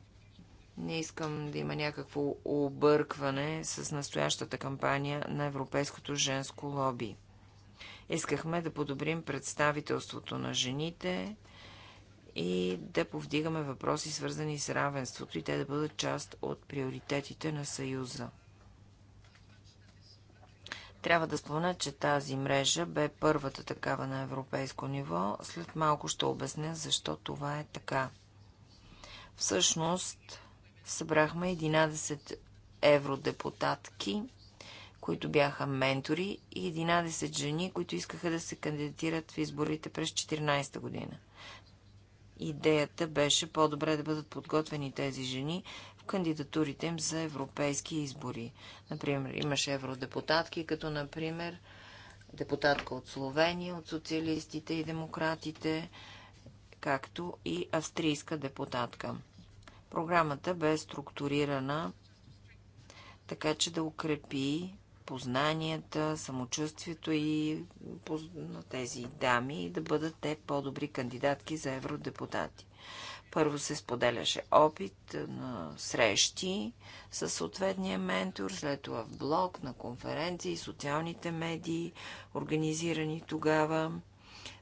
Speaker 4: Не искам да има някакво объркване с настоящата кампания на Европейското женско лоби. Искахме да подобрим представителството на жените и да повдигаме въпроси, свързани с равенството и те да бъдат част от приоритетите на Съюза. Трябва да спомена, че тази мрежа бе първата такава на европейско ниво. След малко ще обясня защо това е така. Всъщност, събрахме 11 евродепутатки, които бяха ментори и 11 жени, които искаха да се кандидатират в изборите през 14 година. Идеята беше по-добре да бъдат подготвени тези жени в кандидатурите им за европейски избори. Например, имаше евродепутатки, като например депутатка от Словения, от социалистите и демократите, както и австрийска депутатка. Програмата бе структурирана така, че да укрепи познанията, самочувствието и на тези дами да бъдат те по-добри кандидатки за евродепутати. Първо се споделяше опит на срещи с съответния ментор, след това в блог, на конференции, социалните медии, организирани тогава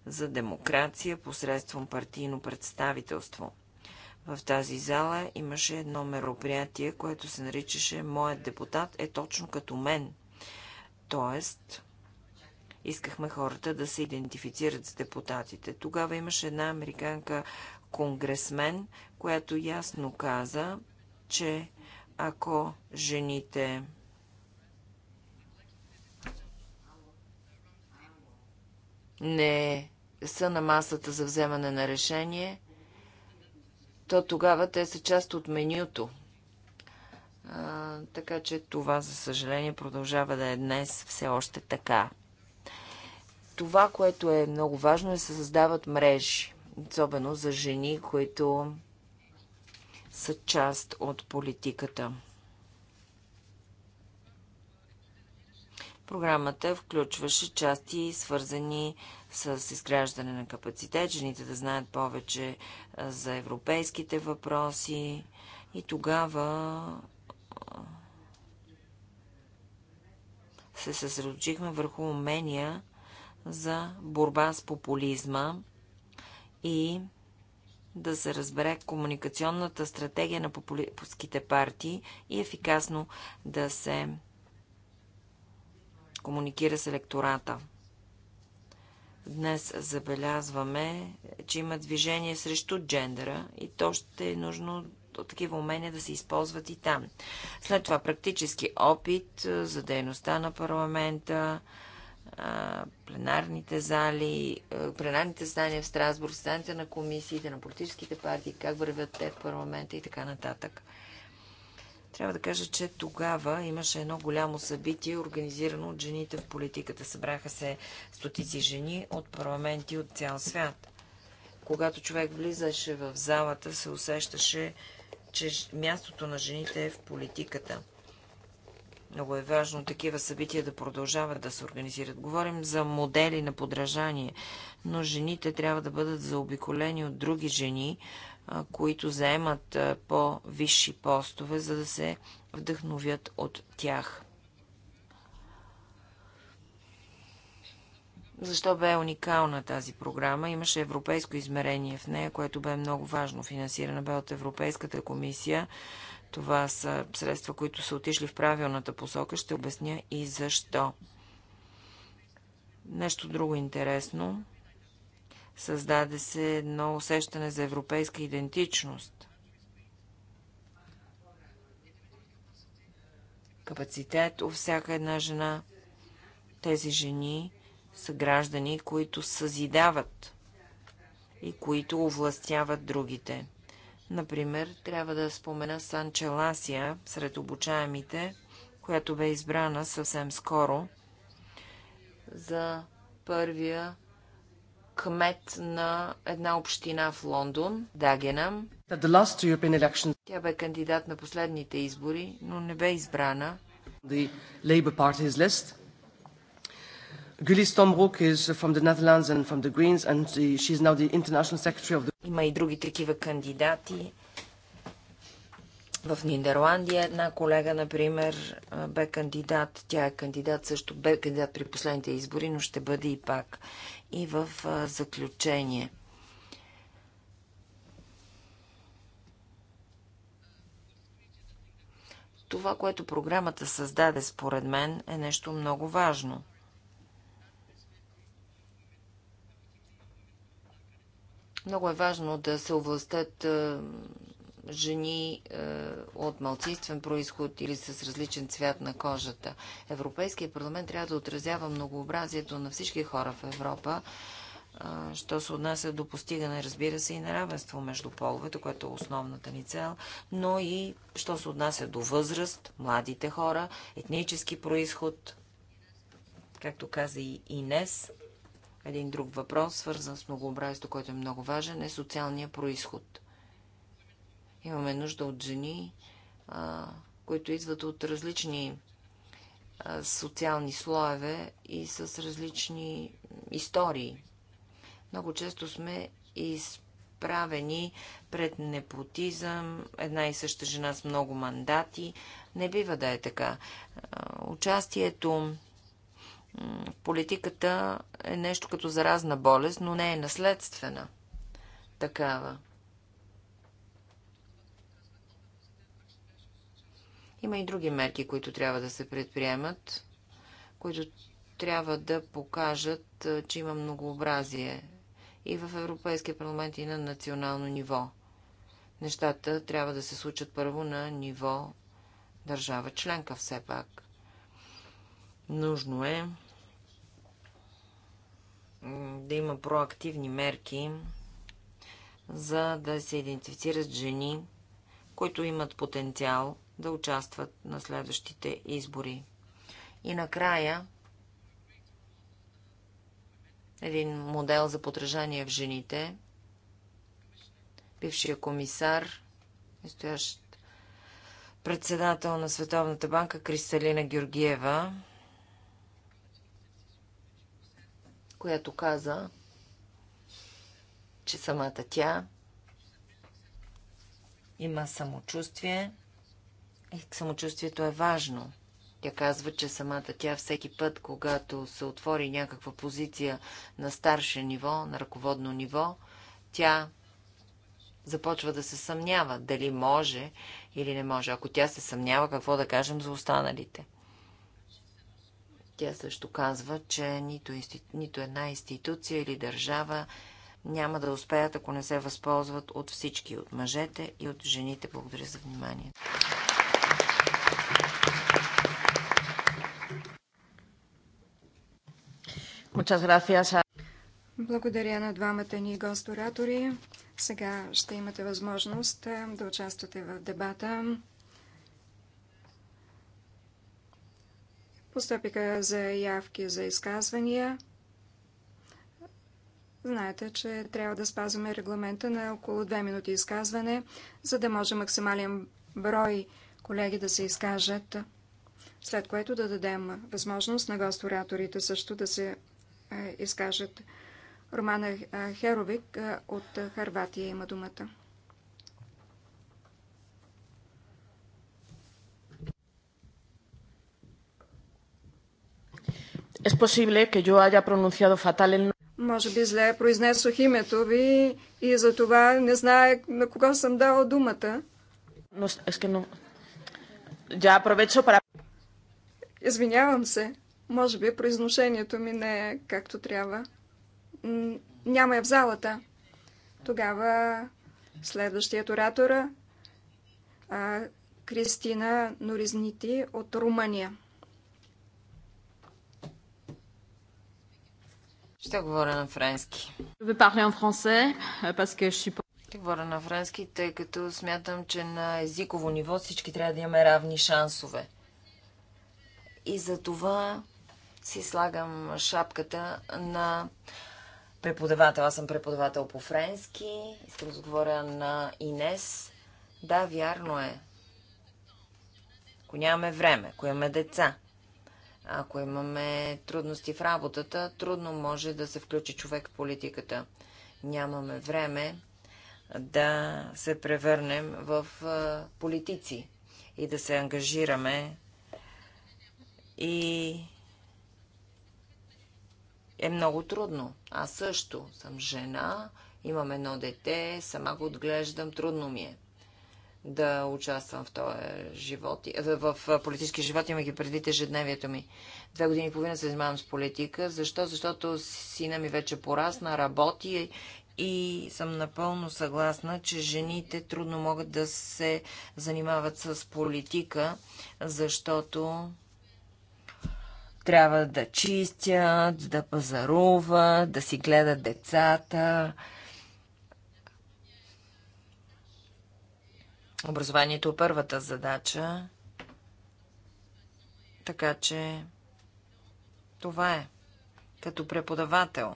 Speaker 4: за демокрация посредством партийно представителство. В тази зала имаше едно мероприятие, което се наричаше Моят депутат е точно като мен – Тоест, искахме хората да се идентифицират с депутатите. Тогава имаше една американка конгресмен, която ясно каза, че ако жените не са на масата за вземане на решение, то тогава те са част от менюто така че това, за съжаление, продължава да е днес все още така. Това, което е много важно, е да се създават мрежи, особено за жени, които са част от политиката. Програмата включваше части, свързани с изграждане на капацитет, жените да знаят повече за европейските въпроси. И тогава се съсредоточихме върху умения за борба с популизма и да се разбере комуникационната стратегия на популистските партии и ефикасно да се комуникира с електората. Днес забелязваме, че има движение срещу джендера и то ще е нужно защото такива умения да се използват и там. След това практически опит за дейността на парламента, пленарните зали, пленарните здания в Страсбург, станите на комисиите, на политическите партии, как вървят те в парламента и така нататък. Трябва да кажа, че тогава имаше едно голямо събитие, организирано от жените в политиката. Събраха се стотици жени от парламенти от цял свят. Когато човек влизаше в залата, се усещаше че мястото на жените е в политиката. Много е важно такива събития да продължават да се организират. Говорим за модели на подражание, но жените трябва да бъдат заобиколени от други жени, които заемат по-висши постове, за да се вдъхновят от тях. Защо бе уникална тази програма? Имаше европейско измерение в нея, което бе много важно. Финансирана бе от Европейската комисия. Това са средства, които са отишли в правилната посока. Ще обясня и защо. Нещо друго интересно. Създаде се едно усещане за европейска идентичност. Капацитет у всяка една жена. Тези жени са граждани, които съзидават и които овластяват другите. Например, трябва да спомена Санче Ласия сред обучаемите, която бе избрана съвсем скоро за първия кмет на една община в Лондон, Дагенам. Тя бе кандидат на последните избори, но не бе избрана. The
Speaker 2: Labour Party's list
Speaker 4: Гюли Томбрук е from the Netherlands and from the Greens and she is now the international secretary of the... Има и други такива кандидати. В Нидерландия една колега, например, бе кандидат. Тя е кандидат също, бе кандидат при последните избори, но ще бъде и пак. И в заключение. Това, което програмата създаде, според мен, е нещо много важно. Много е важно да се овластят е, жени е, от малцинствен происход или с различен цвят на кожата. Европейския парламент трябва да отразява многообразието на всички хора в Европа, е, що се отнася до постигане, разбира се, и на равенство между половете, което е основната ни цел, но и що се отнася до възраст, младите хора, етнически происход, както каза и Инес. Един друг въпрос, свързан с многообразието, който е много важен, е социалния происход. Имаме нужда от жени, а, които идват от различни а, социални слоеве и с различни истории. Много често сме изправени пред непотизъм, една и съща жена с много мандати. Не бива да е така. А, участието политиката е нещо като заразна болест, но не е наследствена такава. Има и други мерки, които трябва да се предприемат, които трябва да покажат, че има многообразие и в Европейския парламент, и на национално ниво. Нещата трябва да се случат първо на ниво държава членка все пак. Нужно е да има проактивни мерки, за да се идентифицират жени, които имат потенциал да участват на следващите избори. И накрая един модел за подражание в жените. Бившия комисар, настоящ председател на Световната банка Кристалина Георгиева която каза, че самата тя има самочувствие и самочувствието е важно. Тя казва, че самата тя всеки път, когато се отвори някаква позиция на старше ниво, на ръководно ниво, тя започва да се съмнява дали може или не може. Ако тя се съмнява, какво да кажем за останалите – тя също казва, че нито, институ... нито една институция или държава няма да успеят, ако не се възползват от всички, от мъжете и от жените. Благодаря за вниманието.
Speaker 3: Благодаря на двамата ни гостуратори. Сега ще имате възможност да участвате в дебата. Постъпиха заявки за изказвания. Знаете, че трябва да спазваме регламента на около 2 минути изказване, за да може максимален брой колеги да се изкажат, след което да дадем възможност на гостораторите също да се е, изкажат. Романа Херовик е, от Харватия има думата.
Speaker 2: Es posible que yo haya pronunciado fatal el
Speaker 3: Може би зле произнесох името ви и за това не знае на кого съм дала думата. Но, es que
Speaker 2: no. Я aprovecho para...
Speaker 3: Извинявам се. Може би произношението ми не е както трябва. Няма я в залата. Тогава следващият оратора Кристина Норизнити от Румъния.
Speaker 4: Ще говоря на френски. Euh, Ще говоря на френски, тъй като смятам, че на езиково ниво всички трябва да имаме равни шансове. И за това си слагам шапката на преподавател. Аз съм преподавател по френски. Искам да говоря на Инес. Да, вярно е. Ако нямаме време, ако имаме деца, ако имаме трудности в работата, трудно може да се включи човек в политиката. Нямаме време да се превърнем в политици и да се ангажираме и е много трудно. Аз също съм жена, имам едно дете, сама го отглеждам, трудно ми е да участвам в този живот, е, в политически живот, ги предвид ежедневието ми. Две години и половина се занимавам с политика. Защо? Защото сина ми вече порасна, работи и съм напълно съгласна, че жените трудно могат да се занимават с политика, защото трябва да чистят, да пазаруват, да си гледат децата, Образованието е първата задача, така че това е. Като преподавател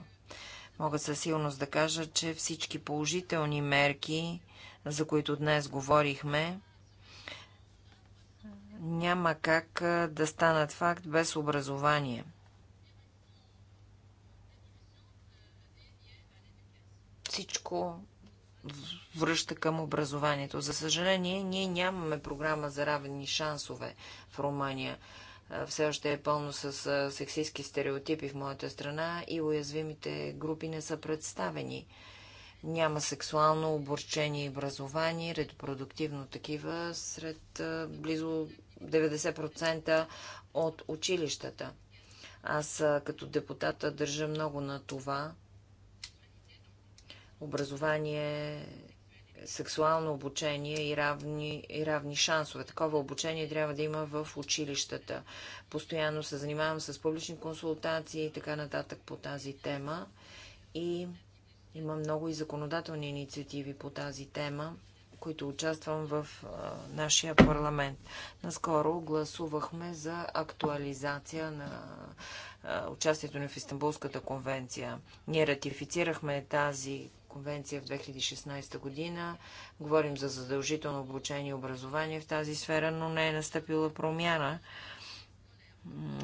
Speaker 4: мога със силност да кажа, че всички положителни мерки, за които днес говорихме, няма как да станат факт без образование. Всичко връща към образованието. За съжаление, ние нямаме програма за равни шансове в Румъния. Все още е пълно с сексистски стереотипи в моята страна и уязвимите групи не са представени. Няма сексуално оборчение и образование, репродуктивно такива, сред близо 90% от училищата. Аз като депутата държа много на това, образование сексуално обучение и равни, и равни шансове. Такова обучение трябва да има в училищата. Постоянно се занимавам с публични консултации и така нататък по тази тема. И има много и законодателни инициативи по тази тема, които участвам в а, нашия парламент. Наскоро гласувахме за актуализация на а, участието ни в Истанбулската конвенция. Ние ратифицирахме тази конвенция в 2016 година. Говорим за задължително обучение и образование в тази сфера, но не е настъпила промяна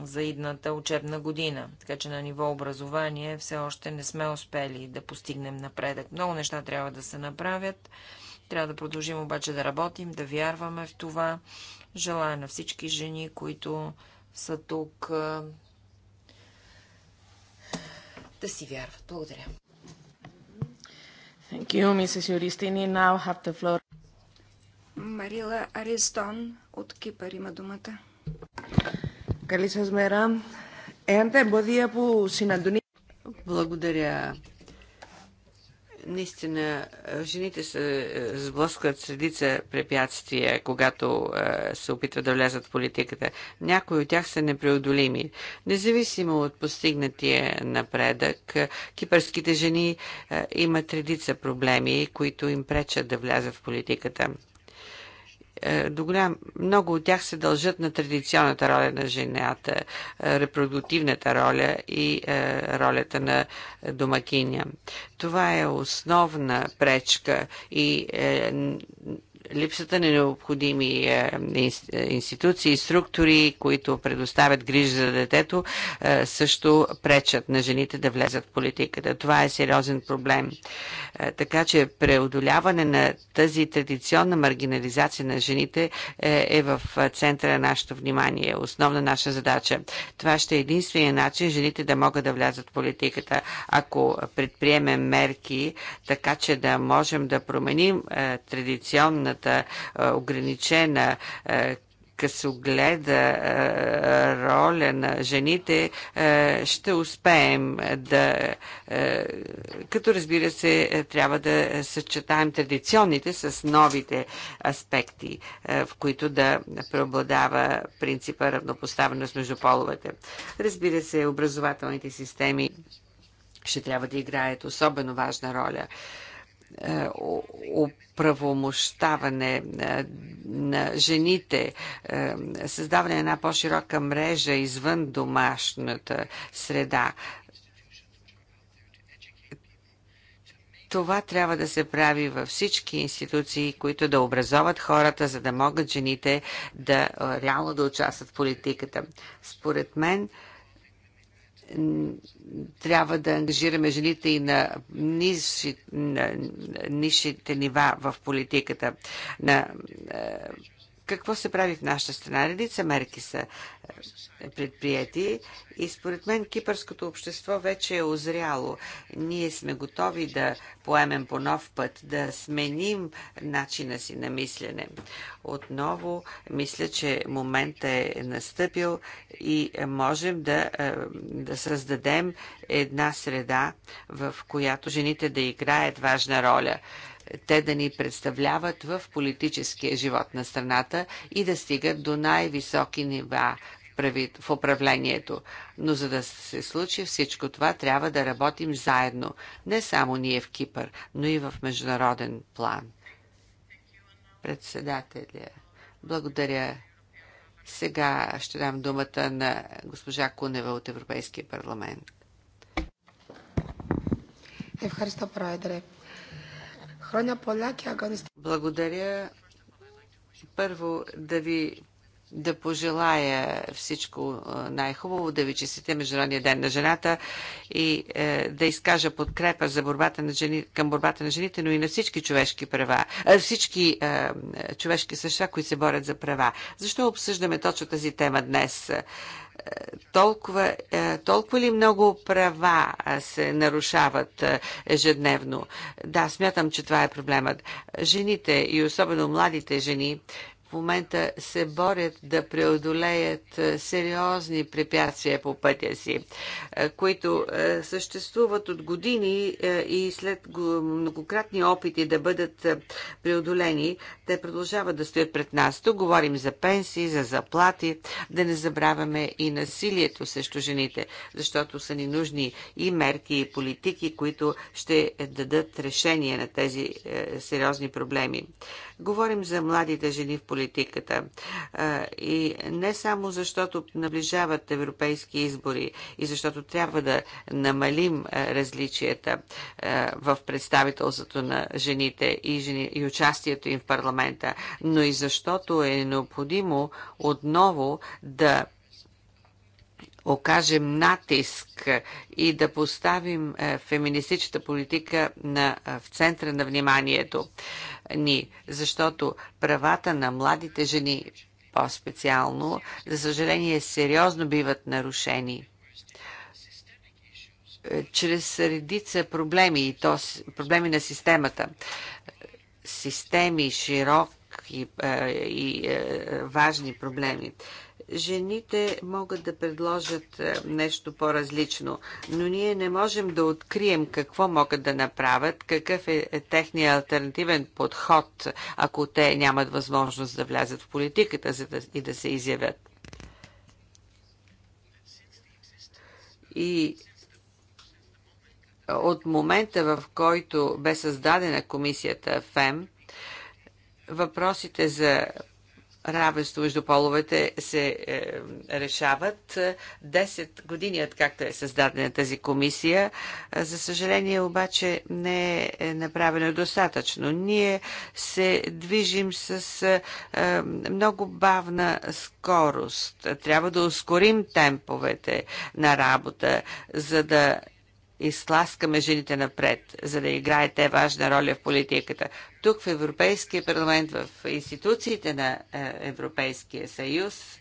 Speaker 4: за идната учебна година. Така че на ниво образование все още не сме успели да постигнем напредък. Много неща трябва да се направят. Трябва да продължим обаче да работим, да вярваме в това. Желая на всички жени, които са тук, да си вярват. Благодаря.
Speaker 2: Thank you, Mrs. Юристини. Now have the floor.
Speaker 3: Марила Аристон от Кипър има думата.
Speaker 2: Καλή σας μέρα.
Speaker 1: τα εμπόδια που συναντούν... Благодаря, наистина жените се сблъскват с редица препятствия, когато се опитват да влязат в политиката. Някои от тях са непреодолими. Независимо от постигнатия напредък, кипърските жени имат редица проблеми, които им пречат да влязат в политиката. Е, до голям, много от тях се дължат на традиционната роля на жената, е, репродуктивната роля и е, ролята на домакиня. Това е основна пречка и липсата на необходими е, е, институции, структури, които предоставят грижи за детето, е, също пречат на жените да влезат в политиката. Това е сериозен проблем. Така че преодоляване на тази традиционна маргинализация на жените е в центъра на нашето внимание, основна наша задача. Това ще е единствения начин жените да могат да влязат в политиката, ако предприемем мерки, така че да можем да променим традиционната неговата е, ограничена е, късогледа е, роля на жените, ще успеем да. Като разбира се, трябва да съчетаем традиционните с новите аспекти, в които да преобладава принципа равнопоставеност между половете. Разбира се, образователните системи ще трябва да играят особено важна роля. Е, оправомощаване е, на жените, е, създаване на една по-широка мрежа извън домашната среда. Това трябва да се прави във всички институции, които да образоват хората, за да могат жените да реално да участват в политиката. Според мен, трябва да ангажираме жените и на нишите нива в политиката, на е, какво се прави в нашата страна? Редица мерки са е, предприяти и според мен кипърското общество вече е озряло. Ние сме готови да поемем по нов път, да сменим начина си на мислене. Отново мисля, че момента е настъпил и можем да, е, да създадем една среда, в която жените да играят важна роля те да ни представляват в политическия живот на страната и да стигат до най-високи нива в управлението. Но за да се случи всичко това, трябва да работим заедно. Не само ние в Кипър, но и в международен план. Председателя, благодаря. Сега ще дам думата на госпожа Кунева от Европейския парламент.
Speaker 3: Ευχαριστώ, Πρόεδρε.
Speaker 1: Благодаря. Първо да ви да пожелая всичко най-хубаво, да ви честите Международния ден на жената и е, да изкажа подкрепа за борбата на жени, към борбата на жените, но и на всички човешки права, всички е, човешки същества, които се борят за права. Защо обсъждаме точно тази тема днес? Е, толкова, е, толкова ли много права се нарушават е, ежедневно? Да, смятам, че това е проблемът. Жените и особено младите жени в момента се борят да преодолеят е, сериозни препятствия по пътя си, е, които е, съществуват от години и след многократни опити да бъдат преодолени, те продължават да стоят пред нас. Тук говорим за пенсии, за заплати, да не забравяме и насилието срещу жените, защото са ни нужни и мерки, и политики, които ще дадат решение на тези сериозни проблеми. Говорим за младите жени в политиката. И не само защото наближават европейски избори и защото трябва да намалим различията в представителството на жените и, жени, и участието им в парламента, но и защото е необходимо отново да окажем натиск и да поставим феминистичната политика на, в центъра на вниманието ни, защото правата на младите жени по-специално, за съжаление, сериозно биват нарушени е, чрез редица проблеми и то проблеми на системата. Системи, широк и, е, и е, важни проблеми. Жените могат да предложат е, нещо по-различно, но ние не можем да открием какво могат да направят, какъв е, е техния альтернативен подход, ако те нямат възможност да влязат в политиката и да се изявят. И от момента, в който бе създадена комисията ФЕМ, въпросите за равенство между половете се е, решават. Десет години, както е създадена тази комисия, е, за съжаление обаче не е направено достатъчно. Ние се движим с е, е, много бавна скорост. Трябва да ускорим темповете на работа, за да изтласкаме жените напред, за да играете важна роля в политиката тук в Европейския парламент, в институциите на е, Европейския съюз,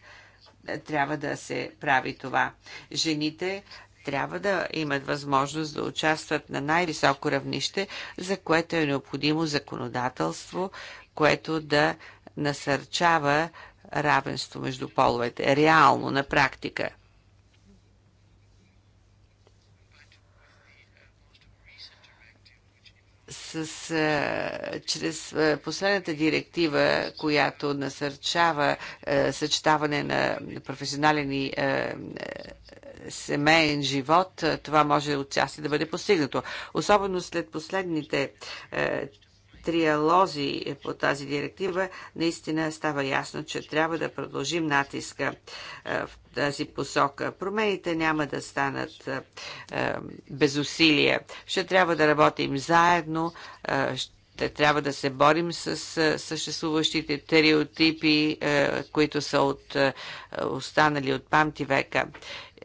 Speaker 1: е, трябва да се прави това. Жените трябва да имат възможност да участват на най-високо равнище, за което е необходимо законодателство, което да насърчава равенство между половете. Реално, на практика. с, чрез последната директива, която насърчава съчетаване на професионален и семейен живот, това може отчасти да бъде постигнато. Особено след последните е, триалози по тази директива, наистина става ясно, че трябва да продължим натиска е, в тази посока. Промените няма да станат е, е, без усилия. Ще трябва да работим заедно, ще трябва да се борим с съществуващите териотипи, които са от, останали от памти века.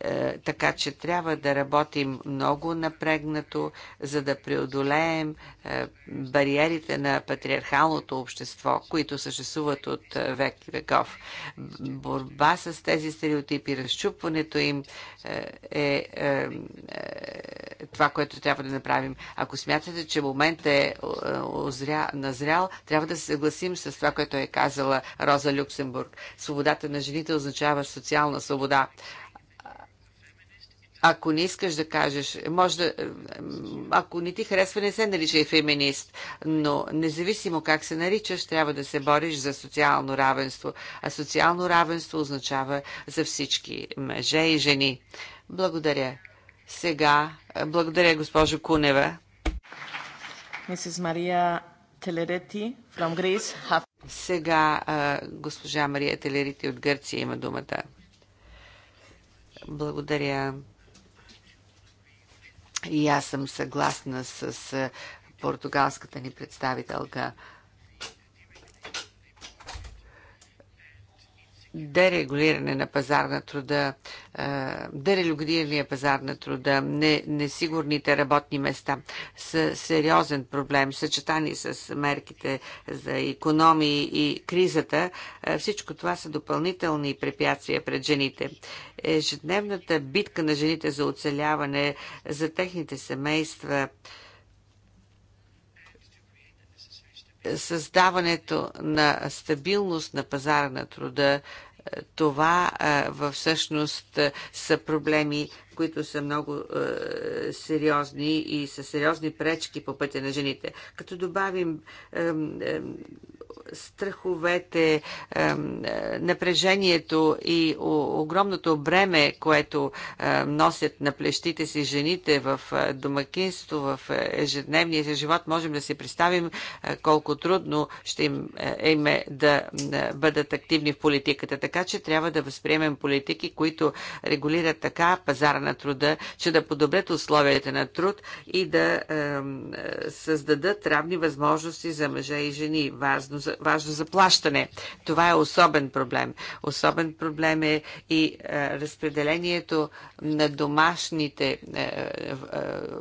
Speaker 1: Е, така че трябва да работим много напрегнато, за да преодолеем е, бариерите на патриархалното общество, които съществуват от е, век и веков. Борба с тези стереотипи, разчупването им е, е, е, това, което трябва да направим. Ако смятате, че моментът е озря, назрял, трябва да се съгласим с това, което е казала Роза Люксембург. Свободата на жените означава социална свобода ако не искаш да кажеш, може да, ако не ти харесва, не се наричай феминист, но независимо как се наричаш, трябва да се бориш за социално равенство. А социално равенство означава за всички мъже и жени. Благодаря. Сега, благодаря госпожо Кунева. Мисис Мария Телерети from Greece. Сега госпожа Мария Телерити от Гърция има думата. Благодаря. И аз съм съгласна с португалската ни представителка. дерегулиране на пазар на труда, дерегулирания пазар на труда, несигурните работни места са сериозен проблем, съчетани с мерките за економии и кризата. Всичко това са допълнителни препятствия пред жените ежедневната битка на жените за оцеляване, за техните семейства, създаването на стабилност на пазара на труда, това всъщност са проблеми които са много е, сериозни и са сериозни пречки по пътя на жените. Като добавим е, е, страховете, напрежението и огромното бреме, което е, носят на плещите си жените в е, домакинство, в е, ежедневния си живот, можем да си представим колко трудно ще им е да бъдат активни в политиката. Така че трябва да възприемем политики, които регулират така пазара на труда, че да подобрят условията на труд и да е, е създадат равни възможности за мъже и жени. Важно, важно заплащане. Това е особен проблем. Особен проблем е и е, разпределението на домашните е, е, е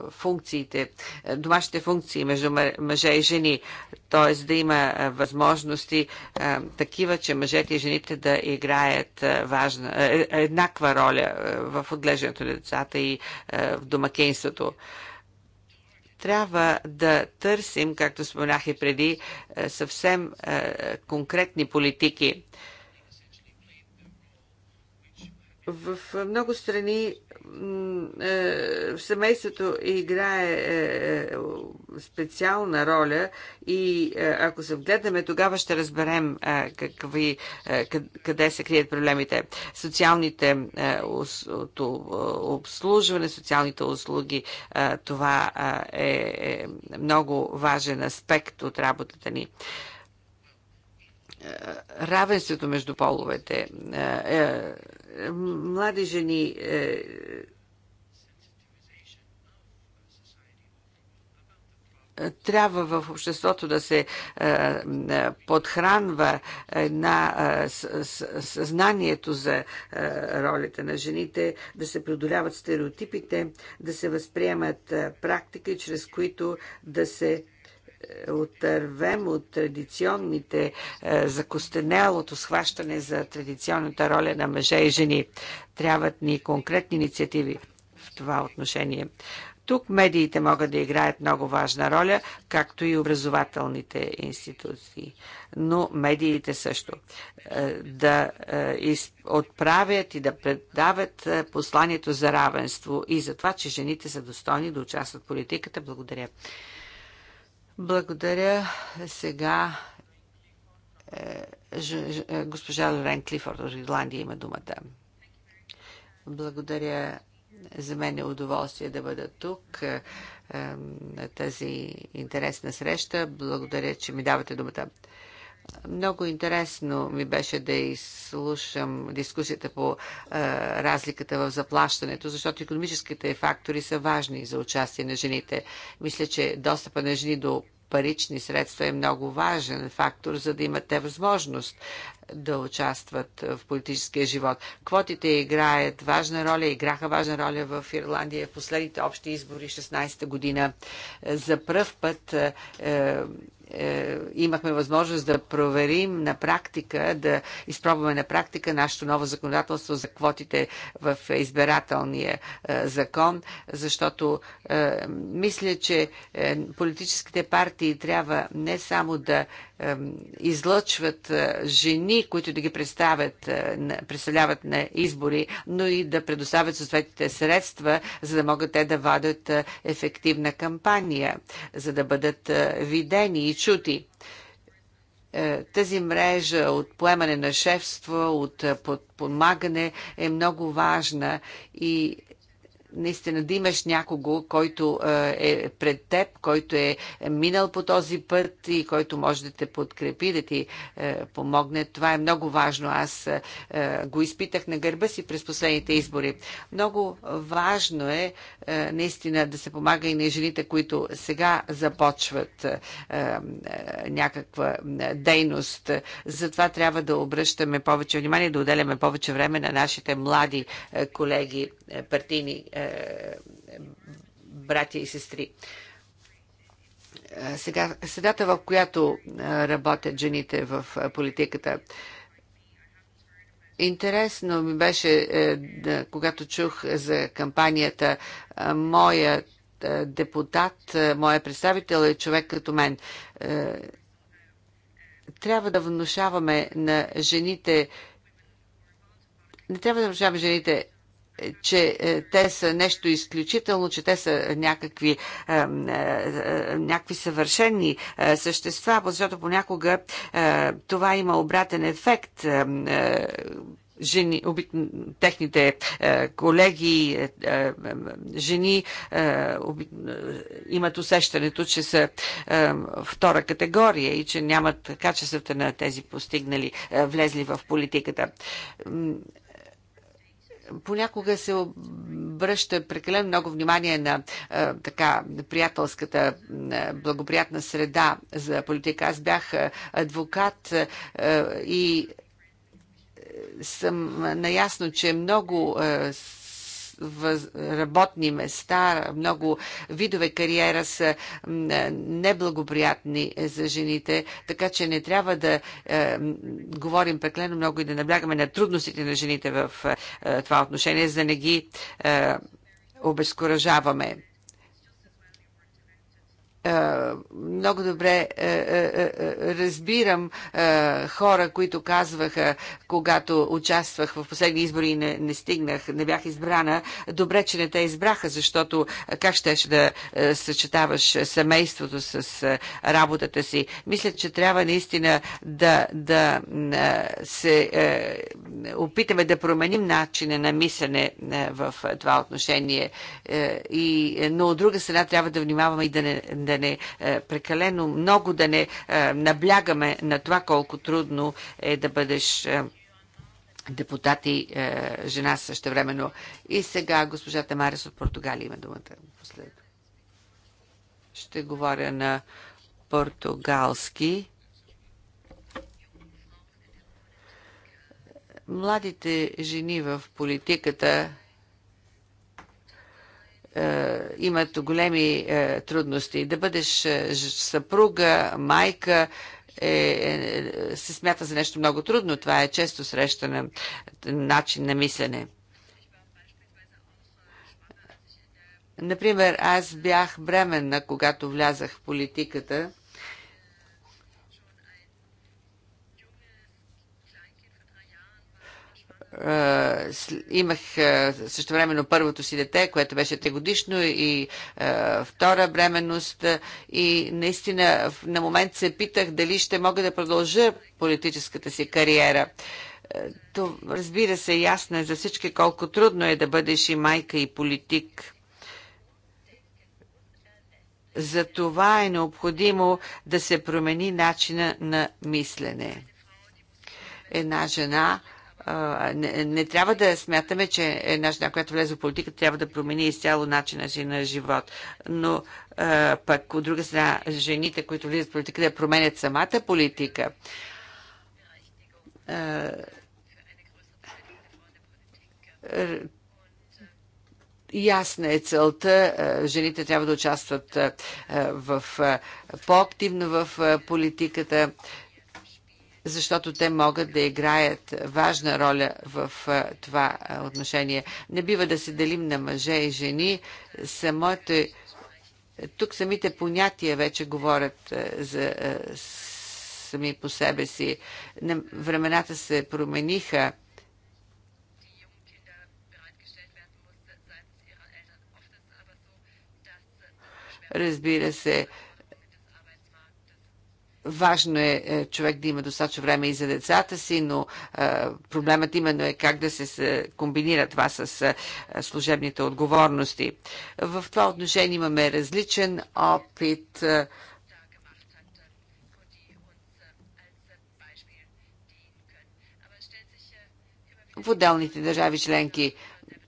Speaker 1: функциите, е, домашните функции между мъже и жени. Т.е. да има възможности е, такива, че мъжете и жените да играят важна, еднаква роля в отглеждането на децата и е, в домакинството трябва да търсим, както споменах и преди, е, съвсем е, конкретни политики. В много страни в е, семейството играе е, е, специална роля и ако се вгледаме, тогава ще разберем какви, къде се крият проблемите. Социалните обслужване, социалните услуги, това е много важен аспект от работата ни равенството между половете, е, млади жени е, трябва в обществото да се е, подхранва на съзнанието за ролята на жените, да се преодоляват стереотипите, да се възприемат практики, чрез които да се отървем от традиционните, е, закостенелото схващане за традиционната роля на мъже и жени. Трябват ни конкретни инициативи в това отношение. Тук медиите могат да играят много важна роля, както и образователните институции. Но медиите също е, да е, отправят и да предават посланието за равенство и за това, че жените са достойни да участват в политиката. Благодаря. Благодаря. Сега е, е, госпожа Лорен Клифорд от Ирландия има думата. Благодаря. За мен е удоволствие да бъда тук е, на тази интересна среща. Благодаря, че ми давате думата. Много интересно ми беше да изслушам дискусията по е, разликата в заплащането, защото економическите фактори са важни за участие на жените. Мисля, че достъпа на жени до парични средства е много важен фактор, за да имат те възможност да участват в политическия живот. Квотите играят важна роля, играха важна роля в Ирландия в последните общи избори 16-та година. За пръв път е, е, е, имахме възможност да проверим на практика, да изпробваме на практика нашето ново законодателство за квотите в избирателния е, закон, защото е, мисля, че политическите партии трябва не само да излъчват жени, които да ги представят, представляват на избори, но и да предоставят съответните средства, за да могат те да водят ефективна кампания, за да бъдат видени и чути. Е, тази мрежа от поемане на шефство, от е, подпомагане е много важна и наистина да имаш някого, който е, е пред теб, който е минал по този път и който може да те подкрепи, да ти е, помогне. Това е много важно. Аз е, го изпитах на гърба си през последните избори. Много важно е наистина да се помага и на жените, които сега започват някаква дейност. Затова трябва да обръщаме повече внимание, да отделяме повече време на нашите млади колеги партийни братя и сестри. Сега, седата, в която работят жените в политиката, Интересно ми беше, е, когато чух за кампанията, моят депутат, моя представител е човек като мен. Е, трябва да внушаваме на жените не трябва да внушаваме жените е, че е, те са нещо изключително, че те са някакви, е, някакви съвършени същества, защото понякога това има обратен ефект жени, оби, техните е, колеги, е, е, жени е, оби, е, имат усещането, че са е, втора категория и че нямат качествата на тези постигнали, е, влезли в политиката понякога се обръща прекалено много внимание на а, е, така приятелската а, благоприятна среда за политика. Аз бях е, адвокат а, е, и съм наясно, че много а, работни места, много видове кариера са неблагоприятни е, за жените, така че не трябва да е, говорим преклено много и да наблягаме на трудностите на жените в е, е това отношение, за да не ги е, обезкуражаваме. Е, много добре е, е, разбирам хора, които казваха, когато участвах в последни избори и не, не стигнах, не бях избрана, добре, че не те избраха, защото как щеш да съчетаваш семейството с работата си? Мисля, че трябва наистина да, да се опитаме да променим начина на мислене в това отношение. И, но от друга страна трябва да внимаваме и да не да не е, прекалено много да не е, наблягаме на това колко трудно е да бъдеш е, депутат и жена също времено. И сега госпожа Тамарес от Португалия има думата. Последно. Ще говоря на португалски. Младите жени в политиката е, имат големи е, трудности. Да бъдеш е, съпруга, майка, е, е, се смята за нещо много трудно. Това е често срещан начин на мислене. Например, аз бях бременна, когато влязах в политиката Е, имах е, също времено първото си дете, което беше тригодишно и е, втора бременност и наистина на момент се питах дали ще мога да продължа политическата си кариера. То, разбира се, ясно е за всички колко трудно е да бъдеш и майка, и политик. За това е необходимо да се промени начина на мислене. Една жена не, не трябва да смятаме, че една жена, която влезе в политиката, трябва да промени изцяло начина си на живот. Но а, пък от друга страна, жените, които влизат в политиката, да променят самата политика. Ясна е целта. Жените трябва да участват в, по-активно в политиката защото те могат да играят важна роля в това отношение. Не бива да се делим на мъже и жени. Самото... Тук самите понятия вече говорят за сами по себе си. Времената се промениха. Разбира се, Важно е, е човек да има достатъчно време и за децата си, но е, проблемът именно е как да се комбинира това с е, служебните отговорности. В това отношение имаме различен опит. в отделните държави членки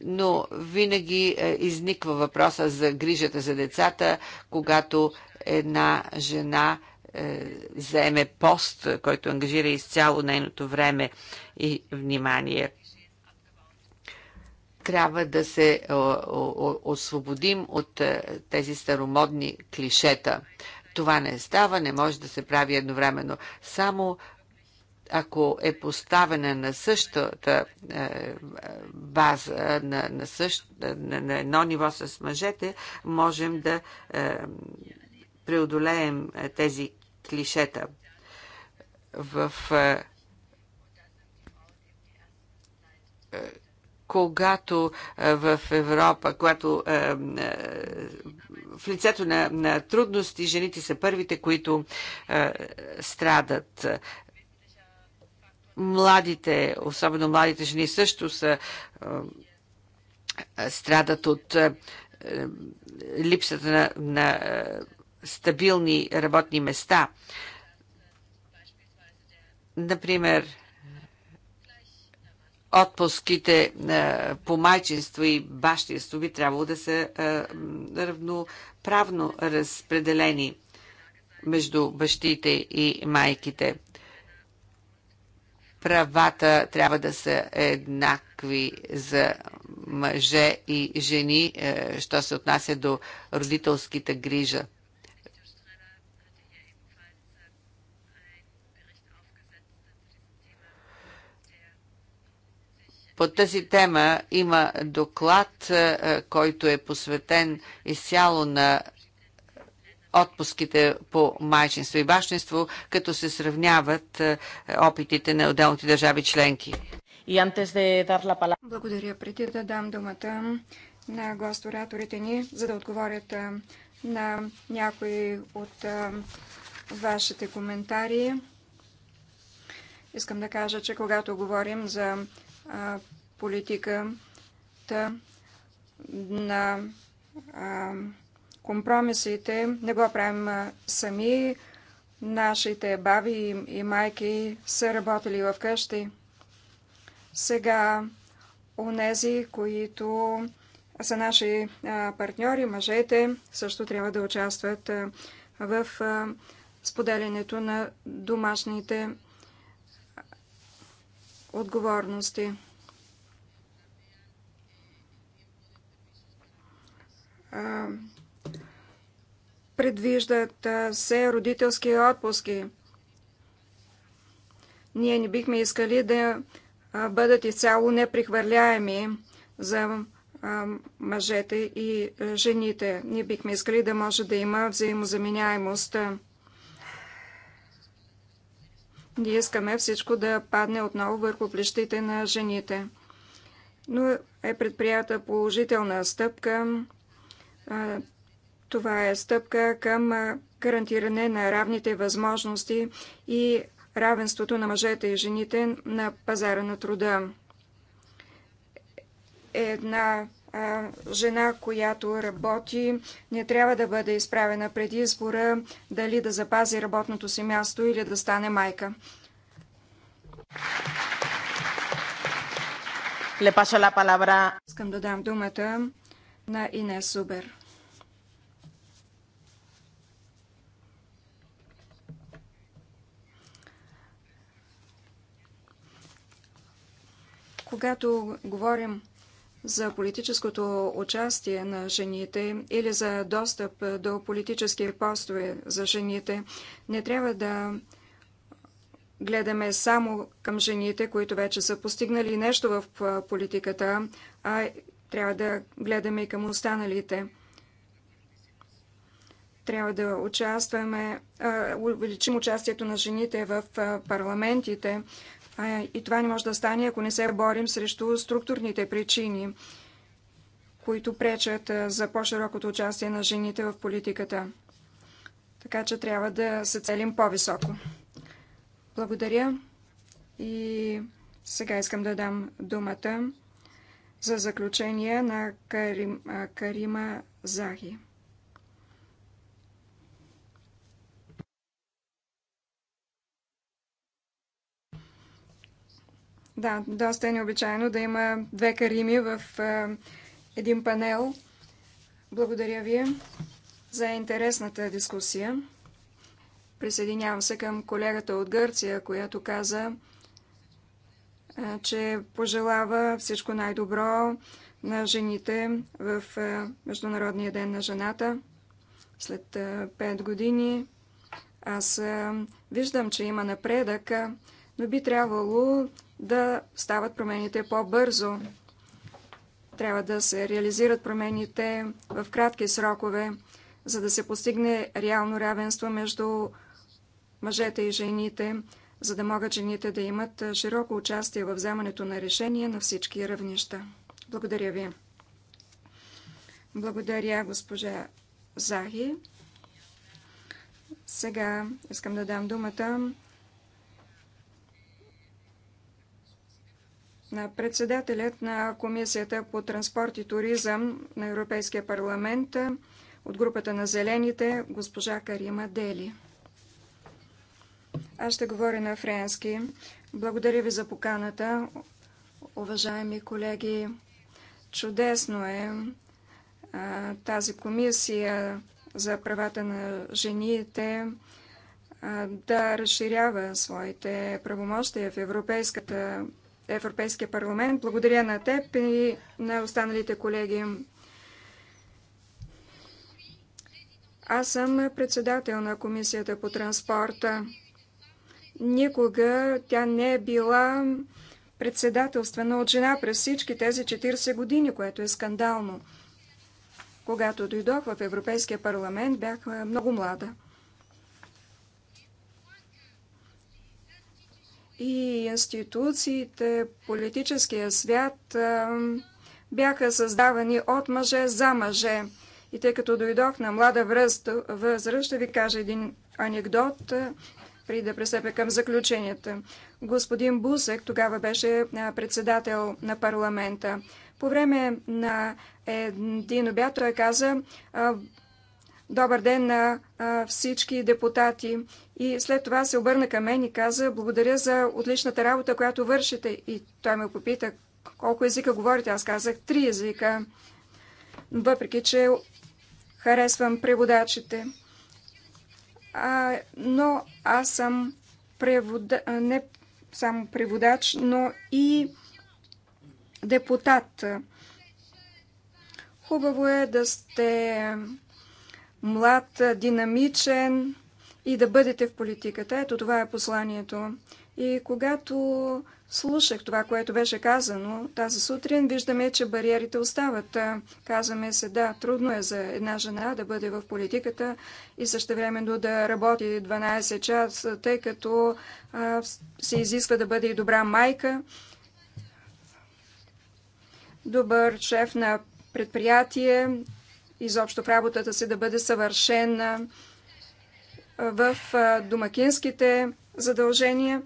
Speaker 1: но винаги изниква въпроса за грижата за децата, когато една жена е, заеме пост, който ангажира изцяло нейното време и внимание трябва да се освободим от е, тези старомодни клишета. Това не става, не може да се прави едновременно. Само ако е поставена на същата е, база, на, на, същ, на, на едно ниво с мъжете, можем да преодолеем тези клишета. В е, е, когато е, в Европа, когато в лицето на, на трудности жените са първите, които страдат. Младите, особено младите жени, също са страдат от липсата на, на стабилни работни места. Например, отпуските е, по майчинство и бащинство би трябвало да са е, равноправно разпределени между бащите и майките. Правата трябва да са еднакви за мъже и жени, е, що се отнася до родителските грижа. По тази тема има доклад, е, е, който е посветен изцяло на отпуските по майчинство и бащинство, като се сравняват е, опитите на отделните държави членки.
Speaker 3: Благодаря. Преди да дам думата на гостораторите ни, за да отговорят на някои от вашите коментари, искам да кажа, че когато говорим за политиката на компромисите. Не го правим сами. Нашите баби и майки са работили в къщи. Сега нези, които са наши партньори, мъжете, също трябва да участват в споделянето на домашните отговорности. Предвиждат се родителски отпуски. Ние не бихме искали да бъдат изцяло неприхвърляеми за мъжете и жените. Ние бихме искали да може да има взаимозаменяемост. Ние искаме всичко да падне отново върху плещите на жените. Но е предприята положителна стъпка. Това е стъпка към гарантиране на равните възможности и равенството на мъжете и жените на пазара на труда. Една жена, която работи, не трябва да бъде изправена преди избора дали да запази работното си място или да стане майка. Le paso la palabra. Искам да дам думата на Инес Субер. Когато говорим за политическото участие на жените или за достъп до политически постове за жените. Не трябва да гледаме само към жените, които вече са постигнали нещо в политиката, а трябва да гледаме и към останалите. Трябва да участваме, увеличим участието на жените в парламентите, и това не може да стане, ако не се борим срещу структурните причини, които пречат за по-широкото участие на жените в политиката. Така че трябва да се целим по-високо. Благодаря. И сега искам да дам думата за заключение на Карим, Карима Захи. Да, доста е необичайно да има две карими в е, един панел. Благодаря ви за интересната дискусия. Присъединявам се към колегата от Гърция, която каза, е, че пожелава всичко най-добро на жените в е, Международния ден на жената. След 5 години аз виждам, че има напредък, но би трябвало да стават промените по-бързо. Трябва да се реализират промените в кратки срокове, за да се постигне реално равенство между мъжете и жените, за да могат жените да имат широко участие в вземането на решения на всички равнища. Благодаря ви. Благодаря, госпожа Захи. Сега искам да дам думата Председателят на Комисията по транспорт и туризъм на Европейския парламент от групата на Зелените, госпожа Карима Дели. Аз ще говоря на френски. Благодаря ви за поканата, уважаеми колеги. Чудесно е а, тази комисия за правата на жените а, да разширява своите правомощия в Европейската Европейския парламент. Благодаря на теб и на останалите колеги. Аз съм председател на Комисията по транспорта. Никога тя не е била председателствена от жена през всички тези 40 години, което е скандално. Когато дойдох в Европейския парламент, бях много млада. и институциите, политическия свят бяха създавани от мъже за мъже. И тъй като дойдох на млада възраст, ще ви кажа един анекдот, при да пресепя към заключенията. Господин Бусек тогава беше председател на парламента. По време на един обяд той каза, Добър ден на всички депутати. И след това се обърна към мен и каза, благодаря за отличната работа, която вършите. И той ме попита, колко езика говорите. Аз казах, три езика. Въпреки, че харесвам преводачите. А, но аз съм превода... не само преводач, но и депутат. Хубаво е да сте млад, динамичен и да бъдете в политиката. Ето това е посланието. И когато слушах това, което беше казано тази сутрин, виждаме, че бариерите остават. Казваме се, да, трудно е за една жена да бъде в политиката и също времено да работи 12 часа, тъй като а, се изисква да бъде и добра майка, добър шеф на предприятие, изобщо в работата си да бъде съвършена в домакинските задължения,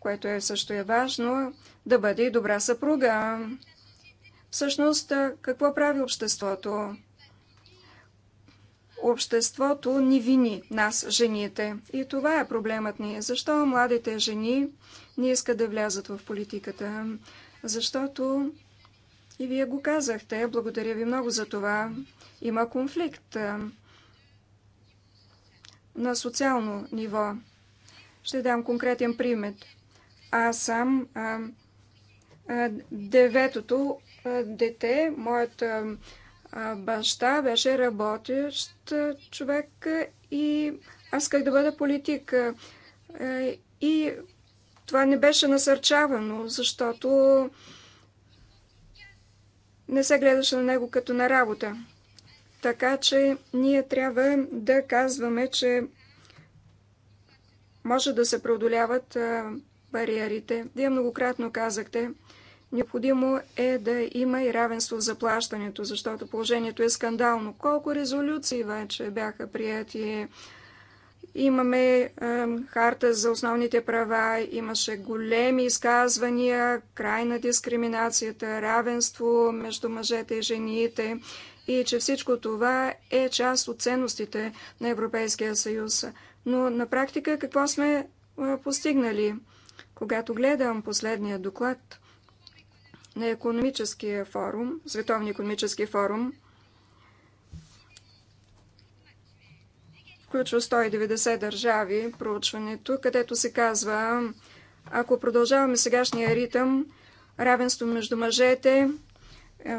Speaker 3: което е също е важно, да бъде и добра съпруга. Всъщност, какво прави обществото? Обществото ни вини, нас, жените. И това е проблемът ни. Защо младите жени не искат да влязат в политиката? Защото и вие го казахте. Благодаря ви много за това. Има конфликт е, на социално ниво. Ще дам конкретен пример. Аз съм а, е, а, е, деветото а, дете. Моят а, баща беше работещ човек и аз исках да бъда политик. И това не беше насърчавано, защото не се гледаше на него като на работа. Така че ние трябва да казваме, че може да се преодоляват бариерите. Вие многократно казахте, необходимо е да има и равенство в заплащането, защото положението е скандално. Колко резолюции вече бяха прияти Имаме е, харта за основните права, имаше големи изказвания, край на дискриминацията, равенство между мъжете и жените и че всичко това е част от ценностите на Европейския съюз. Но на практика какво сме постигнали? Когато гледам последния доклад на економическия форум, Световния економически форум, включва 190 държави, проучването, където се казва, ако продължаваме сегашния ритъм, равенство между мъжете, е,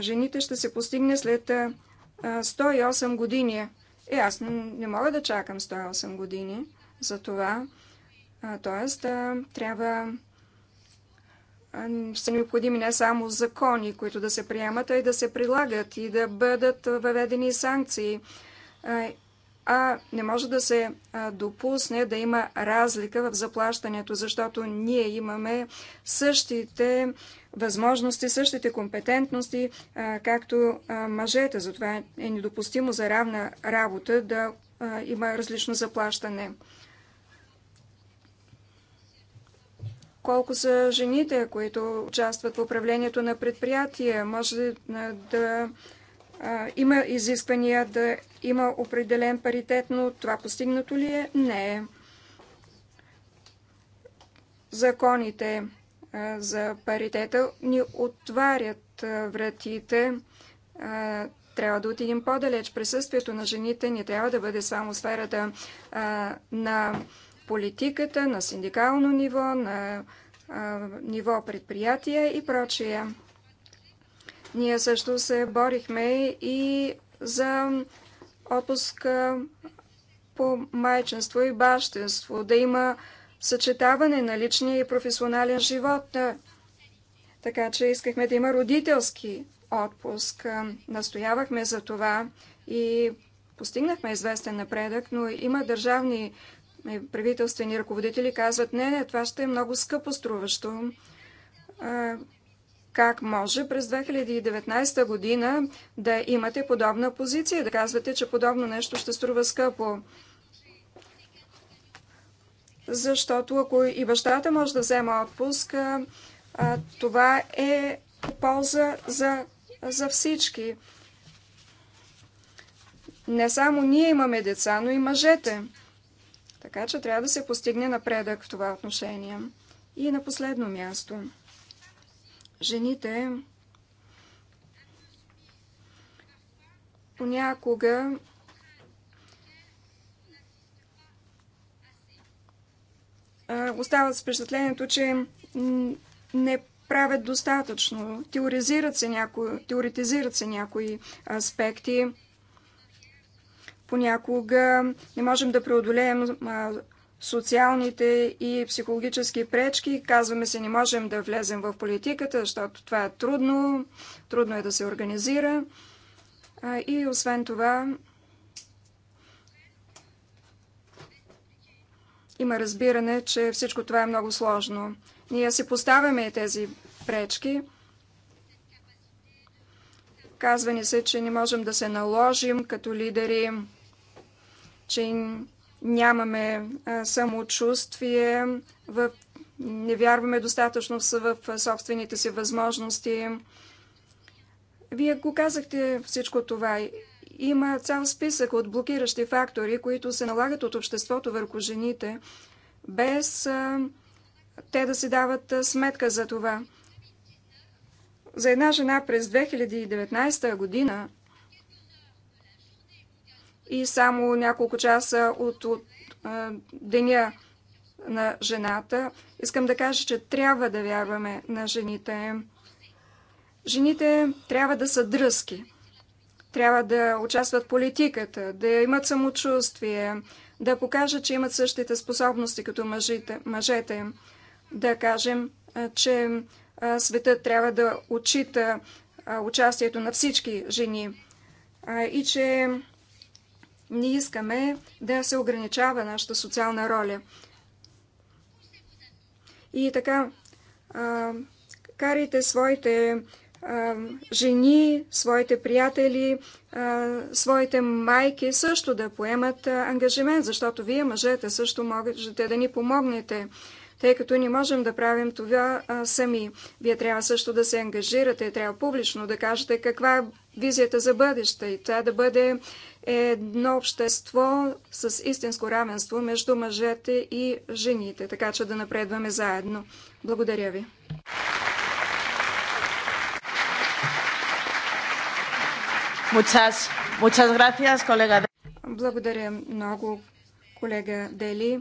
Speaker 3: жените ще се постигне след 108 е, години. Е, аз не мога да чакам 108 години за това. Тоест, е, трябва са необходими не само закони, които да се приемат, а и да се прилагат и да бъдат въведени санкции а не може да се допусне да има разлика в заплащането, защото ние имаме същите възможности, същите компетентности, както мъжете. Затова е недопустимо за равна работа да има различно заплащане. Колко са жените, които участват в управлението на предприятия, Може да има изисквания да има определен паритет, но това постигнато ли е? Не е. Законите за паритета ни отварят вратите. Трябва да отидем по-далеч. Присъствието на жените не трябва да бъде само сферата на политиката, на синдикално ниво, на ниво предприятия и прочие. Ние също се борихме и за отпуск по майчинство и бащинство, да има съчетаване на личния и професионален живот. Така че искахме да има родителски отпуск. Настоявахме за това и постигнахме известен напредък, но има държавни правителствени ръководители казват, не, не, това ще е много скъпо струващо. Как може през 2019 година да имате подобна позиция, да казвате, че подобно нещо ще струва скъпо? Защото ако и бащата може да взема отпуск, това е полза за, за всички. Не само ние имаме деца, но и мъжете. Така че трябва да се постигне напредък в това отношение. И на последно място – жените понякога остават с впечатлението, че не правят достатъчно. Теоризират се някои, теоретизират се някои аспекти. Понякога не можем да преодолеем социалните и психологически пречки. Казваме се, не можем да влезем в политиката, защото това е трудно, трудно е да се организира. И освен това, има разбиране, че всичко това е много сложно. Ние си поставяме тези пречки. Казва ни се, че не можем да се наложим като лидери, че нямаме самочувствие, в... не вярваме достатъчно в собствените си възможности. Вие го казахте всичко това. Има цял списък от блокиращи фактори, които се налагат от обществото върху жените, без те да си дават сметка за това. За една жена през 2019 година и само няколко часа от, от а, деня на жената. Искам да кажа, че трябва да вярваме на жените. Жените трябва да са дръзки. Трябва да участват в политиката, да имат самочувствие, да покажат, че имат същите способности като мъжите, мъжете. Да кажем, че светът трябва да отчита участието на всички жени и че не искаме да се ограничава нашата социална роля. И така, а, карайте своите а, жени, своите приятели, а, своите майки също да поемат а, ангажимент, защото вие, мъжете, също можете да ни помогнете, тъй като не можем да правим това а, сами. Вие трябва също да се ангажирате, трябва публично да кажете каква е визията за бъдеще и това да бъде е едно общество с истинско равенство между мъжете и жените, така че да напредваме заедно. Благодаря ви. Muchas,
Speaker 2: muchas gracias, колега.
Speaker 3: Благодаря много, колега Дели.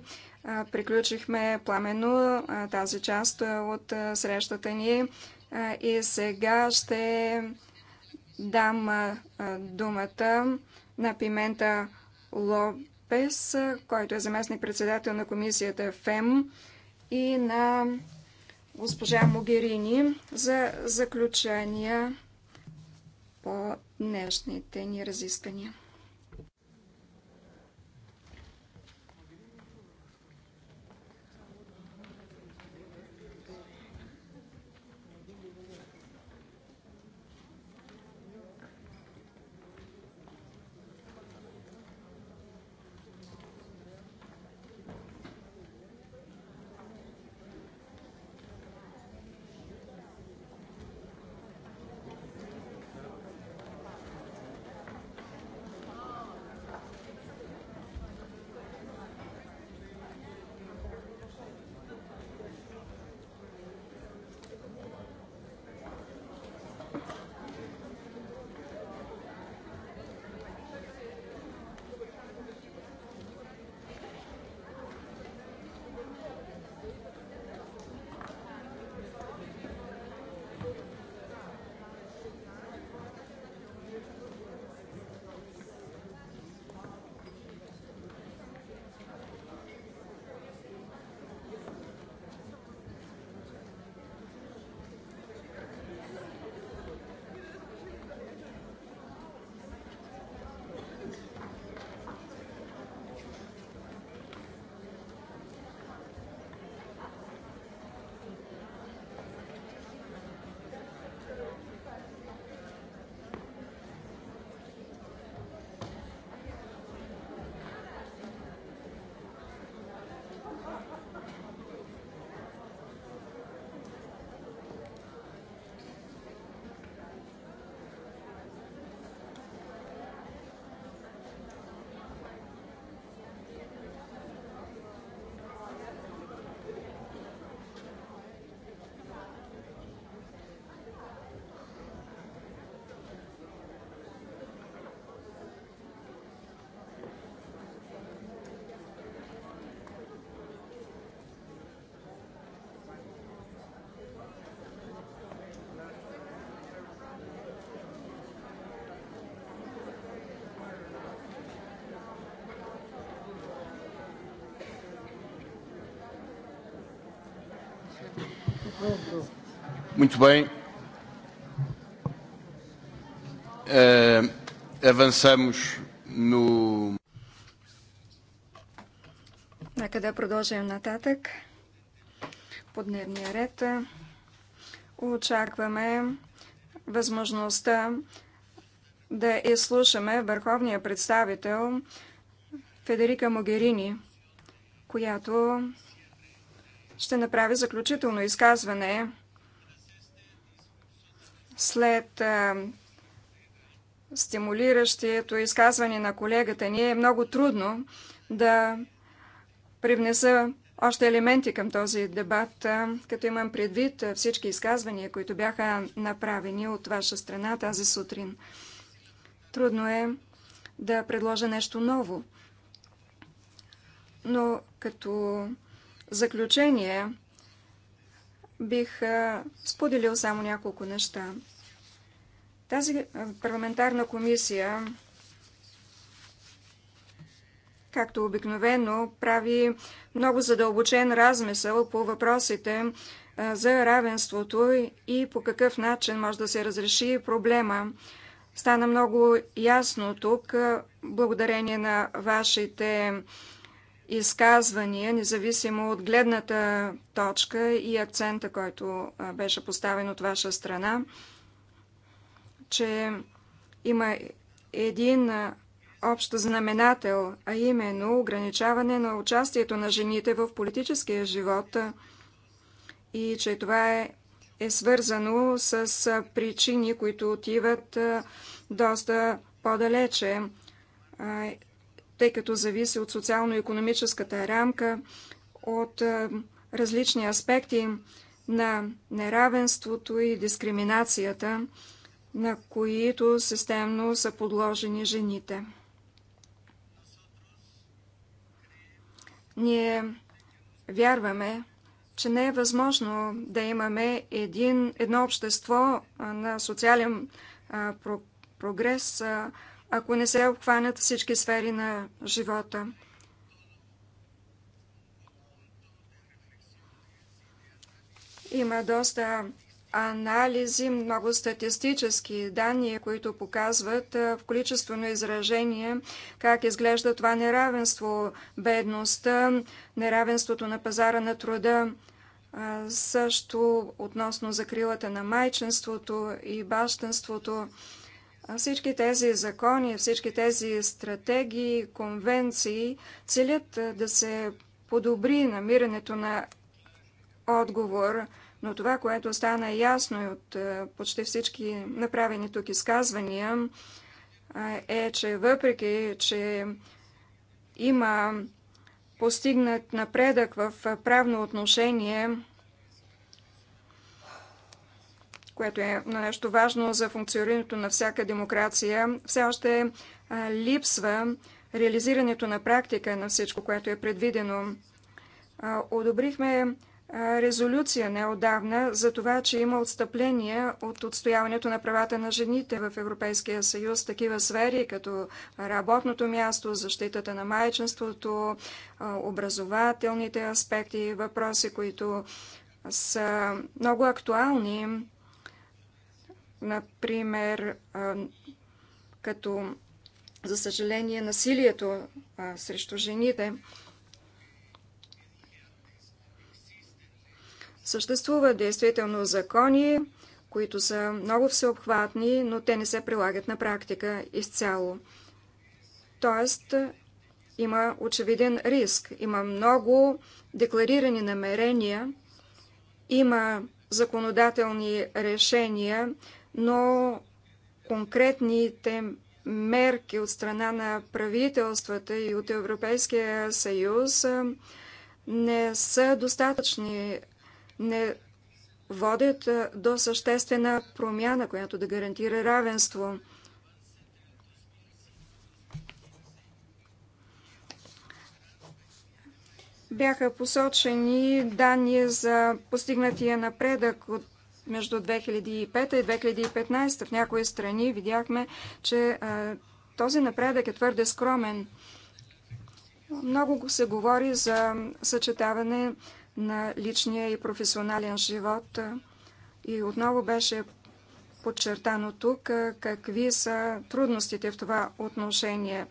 Speaker 3: Приключихме пламенно тази част от срещата ни и сега ще дам думата на Пимента Лопес, който е заместник-председател на комисията ФЕМ и на госпожа Могерини за заключения по днешните ни разисквания.
Speaker 5: Muito bem. Uh, avançamos no.
Speaker 3: Нека да продължим нататък по дневния ред. Е, очакваме възможността да изслушаме върховния представител Федерика Могерини, която ще направя заключително изказване след стимулиращието изказване на колегата ни. Е много трудно да привнеса още елементи към този дебат, като имам предвид всички изказвания, които бяха направени от ваша страна тази сутрин. Трудно е да предложа нещо ново. Но като заключение бих споделил само няколко неща. Тази парламентарна комисия, както обикновено, прави много задълбочен размисъл по въпросите за равенството и по какъв начин може да се разреши проблема. Стана много ясно тук, благодарение на вашите изказвания, независимо от гледната точка и акцента, който беше поставен от ваша страна, че има един общ знаменател, а именно ограничаване на участието на жените в политическия живот и че това е, е свързано с причини, които отиват доста по-далече тъй като зависи от социално-економическата рамка, от различни аспекти на неравенството и дискриминацията, на които системно са подложени жените. Ние вярваме, че не е възможно да имаме един, едно общество на социален а, про, прогрес, а, ако не се обхванат всички сфери на живота. Има доста анализи, много статистически данни, които показват в количествено изражение как изглежда това неравенство, бедността, неравенството на пазара на труда, също относно закрилата на майчинството и бащенството. Всички тези закони, всички тези стратегии, конвенции целят да се подобри намирането на отговор, но това, което стана ясно и от почти всички направени тук изказвания, е, че въпреки, че има постигнат напредък в правно отношение, което е нещо важно за функционирането на всяка демокрация, все още липсва реализирането на практика на всичко, което е предвидено. Одобрихме резолюция неодавна за това, че има отстъпление от отстояването на правата на жените в Европейския съюз, такива сфери като работното място, защитата на майчинството, образователните аспекти, въпроси, които са много актуални Например, като за съжаление насилието срещу жените. Съществуват действително закони, които са много всеобхватни, но те не се прилагат на практика изцяло. Тоест, има очевиден риск. Има много декларирани намерения, има законодателни решения, но конкретните мерки от страна на правителствата и от Европейския съюз не са достатъчни, не водят до съществена промяна, която да гарантира равенство. Бяха посочени данни за постигнатия напредък от между 2005 и 2015 в някои страни видяхме, че а, този напредък е твърде скромен. Много се говори за съчетаване на личния и професионален живот. И отново беше подчертано тук какви са трудностите в това отношение.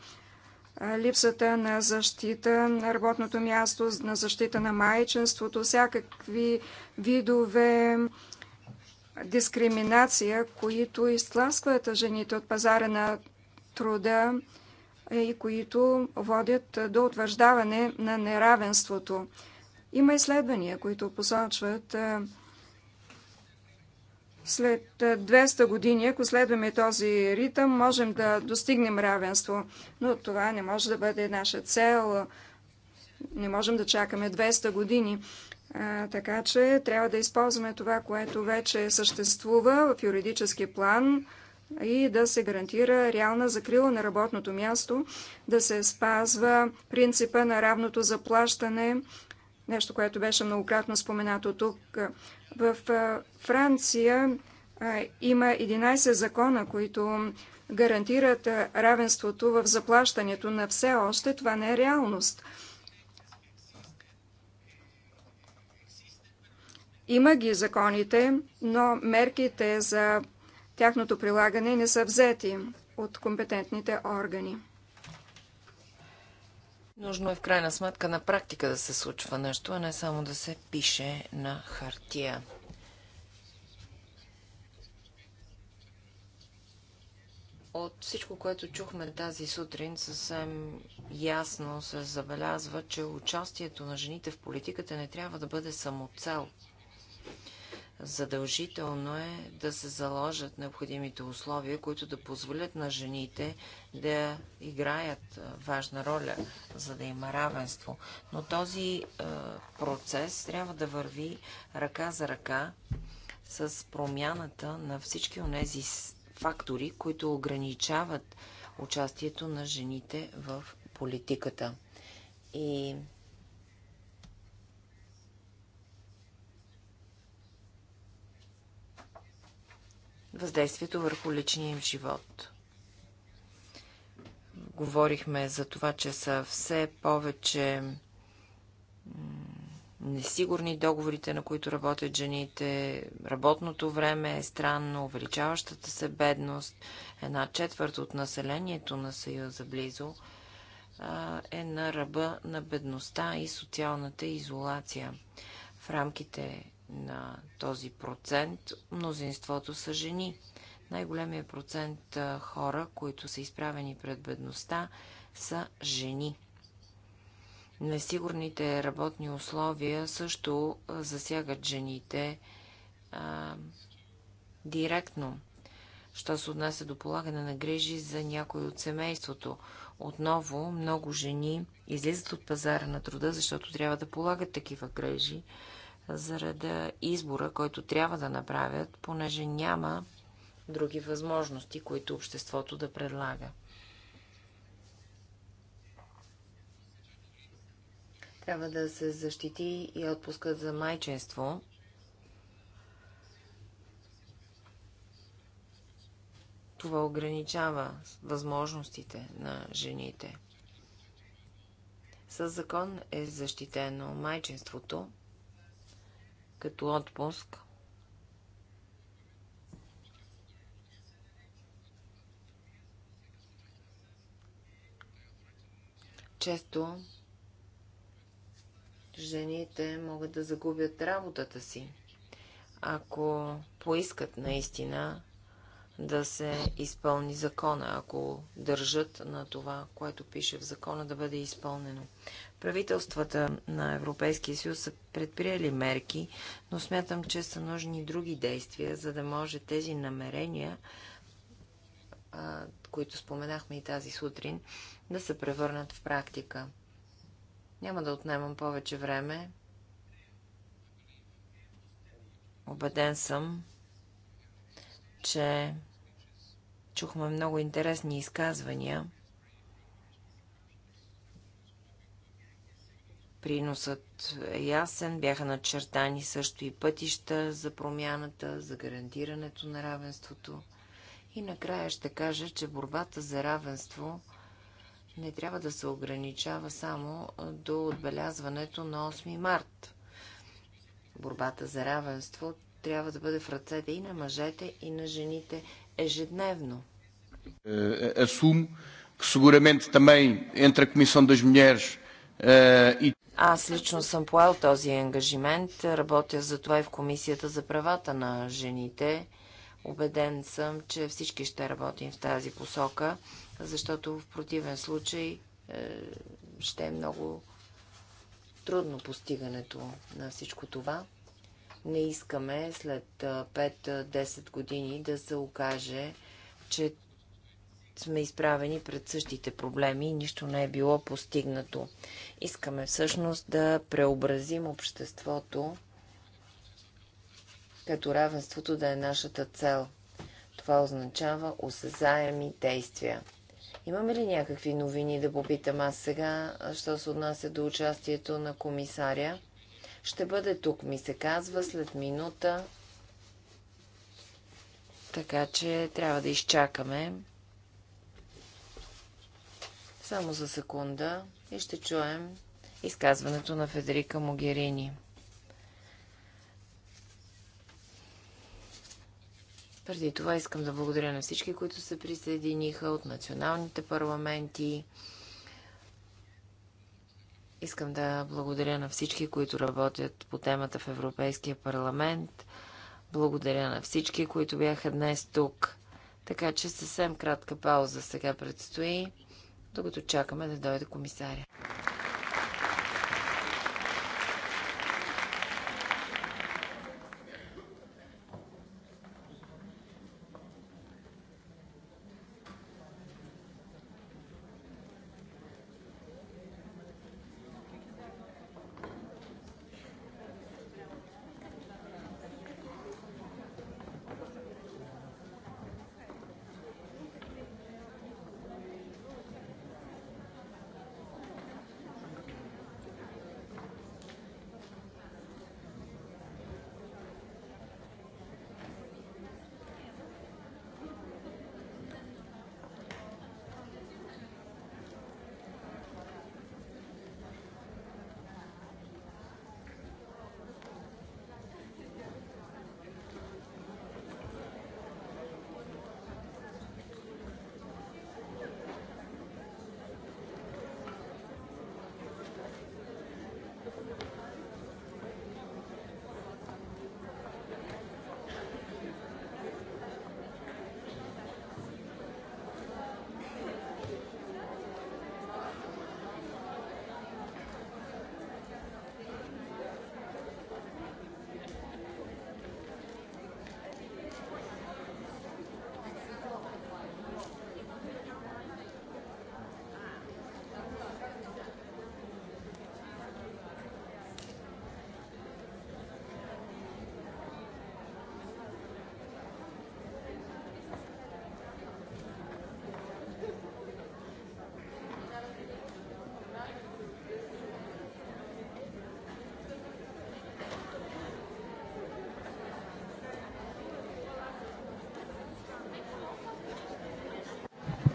Speaker 3: Липсата на защита на работното място, на защита на майчинството, всякакви видове дискриминация, които изтласкват жените от пазара на труда и които водят до утвърждаване на неравенството. Има изследвания, които посочват след 200 години, ако следваме този ритъм, можем да достигнем равенство. Но това не може да бъде наша цел. Не можем да чакаме 200 години. А, така че трябва да използваме това, което вече съществува в юридически план и да се гарантира реална закрила на работното място, да се спазва принципа на равното заплащане, нещо, което беше многократно споменато тук. В Франция има 11 закона, които гарантират равенството в заплащането на все още. Това не е реалност. Има ги законите, но мерките за тяхното прилагане не са взети от компетентните органи.
Speaker 4: Нужно е в крайна сметка на практика да се случва нещо, а не само да се пише на хартия. От всичко, което чухме тази сутрин, съвсем ясно се забелязва, че участието на жените в политиката не трябва да бъде самоцел. Задължително е да се заложат необходимите условия, които да позволят на жените да играят важна роля, за да има равенство. Но този процес трябва да върви ръка за ръка с промяната на всички тези фактори, които ограничават участието на жените в политиката. И въздействието върху личния им живот. Говорихме за това, че са все повече несигурни договорите, на които работят жените, работното време е странно, увеличаващата се бедност, една четвърт от населението на Съюза близо е на ръба на бедността и социалната изолация. В рамките на този процент, мнозинството са жени. най големия процент хора, които са изправени пред бедността, са жени. Несигурните работни условия също засягат жените а, директно. Що се отнася до полагане на грижи за някой от семейството. Отново много жени излизат от пазара на труда, защото трябва да полагат такива грежи заради избора, който трябва да направят, понеже няма други възможности, които обществото да предлага. Трябва да се защити и отпускът за майчинство. Това ограничава възможностите на жените. Със закон е защитено майчинството, като отпуск. Често жените могат да загубят работата си, ако поискат наистина да се изпълни закона, ако държат на това, което пише в закона да бъде изпълнено. Правителствата на Европейския съюз са предприели мерки, но смятам, че са нужни други действия, за да може тези намерения, които споменахме и тази сутрин, да се превърнат в практика. Няма да отнемам повече време. Обеден съм, че чухме много интересни изказвания. Приносът е ясен, бяха начертани също и пътища за промяната, за гарантирането на равенството. И накрая ще кажа, че борбата за равенство не трябва да се ограничава само до отбелязването на 8 март. Борбата за равенство трябва да бъде в ръцете и на мъжете, и на жените ежедневно.
Speaker 5: Е, е, е, асум, que seguramente também entre a Comissão das Mulheres Uh, аз
Speaker 4: лично съм поел този ангажимент. Работя за това и в Комисията за правата на жените. Обеден съм, че всички ще работим в тази посока, защото в противен случай е, ще е много трудно постигането на всичко това. Не искаме след 5-10 е, е, години да се окаже, че сме изправени пред същите проблеми и нищо не е било постигнато. Искаме всъщност да преобразим обществото, като равенството да е нашата цел. Това означава осезаеми действия. Имаме ли някакви новини да попитам аз сега, що се отнася до участието на комисаря? Ще бъде тук, ми се казва, след минута. Така че трябва да изчакаме. Само за секунда и ще чуем изказването на Федерика Могерини. Преди това искам да благодаря на всички, които се присъединиха от националните парламенти. Искам да благодаря на всички, които работят по темата в Европейския парламент. Благодаря на всички, които бяха днес тук. Така че съвсем кратка пауза сега предстои докато чакаме да дойде комисаря.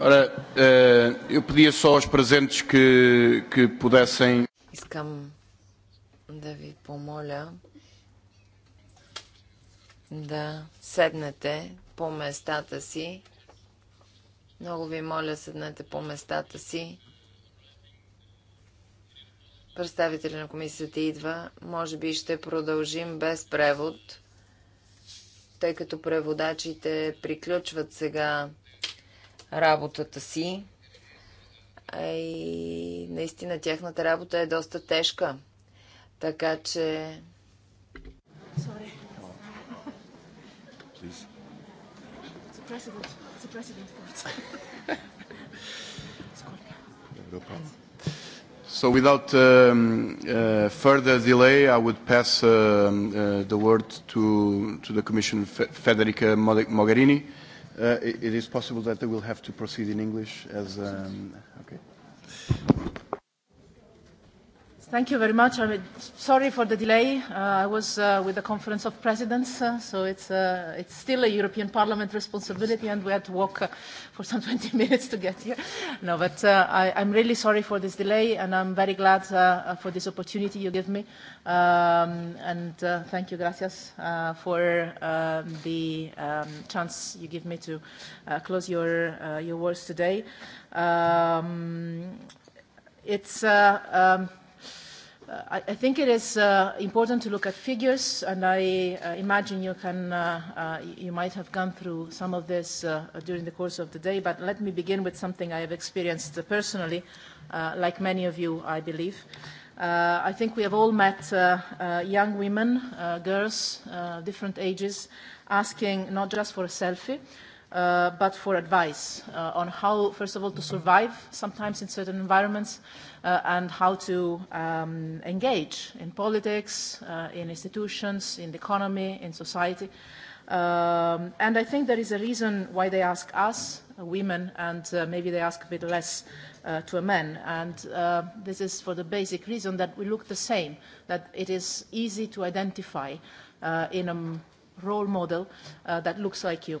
Speaker 5: Ora, eh, eu pedia só aos presentes que, que pudessem.
Speaker 4: Искам да ви помоля да седнете по местата си. Много ви моля, седнете по местата си. Представители на комисията идва. Може би ще продължим без превод, тъй като преводачите приключват сега работата си. И наистина тяхната работа е доста тежка. Така че...
Speaker 5: So without um, uh, further delay, I would pass uh, uh, the word to, to the Commission Federica Mogherini. Uh, it, it is possible that they will have to proceed in English as um, okay.
Speaker 2: Thank you very much. I'm sorry for the delay. Uh, I was uh, with the Conference of Presidents, uh, so it's, uh, it's still a European Parliament responsibility, and we had to walk uh, for some 20 minutes to get here. No, but uh, I, I'm really sorry for this delay, and I'm very glad uh, for this opportunity you give me. Um, and uh, thank you, gracias, uh, for um, the um, chance you give me to uh, close your, uh, your words today. Um, it's... Uh, um, I, I think it is uh, important to look at figures, and I uh, imagine you, can, uh, uh, you might have gone through some of this uh, during the course of the day, but let me begin with something I have experienced personally, uh, like many of you, I believe. Uh, I think we have all met uh, uh, young women, uh, girls, uh, different ages, asking not just for a selfie, uh, but for advice uh, on how, first of all, to survive sometimes in certain environments, uh, uh, and how to um, engage in politics, uh, in institutions, in the economy, in society. Um, and I think there is a reason why they ask us, women, and uh, maybe they ask a bit less uh, to a man. And uh, this is for the basic reason that we look the same, that it is easy to identify uh, in a role model uh, that looks like you.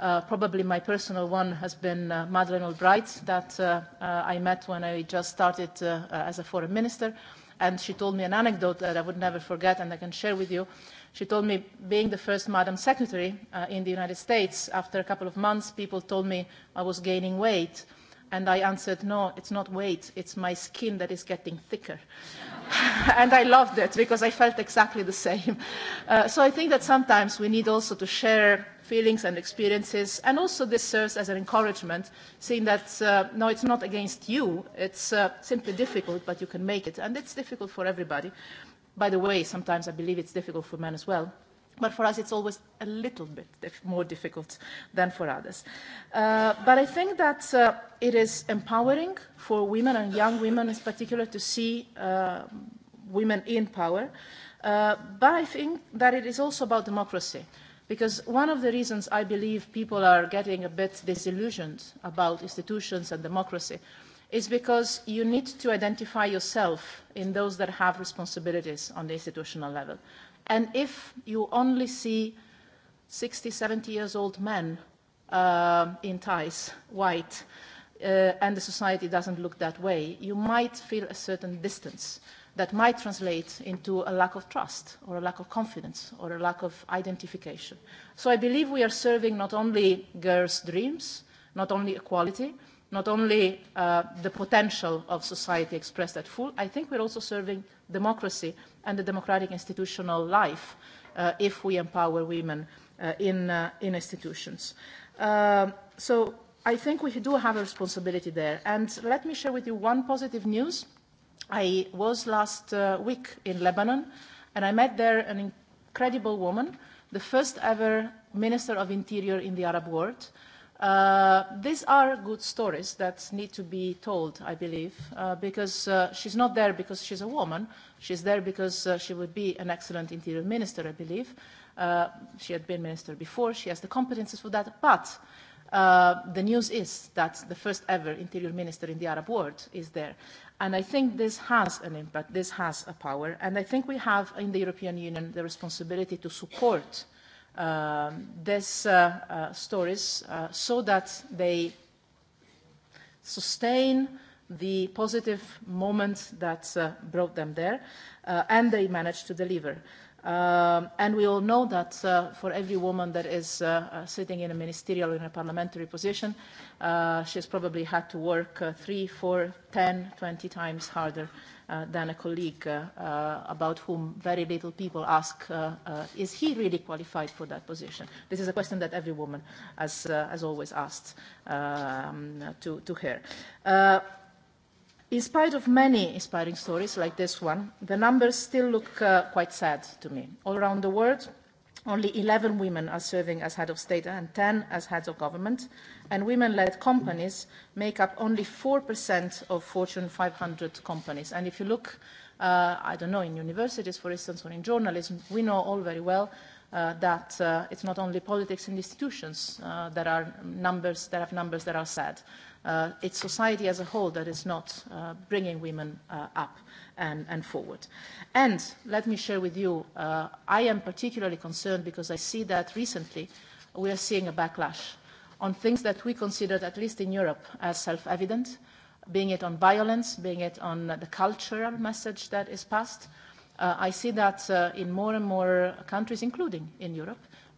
Speaker 2: Uh, probably my personal one has been uh, Madeleine Albright that uh, uh, I met when I just started uh, as a foreign minister. And she told me an anecdote that I would never forget and I can share with you. She told me, being the first Madam Secretary uh, in the United States, after a couple of months, people told me I was gaining weight. Uh, And I answered, no, it's not weight, it's my skin that is getting thicker. and I loved it because I felt exactly the same. Uh, so I think that sometimes we need also to share feelings and experiences. And also this serves as an encouragement, seeing that, uh, no, it's not against you, it's uh, simply difficult, but you can make it. And it's difficult for everybody. By the way, sometimes I believe it's difficult for men as well but for us it's always a little bit dif- more difficult than for others. Uh, but I think that uh, it is empowering for women and young women in particular to see uh, women in power. Uh, but I think that it is also about democracy. Because one of the reasons I believe people are getting a bit disillusioned about institutions and democracy is because you need to identify yourself in those that have responsibilities on the institutional level. And if you only see 60, 70 years old men uh, in ties, white, uh, and the society doesn't look that way, you might feel a certain distance that might translate into a lack of trust or a lack of confidence or a lack of identification. So I believe we are serving not only girls' dreams, not only equality, not only uh, the potential of society expressed at full, I think we're also serving democracy and the democratic institutional life uh, if we empower women uh, in, uh, in institutions. so I think we do have a responsibility there. And let me share with you one positive news. I was last uh, week in Lebanon, and I met there an incredible woman, the first ever Minister of Interior in the Arab world, uh, Uh, these are good stories that need to be told, I believe, uh, because uh, she's not there because she's a woman. She's there because uh, she would be an excellent interior minister, I believe. Uh, she had been minister before. She has the competences for that. But uh, the news is that the first ever interior minister in the Arab world is there. And I think this has an impact. This has a power. And I think we have in the European Union the responsibility to support uh, these uh, uh, stories uh, so that they sustain the positive moment that uh, brought them there, uh, and they managed to deliver. Um, and we all know that uh, for every woman that is uh, sitting in a ministerial or in a parliamentary position, uh, she's probably had to work uh, three, four, ten, twenty times harder uh, than a colleague uh, uh, about whom very little people ask, uh, uh, is he really qualified for that position? This is a question that every woman has, uh, has always asked um, to, to her. Uh, In spite of many inspiring stories like this one, the numbers still look uh, quite sad to me. All around the world, only 11 women are serving as head of state and 10 as heads of government, and women-led companies make up only 4% of Fortune 500 companies. And if you look, uh, I don't know, in universities, for instance, or in journalism, we know all very well uh, that uh, it's not only politics and institutions uh, that are numbers that have numbers that are sad. Uh, Uh, it's society as a whole that is not uh, bringing women uh, up and, and forward. And let me share with you, uh, I am particularly concerned because I see that recently we are seeing a backlash on things that we considered, at least in Europe, as self-evident, being it on violence, being it on the cultural message that is passed. Uh, I see that uh, in more and more countries, including in Europe,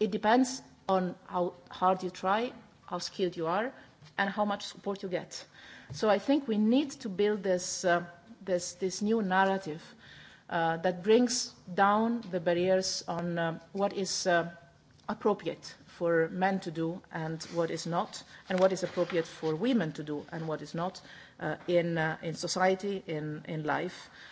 Speaker 2: it depends on how hard you try, how skilled you are, and how much support you get. So I think we need to build this, uh, this, this new narrative uh, that brings down the barriers on uh, what is uh, appropriate for men to do and what is not, and what is appropriate for women to do and what is not uh, in, uh, in society, in, in life. Uh,